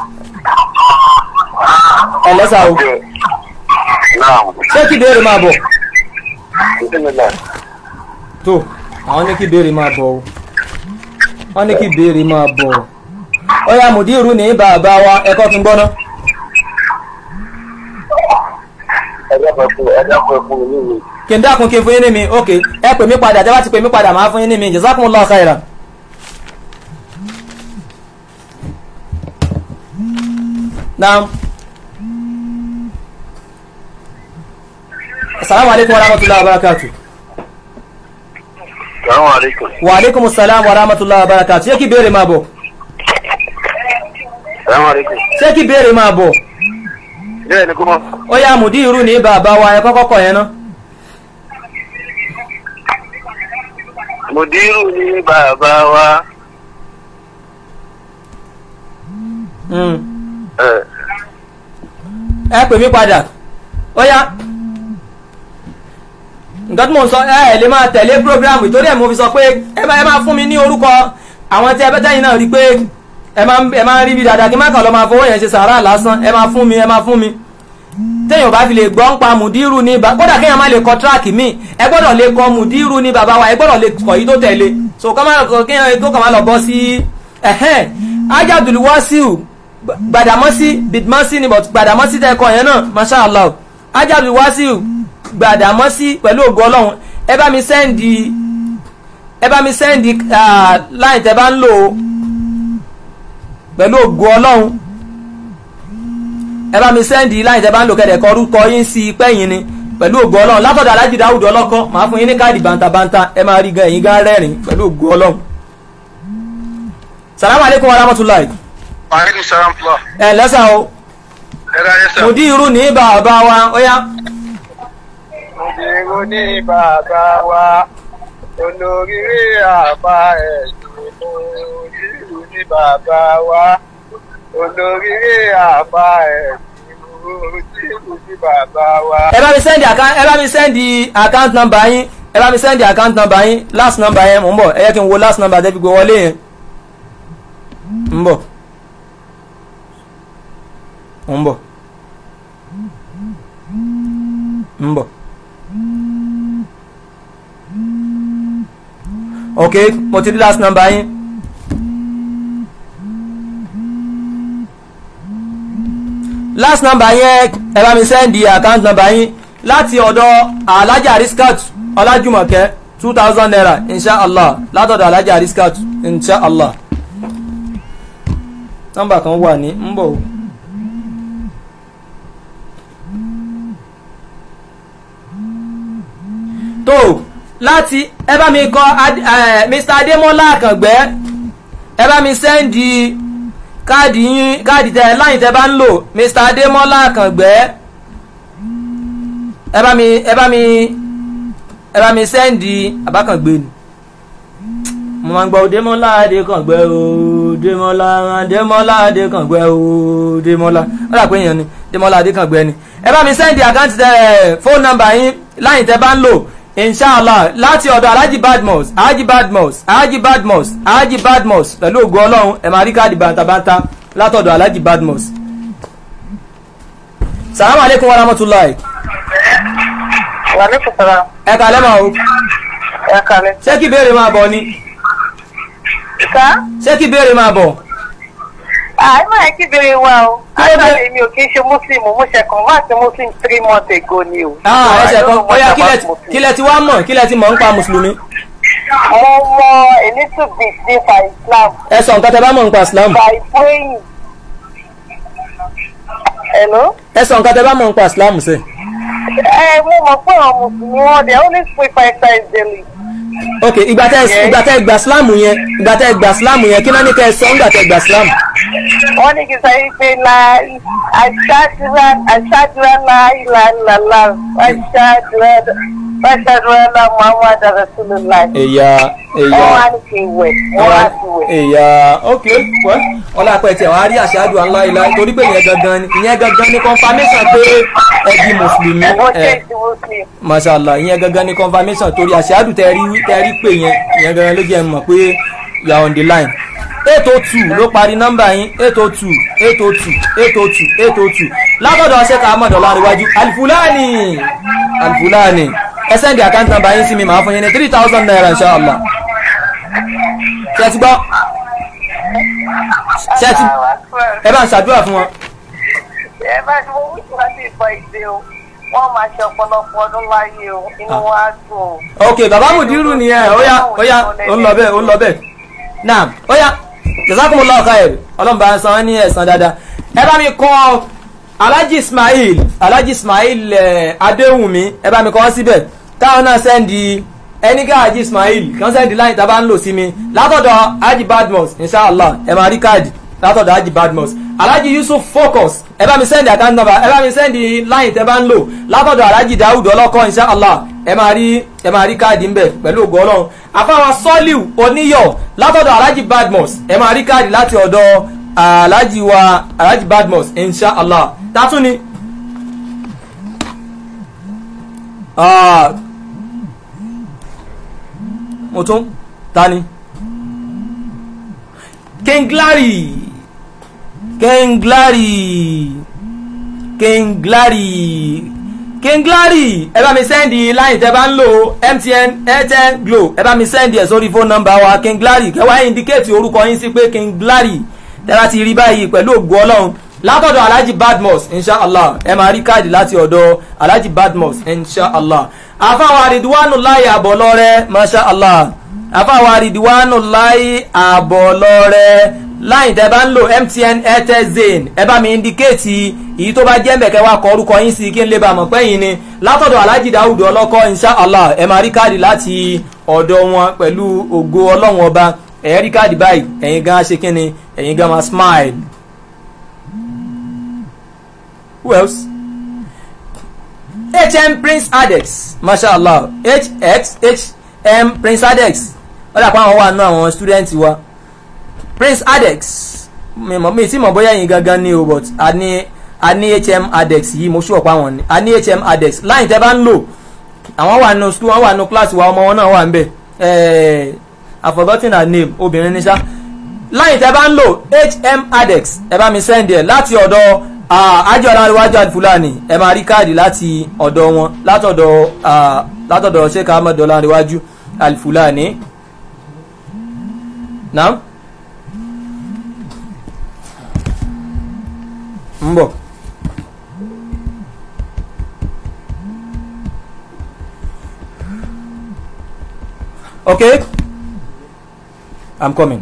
H: الله ساو نعم ṣé kí béèrè máa bọ̀
B: tó àwọn ní kí béèrè máa bọ̀ wọ́n
H: ní kí béèrè
B: kí n dákun kí n fún yín ní mi ok ẹ pè mí padà tẹ́ bá ti pè mí padà máa fún yín ní mi jazakumullahu khairan. naam assalamu alaikum warahmatullahi wabarakatuh assalamu alaikum wa alaikum assalam warahmatullahi wabarakatuh ṣé kí béèrè máa bọ̀ assalamu alaikum ṣé kí béèrè máa bọ̀ bẹ́ẹ̀ ni kó mọ́ ó yá mùdí irú ní bàbá wa ẹ kọ́kọ́ kọ̀ yẹn náà
H: mùdírù ni bàbá wa. Hmm.
B: ẹ pè mí padà ó yá nǹkan tí mo sọ ẹ lè máa tẹ̀lé program ìtòrí ẹ̀ mo fi sọ pé ẹ máa fún mi ní orúkọ àwọn tí ẹ bẹ́tẹ̀ yìí náà rí pé ẹ máa ń rí bí dáadáa kí má kàn lọ́ọ́ máa fowó yẹn ṣe sàárà lásán ẹ máa fún mi ẹ máa fún mi. téèyàn bá fi lè gbọ́ ń pa mùdírù ní bá kódà kéèyàn má lè kọ tíráàkì míì ẹ gbọ́dọ̀ lè kọ mùdírù ní bàbá wa ẹ gbọ́dọ̀ lè kọ yìí tó tẹ̀lé so kéèyàn tó kàn má lọ bọ́ sí ẹ̀hẹ́n ajá abdulwasiu gbàdámọ́sí bidmọ́sí ni but gbàdámọ́sí tẹ́ kọ yẹn náà masha allah ajá abdulwasiu gbàdámọ́sí pẹ̀lú ògo ọlọ́run ẹ bá mi sẹ́ndì ẹ bá mi sẹ́ndì ah, láì tẹ́ bá ń lò pẹ̀lú ògo ọlọ́run ẹ bá mi sẹ́ndì láyìn tẹ́ bá ń lò kẹ́dẹ̀ kọ́ orúkọ yín sí i pẹ́yìn ni pẹ̀lú ògo ọlọ́run látọ̀dọ̀ alájì dáwùdù ọlọ́kọ́ màá fún yín ní káàdì bàǹtàbàǹtà ẹ máa rí gan ẹ̀yìn gan rẹ́rìn pẹ̀lú ògo ọlọ́run. salamu aleykum wa rahmatulahi.
H: wa salam fula.
B: ẹ lẹ́sà o. ẹ ra ẹsẹ̀. mo dín irú ní bàbá wa ó yá.
H: mo dín irú ní bàbá wa olóríire àbá ẹ̀sìn mo dín irú ní bàbá wa olóríire àbá ẹ̀ ẹ bá mi sẹ́ndì account ẹ bá mi
B: sẹ́ndì account number yín ẹ bá mi sẹ́ndì account number yín last number yẹn mò ń bọ̀ ẹ yẹ kí n wo last number tẹ́ fi gbé wọlé yẹn ń bọ̀ ń bọ̀ ń bọ̀ ok mo ti di last number yín. last number yẹn ẹ bá mi sẹ́ndì account number yín láti ọ̀dọ̀ alájà riskat ọlájúmọ̀kẹ́ two thousand naira inshallah látọ̀dọ̀ alájà riskat inshallah nọ́mbà kan wà ní ń bọ̀ o. tó láti ẹ bá mi kọ Mr. Adémọ́lá Àkàngbẹ́ ẹ bá mi sẹ́ndì káàdì yín káàdì tẹ láyìn tẹ bá ń lò mr adémọ́lá àkàngbẹ́ ẹ bá mi ẹ bá mi ẹ bá mi sẹ́ndì àbákàngbé ni mo máa ń gbọ́ démọ́lá adékàngbẹ́ o démọ́lá démọ́lá adékàngbẹ́ o démọ́lá ó dà pé èèyàn ni démọ́lá adékàngbẹ́ ni ẹ bá mi sẹ́ndì àkáǹtì tẹ fóònù nọ́mbà yín láyìn tẹ bá ń lò inshallah láti ọ̀dọ̀ alhaji badmus alhaji badmus alhaji badmus alhaji badmus pẹ̀lú ògo ọlọ́run ẹ̀ máa rí káàdì bàtàbàtà látọ̀dọ̀ alhaji badmus.
H: salamu aleykum wa rahmatulahi. wà ní fòkòrò. ẹ kàlẹ́ màá o. ẹ kàlẹ́. ṣé kí béèrè máa bọ̀ ni. ṣé kí béèrè máa bọ̀ àìmọ̀ ẹ̀ kí bèrè wa o àtàlẹ́ mi ò kí ń ṣe muslim mo ṣe convert muslim three months ago ni o. Ah, ẹ ṣe kan
B: bóyá kílẹ̀ tí wàá mọ̀ kílẹ̀ tí mọ̀ ń pa mùsùlùmí.
H: mo mọ èmi tún bì sí fa islam. ẹ sọ nǹkan tẹ bá mọ̀ nípa islam. fa ìpéyìn. ẹ sọ nǹkan tẹ bá mọ̀ nípa islam sẹ́. ẹ mo mọ̀ pé àwọn mùsùlùmí wọn dẹ̀ only pray five times daily
B: ok ìgbà tẹ ìgbà tẹ gbà sílámù yẹn ìgbà tẹ gbà sílámù yẹn kí náà ní kẹ ẹ sọ ńgbà tẹ gbà sílámù
H: wọ́n ní kí n sọ yìí pé láì àṣàdúrà àṣàdúrà láì làlàlà àṣàdúrà àṣàdúrà lá muhammad rasulillah. ẹ̀yà ẹ̀yà wọ́n wá ní kí n wẹ̀ wọ́n wá sí
B: wẹ̀. ẹ̀yà ok wẹ́ ọlá pẹ̀ àwọn arí àṣàdúrà ńlá ìlà torí pé ìyẹn gangan ni ìyẹn gangan ni confirmation pé ẹ di mùsùlùmí ẹ mashallah ìyẹn gangan ni confirmation torí àṣàdù tẹ rí pé yẹn ìyẹn gangan ló jẹ́ mọ̀ pé you are on the line eight oh two ló parí nọ́mbà yín eight oh two eight oh two eight oh two eight oh two látọ̀dọ̀ ṣẹ́ka amọ̀dọ̀ láríwájú alifulani
J: alifulani
B: ẹ sẹ́ndì àkáǹtì nọ́mbà yín sí mi màá fún yín ní three thousand naira insha Allah ṣe ti gbọ́ ṣe ti
H: ẹ bá ń ṣàdúrà fún wọn. ẹ bá ti wọ́n wíṣọ láti ìfọ ìdè o wọ́n máa ṣe ọ̀pọ̀lọpọ̀ ọdún láyé o inú wa dùn.
B: ok bàbá mudiru nìyẹn ó yá ó yá ó ń lọ bẹ́ẹ̀ ó ń lọ bẹ́ẹ̀ naam ó yá jazakumullahu khair ọlọ́mùbá san wọ́n ní ẹ̀san dáadáa ẹ bá mi kọ́ alhaji ismail alhaji ismail eh, adéwùmí ẹ bá mi kọ́ síbẹ̀ táwọn náà sẹ́ndì ẹnìkẹ́ alhaji ismail kan sẹ́ndì láyìn tá a bá ń lò sí mi látọ̀dọ̀ alhaji badmus inshallah ẹ máa rí káàdì látọ̀dọ̀ alhaji badmus alhaji yusuf focus ẹ bá mi sẹ́ndì àkáńtì nọ́mbà ẹ bá mi sẹ́ndì láyìn tẹ́ bá ń lò látọ̀dọ̀ alhaji dawud ọlọ́kọ́ inshallah ẹ máa rí ẹ máa rí káàdì ń bẹ pẹ̀lú ògo ọlọ́run afáwa sọ́líù oníyọ̀ látọ̀dọ̀ alhaji badmus ẹ máa rí káàdì láti ọ̀dọ̀ alhaji wa alhaji badmus inshallah tatún ni. mo tún tani kenglari kenglari kenglari. King Glory ẹ bá mi sẹ́ndì láyìn tẹ́ bá ń lò MTN Airtel Glo ẹ bá mi send ẹ̀ sórí phone number. wa King Glory kẹwàá indicate orúkọ yín sí pé King Glory tẹ́ bá ti rí báyìí pẹ̀lú ògo Ọlọ́run látọ̀dọ̀ Alhaji Badmus inshallah ẹ máa rí káàdì láti ọ̀dọ̀ Alhaji Badmus inshallah àfàwọn àrídìwánù láyé àbọ̀lọ́rẹ́ mashallah àfàwọn àrídìwánù láyé àbọ̀lọ́rẹ́ line tẹ́ bá ń lò MTN airtel zain ẹ bá mi indicate èyí tó bá jẹ́ mẹ̀kẹ́ wa kọ orúkọ yín sí kí n lè bá mọ̀ pé yín ni látọ̀dọ̀ alhaji dawud ọlọ́kọ́ inshallah ẹ máa rí káàdì láti ọ̀dọ̀ wọn pẹ̀lú ògo ọlọ́run ọba ẹ rí káàdì báyìí ẹ̀yin gan ṣe kí ni ẹ̀yin gan máa smile. who else? HM Prince Adex mashallah HX HM Prince Adex ó dà pé àwọn wà nù àwọn student wa prince adex mi tí mo bóyá yín gangan ni o but a ní a ní hm adex yìí mo ṣùọ̀pá wọn ni a ní hm adex láyìn tẹ́ bá ń lò àwọn wà nù school wọn wà nù class wa ọmọ wọn náà wà ń bẹ̀ ẹ̀ẹ́ eh, i forgotten her name obìnrin ní sá láyìn tẹ́ bá ń lò hm adex ẹ bá mi send ẹ láti ọ̀dọ̀ àjọra ah, Wajid Fulani ẹ máa rí káàdì láti ọ̀dọ̀ wọn látọ̀dọ̀ ah, látọ̀dọ̀ Sheikh Ahmed Ọláníwájú Al-Fulani. ń okay i'm coming.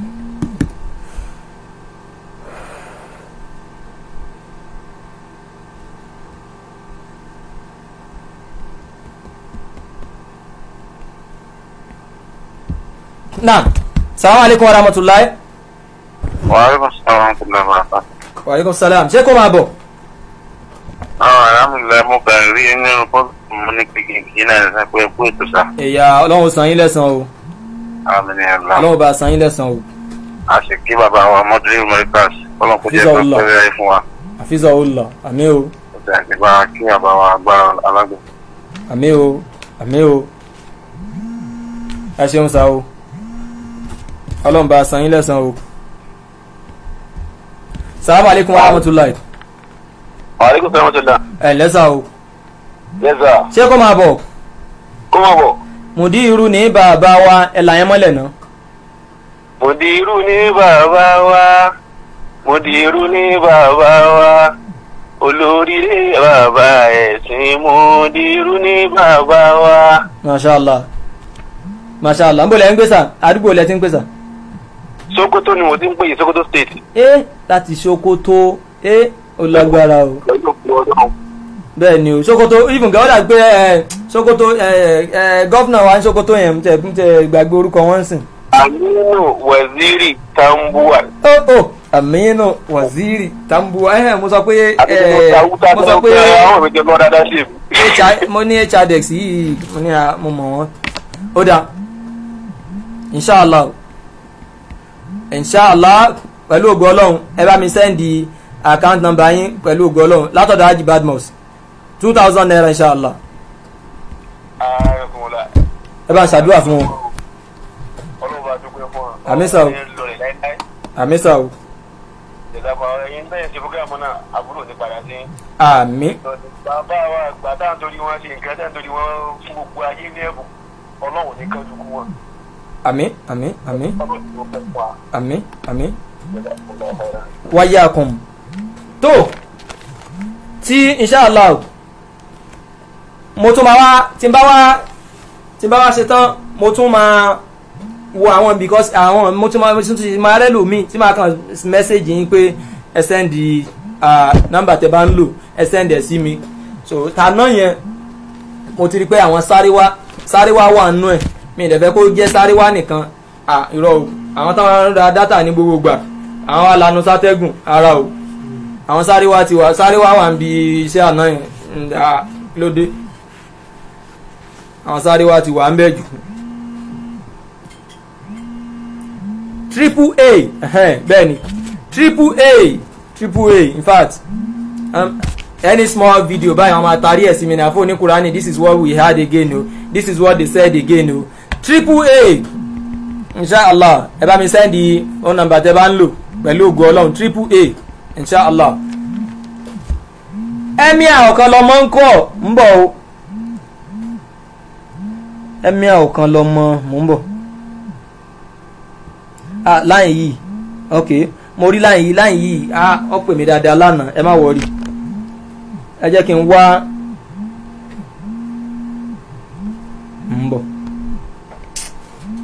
B: naam salamu alaikum wa rahmatulahi.
H: wa alaikum wa rahmatulahi
B: wàlúùkọ sálàm ṣé kò máa
H: bọ̀. àwọn aráàlú mú kan rí nínú pọ́ọ̀tù mú ní kékeré náà ní sápẹ́ ẹ̀kú ètò sá. ìyá
B: ọlọ́run san yín lẹ́sàn-án o. ọlọ́run bá san yín lẹ́sàn-án o.
H: a sì kí bàbá wa mọ́tòrí mẹ́ríkàs ọlọ́run kò jẹ́ pẹ́ fẹ́rẹ́ ẹ̀ fún wa.
B: àfihàn olùlọ àmì o.
H: ọjà ìgbà kí bàbá wa agbára alágbó.
B: àmì o àmì o ẹ ṣeun sa o ọlọ́run bá san yín lẹ́sàn-án o salamu aleykum wa rahmatulahi.
H: aleykum salaam rahmatulah.
B: ẹ eh, lẹ́sà o. lẹ́sà. ṣé kó máa bọ̀. kó máa bọ̀. mùdí irú ní bàbá wa ẹ̀ là yẹn mọ́lẹ̀ náà.
H: mùdí irú ní bàbá wa mùdí irú ní bàbá wa olórí ní bàbá ẹ̀sìn mùdí irú ní bàbá wa.
B: masha allah masha allah n bò lẹ́ gbèsà àdúgbò lẹ́ gbèsà. sokoto ni mo
H: ti ń pè yín sokoto
B: state. Ee, lati sokoto ẹ ó lágbára o. bẹ́ẹ̀ ni o sokoto even gan ọ̀dà pe ẹ sokoto ẹ ẹ gọ́fìnà wa ní sokoto yẹn tẹ tẹ gbàgbé orúkọ wọn sìn. aminu waziri tambuwa. Oh Oh aminu waziri tambuwa ẹ mo sọ pé ẹ mo sọ pé mo ní hrdex yìí mo ní mo mọ̀ wọ́n ó dà inshallah. inshallah pẹ̀lú ògo ọlọ́run ẹ bá mi sẹ́ndì account number yín pẹ̀lú ògo ọlọ́run látọ̀dọ̀ Haji Badmus two thousand naira inshallah. ẹ bá ń ṣàdúrà fún wọn. àmì sàwù àmì sàwù. àmì. bàbá wa gbàtà nítorí
H: wọn ṣe nǹkan nítorí wọn fún gbogbo ayé ní ẹ̀bùn ọlọ́run ní kájú kú wọn
B: àmín àmín àmín àmín àmín wáyé akùn tó tí inshallah mo tún máa wá tí n bá wá tí n bá wá ṣe tán mo tún máa wo àwọn because àwọn mo tún máa mo tún ti máa rẹ́ lòmíì tí máa kàn mẹ́sẹ̀gì yín pé ẹ sẹ́ndì nọ́mbà tẹ bá ń lò ẹ sẹ́ndì ẹ̀ sí mi so tàná yẹn mo ti rí pé àwọn sáré wá sáré wá wà nínú ẹ̀ mi ì dẹ̀fẹ́ kó jẹ́ sáré wá nìkan irọ́ o àwọn táwọn ń ra dátà ní gbogbo gbà àwọn alanu sátẹ́gùn ara o àwọn sáré wá ti wà sáré wá wà ń bi iṣẹ́ àná yẹn lóde àwọn sáré wá ti wà ń bẹ̀ jù. triple a bẹ́ẹ̀ ni triple a triple a in fact um, any small video báyìí wọn máa tarí ẹ̀ sí mi náà fún oníkùránì this is what we had again o oh. this is what they said again o oh. triple a inshallah ẹ bá mi sẹ́ndì phone number tẹ́ bá ń lò pẹ̀lú triple a inshallah ẹ̀mí àọ̀kan lọ́mọ ń kọ́ ń bọ̀ o ẹ̀mí mò ah láyìn yìí ok mo rí láyìn yìí láyìn yìí ah ó pè dáadáa lánàá ẹ má wọrí ẹ jẹ́ kí n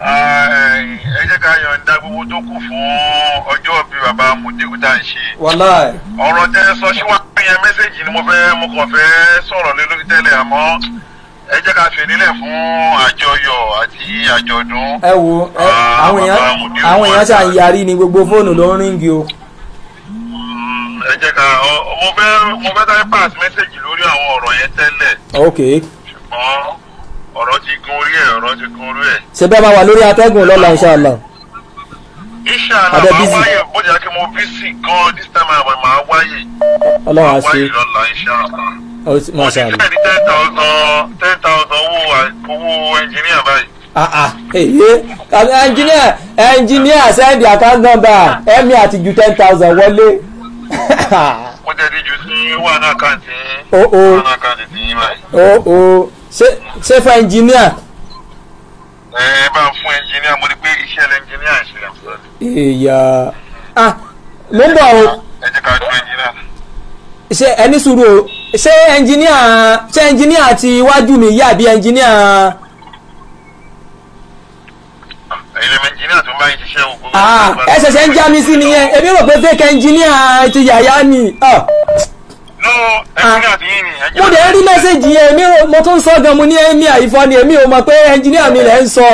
H: ẹ jẹ́ ká yọ̀ǹda gbogbo tó kù fún ọjọ́ bíi bàbá mùdíkù ń ṣe. wàláì.
E: ọ̀rọ̀ tẹ sọ síwájú yẹn mẹ́sẹ̀gì ni mo fẹ́ mo kàn fẹ́ sọ̀rọ̀ lé lórí tẹ́lẹ̀ àmọ́ ẹ jẹ́ ká fìnílẹ̀ fún àjọyọ̀ àti àjọ̀dún.
B: ẹ wo àwọn èèyàn ṣáà yarí ni gbogbo fóònù ló ń ríngì o. Mm, ẹ jẹ́ ká
H: mo fẹ́ mo fẹ́ tẹ́ pass mẹ́sẹ̀gì lórí àwọn ọ̀rọ̀ yẹn tẹ́lẹ̀.
B: ok. ṣùgbọ́n ọ̀rọ̀ ti gun orí ẹ̀ ọ̀rọ̀ ti gun orí ẹ̀. ṣe bẹ́ẹ̀ máa wà lórí atẹ́gùn lọ́la inṣàlá. inṣàlá máa wáyè bójá kí mo bísí gan this time around máa wáyè. ọlọ́run á ṣe lọ́la inṣàlá. mo ti tẹ̀ ní ten thousand ten thousand owó ẹnjìníà báyìí. Ah ah, ẹnjìníà ẹnjìníà send the ẹ̀mí àti ten thousand wọlé. mo tẹ̀ ti
H: jù sí owó àná àkáǹtì
B: yín owó àná àkáǹtì ti
H: yín báyìí. o oh, o oh. ṣé fún ẹnjìníà. ẹ bá ń fún ẹnjìníà mo rí pé iṣẹ́ ẹnjìníà ń ṣe ìyá ah mo ń bọ̀ o.
B: ẹ jẹ́ ká ju ẹnjìníà. ṣé ẹni sùúrù o ṣé ẹnjìníà ṣé ẹnjìníà ti iwájú mi yá àbí ẹnjìníà ẹ ṣẹ̀ṣẹ̀ ń ah, já mi sí nìyẹn èmi rò pé fake engineer ti yàyà ni. Ah. Ah. mo dẹ̀ rí mẹ́sẹ̀gì yẹn èmi mo tún sọ gan mo ní ẹni àìfọ́ ni èmi ò mọ̀ pé engineer mi lẹ̀ ń sọ.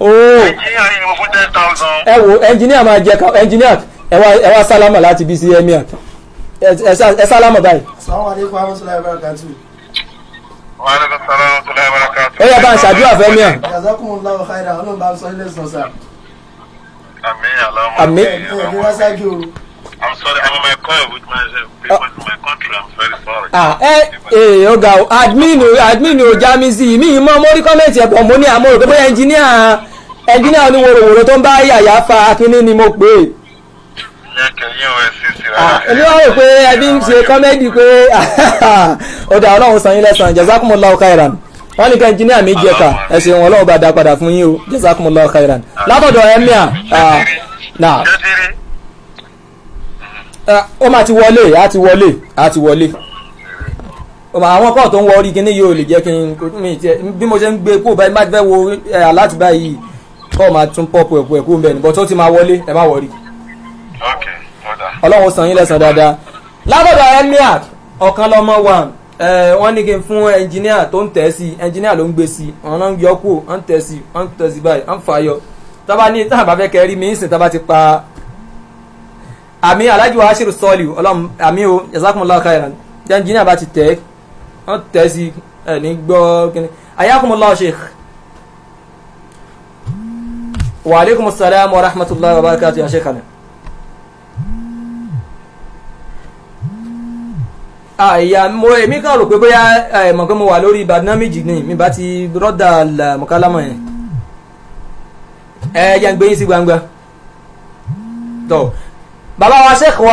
B: Oh. engineer yìí
H: ni mo fún ten thousand.
B: ẹ wo engineer máa jẹ ká engineer ẹ wá ẹ wá sálámà láti bí sí emir ẹ sálámà báyìí.
A: sàwọn àdéhùn àwọn sọlá ẹ bá kàtú ó
B: yẹ bá ń ṣàdúrà fẹ́mi ẹ̀. àmì ee Oga, o admin o admin o jamisi mi mọ mórí kọ́mẹ̀ntì ẹ̀pọ̀ mo ní àmọ́ òkè bóyá ẹnjìníà ẹnjìníà oníwòròwòrò tó ń bá yàyà fa akínní ni mo pè é. Ah, èmi wá rò pé ẹbí ń ṣe kọ́mẹ́dì pé ọ̀dà ọlọ́run san yín lẹ́sàn-án jazakumullahu khairan wọ́n ní kan jíníà méjì ẹ̀ka ẹ̀sìn wọn ọlọ́run bá dá padà fún yín o jazakumullahu khairan látọ̀dọ̀ ah, ẹ̀míà náà ah, ó máa ti wọlé á ti wọlé á ti wọlé àwọn kọ́ tó ń wọ orí kíní yóò lè jẹ́ kí n bí mo ṣe ń gbé kó báyìí má ti fẹ́ wo eh, aláàtì báyìí kọ́ máa tún pọ̀ pọ̀ ẹ̀kú ẹ̀kú ń bẹ̀ ni bọ́ tó ti máa wọlé ẹ má wọrí ọlọ́run san yín lẹ́san dáadáa lábọ̀dọ̀ emir ọ̀kan lọ́mọ wa wọ́n ní kí n fún ẹnjìníà tó ń tẹ̀ sí ẹnjìníà ló ń gbé sí wọn náà ń yọ kú wọn ń tẹ̀ sí wọn ń tẹ̀ sí báyìí wọn ń fà yọ tábà ní tábà bá fẹ́ kẹ́ rí mi ń sìn tábà ti pa àmì alájú wa ṣèlú sọ́ọ̀lì ọlọ́run àmì o jazakumullahu khairan ẹnjìníà bá ti tẹ̀ wọn tẹ̀ sí ẹ̀ ní gbọ́ kíni ayakumullahu sheikh wa aleykum salaam wa rahmatulahi wa barakatu ya sheikhana. àyà mo èmi kàn rò pé bóyá mọ̀ pé mo wà lórí ìbàdánmíjì ni mi bá ti rọ́dà mọ̀kálámọ̀ yẹn ẹ yẹn gbé yín sí gbangba tọ bàbá wa sheikh wa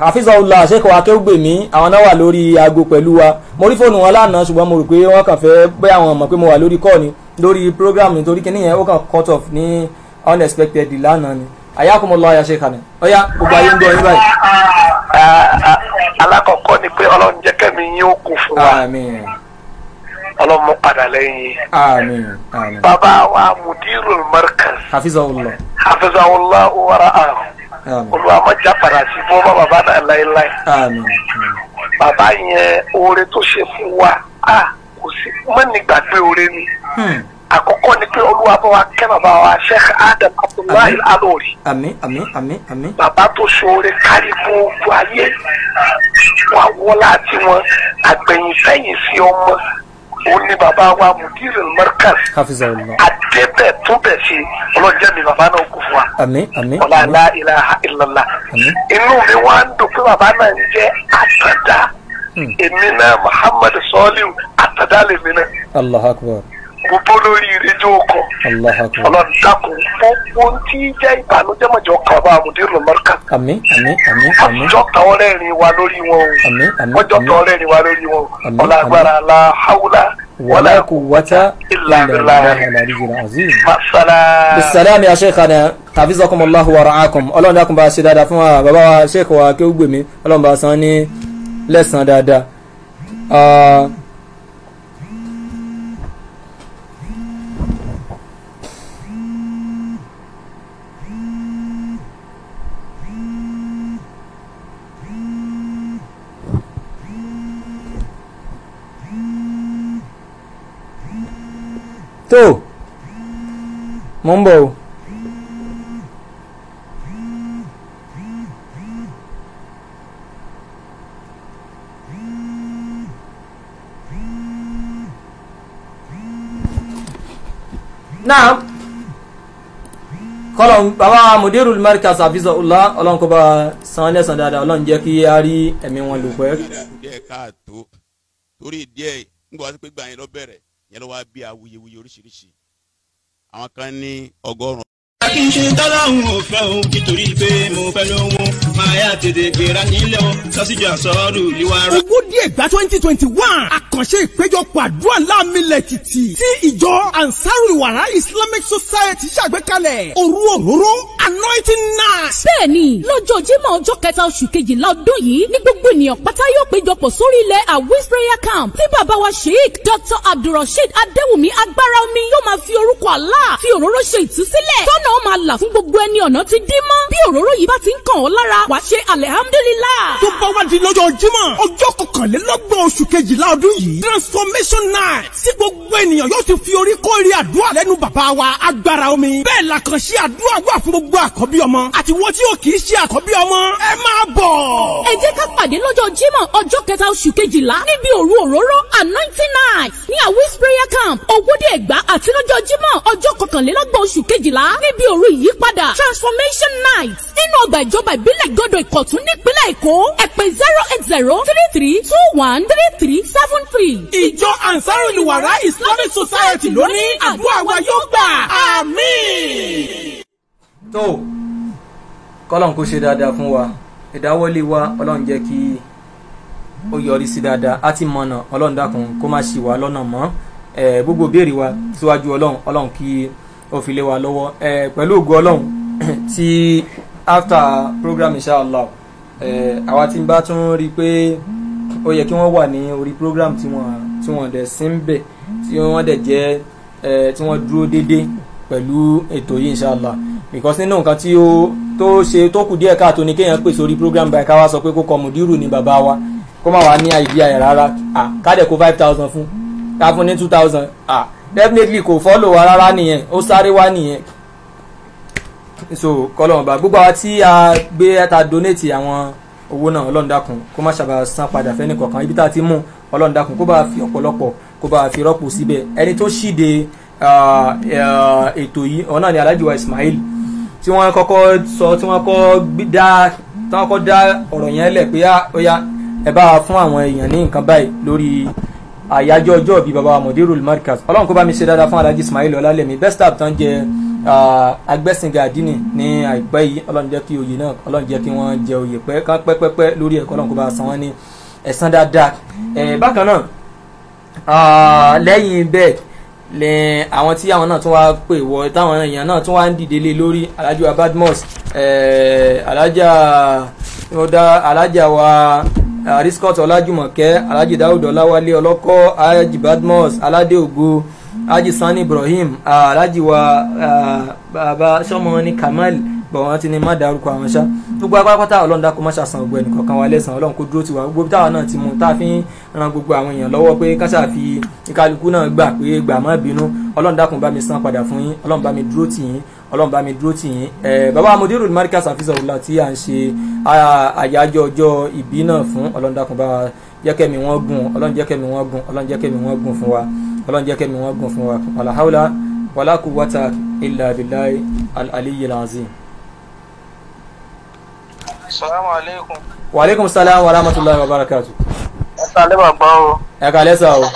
B: hafizahullah sheikh wa akéwùgbèmí àwọn náà wà lórí aago pẹ̀lú wa mo rí fóònù wọn lánàá ṣùgbọ́n mo rò pé wọ́n kàn fẹ́ bóyá àwọn mọ̀ pé mo wà lórí kọ́ọ̀ lórí program nítorí kíní yẹn ó kàn cut off ní unexpected lánàá ni àyàkùnmọ́ lọ́ọ́ ya sheikh ni ọ̀ya gbogbo
H: ayé ń gbọ́ yín báyìí alákọ̀ọ́kọ́ ni pé ọlọ́run jẹ́ kẹ́mi yín ó kún fún wa ọlọ́run mú padà lẹ́yìn bàbá wa mudirul markaz hafizahullah hafizahullah wàrà àrùn olùwàmọ̀já padà sí fún bàbá náà láéláé bàbá yẹn oore tó ṣe fún wa kò sí mọ́nìgbàgbé oore ni. Hmm àkọ́kọ́ ni pé olúwa bá wa kẹ́ bàbá wa sheikh adam abdullahi alori.
B: àmín àmín àmín àmín.
H: bàbá tó ṣoore kárí gbogbo ayé wọn wọlá àti wọn àgbẹ̀yìnsẹ́yìn sí ọmọ o ni bàbá wa mudiri markaz. àdébẹ̀ tó bẹ̀ ṣe ọlọ́jẹ́ mi bàbá náà kò fún wa.
B: àmín àmín. ọlá la
H: ilaha illallah. inú mi wá ń dùn pé bàbá náà ń jẹ́ àtàdá. Hmm. èmi náà muhammadu sọ́ọ́lì àtàdá lèmi náà.
B: allah akbar
H: kò bó lórí ìrẹjọ ọkọ ọlọ́run dákun ohun tí jẹ ìbànújẹ́ mọjọ kan bá àmúdírò lọkàn ọjọ́ tán rẹ́rìn wa lórí wọn o ọjọ́ tán rẹ́rìn wa lórí wọn o ọlágbára la hawla wala quwwata illa billahi bisalami ya sheikhana
B: hafizakum allah wa ra'akum ọlọ́run dákun bá ṣe dáadáa fún wa bàbá wa sheikh wa kéwù gbèmí ọlọ́run bá san ní lẹ́san dáadáa. Ah, tó mò ń bọ̀ o. náà kọ́lọ̀ bàbá mùdírù markaz àfisàúlá ọlọ́run kó bá san lẹ́sàn dáadáa ọlọ́run jẹ́ kí a rí ẹ̀mí wọn lò pẹ́.
F: torí díẹ̀ ń gbọ́ wá sí pé gbà lọ bẹ̀rẹ̀ yẹn ló wá bí awuyewuye oríṣiríṣi àwọn kan ní ọgọ́rùn kí n ṣe tọ́lọ́hún ò fẹ́ o nítorí pé mo fẹ́ lówó máa yá tètè gbéra nílẹ̀ o sọ́síjà sọ́ọ́rù liwara.
C: ogójì ẹgbàá twenty twenty one àkànṣe ìpéjọpọ̀ àdúrà láàmìlẹ̀ títì tí ìjọ ansarul wara islamic
G: society ṣàgbékalẹ̀ òru òróró anointing night. bẹ́ẹ̀ni lọ́jọ́ jimá ọjọ́ kẹta oṣù kejìlá ọdún yìí ní gbogbo ènìyàn pátá yóò péjọpọ̀ sórí ilẹ̀ awis prayer camp tí bàbá wa sheik dr abdulrasheed adéwùmí agbára omi yóò máa fi orúkọ Allah fi òróró ṣe ìtúsílẹ̀ tọ́nà ó máa là fún gbogbo ẹni ọ̀nà ti dí mọ́. bí òróró yìí bá ti ń kàn ọ́ lára wàá ṣe alihamudulilayi. tó bá wá di lọ́jọ́ Jímọ̀ ọjọ́ kọkànlélọ́gbọ̀n oṣù kejìlá
C: ọdún yìí transformation night tí gbogbo ènìyàn yóò ti fi orí kórè àdúrà lẹ́nu bàbá wa agbára omi. bẹ́ẹ̀ la kàn ṣe àdúrà wà fún gbogbo àkọ́bí ọmọ àti wọ́n tí ò kì í ṣe àkọ́bí ọmọ
G: ẹ máa bọ̀. ẹ jẹ́ ká pàdé lọ́jọ́ Jímọ̀ ọjọ́ kẹta oṣù kejìlá níbi òru òróró anointing night ní àwíṣ prayer camp owóde ẹ̀gbá àti lọ́jọ́ Jímọ̀ ọjọ́ kọkànlélọ́gbọ̀n oṣù kejìlá níbi bí òru ìyípadà transformation night nínú ọgbà ìjọba ìbílẹ̀ gbọdọ̀ ìkọ̀tún nípínlẹ̀ èkó ẹ̀pẹ̀ zero eight zero three three two one three three seven three. ìjọ ansaru ìlúwàrà islamic society lónìí àdúrà wa yóò gbà
C: àmín. tó
B: kọ́lọ́n kó ṣe dáadáa fún wa ìdáwọ́lé wa ọlọ́run jẹ́ kí ó yọrí sí dáadáa á ti mọ̀nà ọlọ́run dákun kó má ṣì wá lọ́nà mọ́ gbogbo béèrè wa síwájú ọlọ́run ọlọ́run kí ó wa lọ́wọ́ pẹ̀lú ògo ọlọ́run tí after program inshallah àwa tí ń bá tún rí i pé ó yẹ kí wọ́n wà ní orí program tí wọ́n tí wọ́n dẹ̀ sí ń bẹ̀ tí wọ́n dẹ̀ jẹ́ tí wọ́n dúró déédé pẹ̀lú ètò yìí inshallah because nínú nǹkan tí ó tó ṣe tó kù díẹ̀ káàtó ni kéèyàn pèsè orí program báyìí ká wá sọ pé kó kọ mùdírù ní bàbá wa kó má wàá ní àìdíyà ẹ̀ rárá kádẹ̀ kó five thousand fún ká ní two thousand Ah definitely kò fọ́lò wa rárá nìyẹn ó sáré wá nìyẹn so kọlọ́mọba gbogbo àwa tí a gbé ta donate àwọn owó náà ọlọ́run dákun kó má ṣàbà san padà fẹ́ni kọ̀ọ̀kan ibi tá a ti mú ọlọ́run dákun kó bá fi ọ̀pọ̀lọpọ̀ kó bá fi rọ́pò síbẹ̀ ẹni tó ṣíde ètò yìí ọ̀nà ni Alhaji wa Ismail tí wọ́n kọ́kọ́ sọ tí wọ́n kọ́ dá tí wọ́n kọ́ dá ọ̀rọ̀ yẹn lẹ̀ pé ah, ó yá ẹ bá fún àwọn èèyàn ní nǹkan báyìí lórí àyájọ́ ọjọ́ bíi baba mudirul markaz ọlọ́run kó bá mi ṣe dáadáa fún alhaji ismail ọlálẹ́mí best app tán jẹ agbẹ́sìngà àdínì ní àìpẹ́ yìí ọlọ́run jẹ́ kí oyè náà ọlọ́run jẹ́ kí wọ́n jẹ oyè pẹ́ ká pẹ́pẹ́pẹ́ lórí ẹ̀kọ́ ọlọ́run kó bá san wọ́n ní ẹ̀san dáadáa bákan náà lẹ́yìn bẹ́ẹ̀ lẹ àwọn tí àwọn náà tún wá pè wọ táwọn èèyàn náà tún wá ń dìde lé lórí alhaji abadmus alhaja alhaja wa ariscot ọlájúmọ̀kẹ́ alhaji dawud ọláwálé ọlọ́kọ́ alhaji badmus aládé ògo alhaji sani ibrahim alhaji wa uh, baba sọmọ ní kamal bọ̀ wọ́n ti ní má dárúkọ àwọn ṣá gbogbo apápátá ọlọ́run dákú má ṣàṣàn gbogbo ẹnìkọ̀ọ̀kan wa lẹ́sàn ọlọ́run kó dúró tiwa gbogbo táwa náà ti mú tá a fi ń ran gbogbo àwọn èèyàn lọ́wọ́ pé ká ṣáà fi ìkálukú náà gbà pé gbà má bínú ọlọ́run dákun bá mi san padà fún yín ọlọ́run bá mi dúró tì yín ọlọ́run bá mi dúró tì yín ẹ bàbá amodiru markaz afisahula tí à ń ṣe àyájọ́ ọjọ́ ìbí náà fún ọlọ́run dákun bá wa jẹ́kẹ́mi wọ́n gùn ọlọ́run jẹ́kẹ́mi wọ́n gùn ọlọ́run jẹ́kẹ́mi illa billahi al-aliyyil azim.
H: Assalamu alaikum.
B: Wa alaikum salam wa rahmatullahi wa barakatuh.
H: Ẹ kálẹ́ bàbá o.
B: Ẹ kálẹ́ sà o.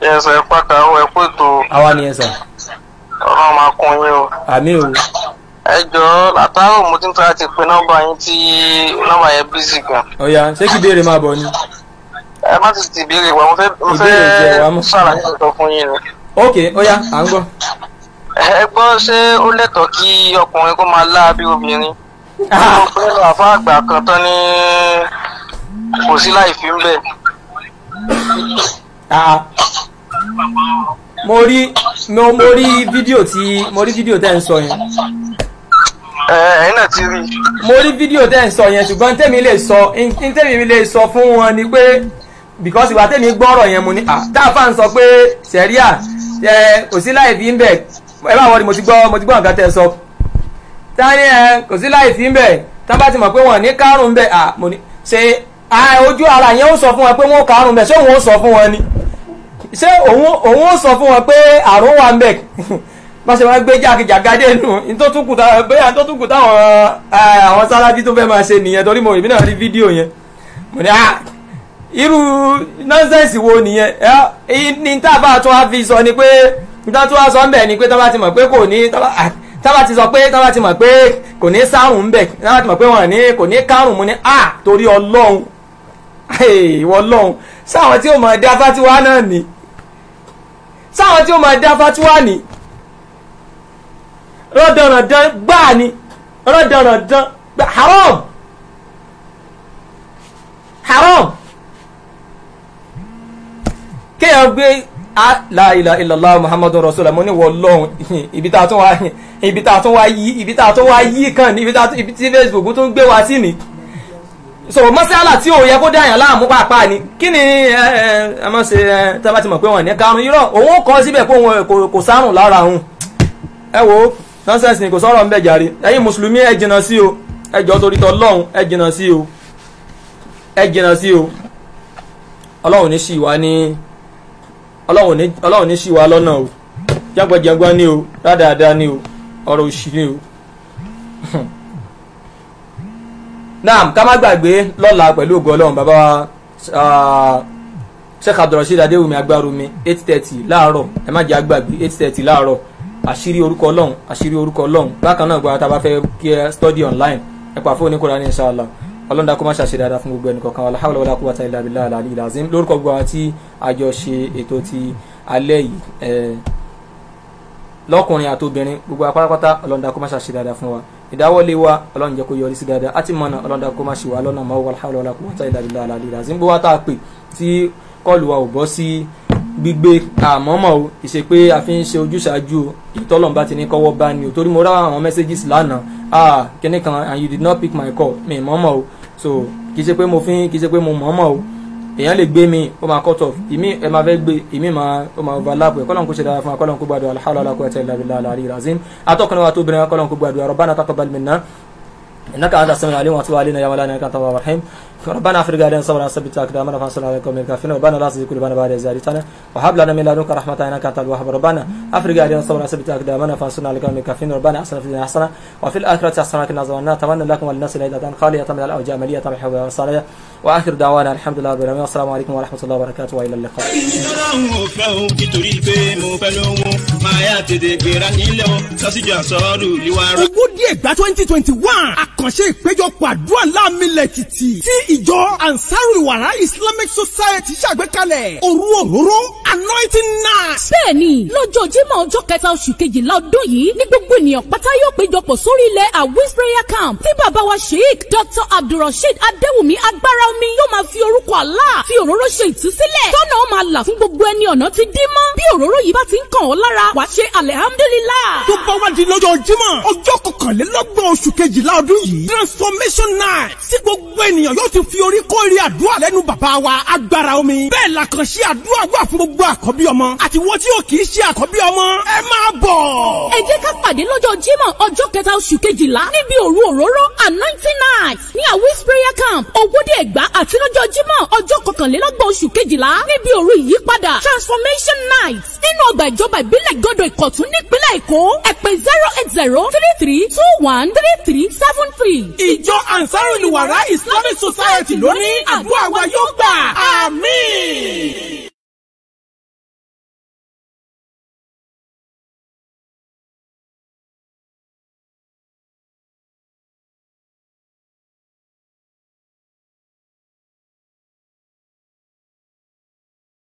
H: Ẹ sọ ẹ pàkà o, ẹ kú ètò. Àwa ni ẹ sà. Ọlọ́run máa kún yín o. Àmín o. Ẹ jọ̀ọ́ látàárọ̀ mo ti ń tara ti pe nọ́mbà yín tí nọ́mbà yẹn bísí gan.
B: Ọ̀ya ṣé kí ìbéèrè máa bọ̀ ni?
H: Ẹ má ti ti ìbéèrè wa, mo fẹ́ mo fẹ́ ṣàlàyé ọ̀tọ̀ fún yín ni. Ok, ọ̀ya à ń gbọ́. Ẹ gbọ́ ṣé ó lẹ́tọ̀ọ́ kí ọkùnrin kó máa láabi obìnrin? lẹ́nu àfa àgbà kan tán ní kò sí láì fi ń bẹ̀.
B: Ah. mo rí mo rí fídíò tí mo rí fídíò tẹ́ ń sọ yẹn. ẹ̀yin náà ti rí. mo rí fídíò tẹ́ ń sọ yẹn ṣùgbọ́n tèmi lè sọ tèmi lè sọ fún wọn ni pé because ìwà tèmi gbọ́rọ̀ yẹn mo ní ah, táàfà ń sọ pé sẹ́ríà kò sí láì fi ń bẹ̀ ẹ bá wọ́n ni mo ti gbọ́ mo ti gbọ́ nǹkan tẹ́ sọ tani ẹ kò sí láì fi ń bẹ̀ ti pé wọn ní kárùn-ún bẹ̀ à mo ní ṣe ojú ara yẹn ó sọ fún wọn pé wọn ún ṣé òun ó sọ fún wọn ni ṣé òun ó sọ fún wọn pé àrùn wà ń wọn gbé nù àwọn tó fẹ́ máa ṣe nìyẹn torí mo rí fídíò yẹn wo nìyẹn tún sọ ni pé sọ ń bẹ̀ ni pé tábà ti sọ pé tábà ti mọ̀ pé kò ní sárùn ńbẹ̀ tábà ti mọ̀ pé wọ́n ní kò ní kárùn mu ní a torí ọlọ́run ìwọ ọlọ́run sáwọn tí ó mọ̀ dá fatiwa náà ni sáwọn tí ó mọ̀ dá fatiwa ni rọ́dọ̀rọ̀dán gbáà ni rọ́dọ̀rọ̀dán haram haram kéèyàn gbé a la ilaha illallah muhammadu rasulullah mo ní wọ lọ́hùn ibi tá a tún wá ibi tá a tún wá yí ibi tá a tún wá yí kan ní ibi tá ibi tí facebook tún gbé wá sí ni so mọ́sálà tí ò yẹ kó dáyàn láàmú pàápàá ni kí ni ẹ ẹ mọ̀ ṣe ẹ tábà ti mọ̀ pé wọ́n ní karùn-ún yìí rọ̀ òun kọ́ síbẹ̀ pé òun kò sárùn lára òun ẹ wo nonsense ni kò sọ̀rọ̀ ń bẹ̀ jàre ẹ̀yin mùsùlùmí ẹ jìnnà sí o ẹ jọ torí tọ́ lọ́hùn ẹ jìnnà sí o ẹ jìnnà sí o ọlọ́run ní ṣì wá ní ọlọ́run ní ṣì wa lọ́nà o jágbajàgba ni o dáadáa ni o ọ̀rọ̀ òṣì ni o. naam ká má gbàgbé lọ́la pẹ̀lú ògo ọlọ́run bàbá wa sheikh abdulrasheed adéwùmí agbárumi eight thirty láàárọ̀ ẹ má jẹ́ àgbàgbé eight thirty láàárọ̀ àṣírí orúkọ ọlọ́run àṣírí orúkọ ọlọ́run bákan náà gbọ́dọ̀ tá a bá fẹ́ kí ẹ study online ẹ pa fóònù ní inshallah ọlọ́dà kó má ṣàṣe dáadáa fún gbogbo ẹnìkọ̀ọ̀kan wàlá hàwùlà wàlá kúwàtà ilà bíllà àlàlí ìlàzim lórúkọ gbogbo àwọn tí a jọ ṣe ètò ti alẹ́ yìí lọ́kùnrin àtobìnrin gbogbo apárápátá ọlọ́dà kó má ṣàṣe dáadáa fún wa ìdáwọ́lé wa ọlọ́run jẹ́ kó yọrí sí dáadáa àti mọ̀nà ọlọ́dà kó má ṣe wà lọ́nà mọ́ wàlá hàwùlà wàlá kúwàtà ilà bíllà àlàlí ìlàzim gbogbo wa tá a pè tí kọ́ọ̀lù wa ò bọ́ sí gbígbé àmọ́mọ́ o ìṣe pé a fi ń ṣe ojúṣàájú o ìtọ́lọ́mbà ti ní kọ́wọ́ bá ní o torí mo rá àwọn messages lánàá ah kíní kan and you did not pick my call mi mọ́mọ́ o so kì í ṣe pé mo fi kì í ṣe pé mo mọ́mọ́ o èèyàn lè gbé mi ó máa cut off ìmí ẹ máa fẹ́ gbé ìmí máa ó máa overlap ẹ kọ́lọ́n kó ṣe dára fún wa kọ́lọ́n kó gbàdúrà alḥàlọ́ alákùnrin àti ìlàbílà àlàrí razim atọ́kùnrin wa tó obìnrin wa kọ́lọ́n kó gbàdúrà rabbana taqabbal minna innaka anta samiul alim wa tub alaina ya mawlana innaka antal tawwabur rahim ربنا في علينا صبرا سبت اقدامنا فانصرنا عليكم من الكافرين ربنا لا تزغ قلوبنا بعد زاريتنا وحب لنا من لدنك رحمة إنك أنت الوهاب ربنا في علينا صبرا سبت اقدامنا فانصرنا عليكم من الكافرين ربنا اصرف لنا حسنة وفي الآخرة حسنة وقنا عذاب النار تمنى لكم والناس وللناس الهداية خالية من الأوجاع مليئة بالحب والصلاة واخر دعوانا الحمد لله رب العالمين والسلام عليكم ورحمه الله وبركاته والى اللقاء
C: ogójì ẹgbàá twenty twenty one àkànṣe ìpéjọpọ̀ àdúrà láàmìlẹ̀ èkìtì tí ìjọ ansarul wara islamic society ṣàgbékalẹ̀ òru
G: òróró anointing night. bẹ́ẹ̀ni lọ́jọ́ Jímọ̀ ọjọ́ kẹta oṣù kejìlá ọdún yìí ní gbogbo ènìyàn pátá yóò péjọpọ̀ sórí ilẹ̀ awis prayer camp tí bàbá wa sheik dr abdulrasheed adéwùmí agbára omi yóò máa fi orúkọ Allah fi òróró ṣe ìtúsílẹ̀ tọ́nà ó máa là fún gbogbo ẹni ọ̀nà ti dín mọ́ bí òróró yìí bá ti ń kàn ọ́ lára wàá ṣe alihamudulilaa. tó
C: bá wá di lọ́jọ́ Jímọ̀ ọjọ́ kọkànlélọ́gbọ̀n oṣù kejìlá ọdún yìí transformation night sí gbogbo ènìyàn yóò ti fi orí kórè àdúrà lẹ́nu bàbá wa agbára omi bẹ́ẹ̀ la kàn ṣe àdúrà
G: wà fún gbogbo àkọ́bí ọmọ àti wọ́n tí ò kì í ṣe àkọ́bí ọmọ ẹ máa bọ̀. ẹ prayer camp owóde ẹ̀gb ìgbà àti lọ́jọ́ jímọ̀ ọjọ́ kọkànlélọ́gbọ̀n oṣù kejìlá níbi òru ìyípadà transformation night nínú ọgbà ìjọba ìbílẹ̀ gbọdọ̀ ìkọ̀tún nípínlẹ̀ èkó ẹ̀pẹ̀ zero eight zero three three two one three three seven three. ìjọ ansaru ìlúwàrà islamic society lóní àdúrà wa yóò gbà àmín.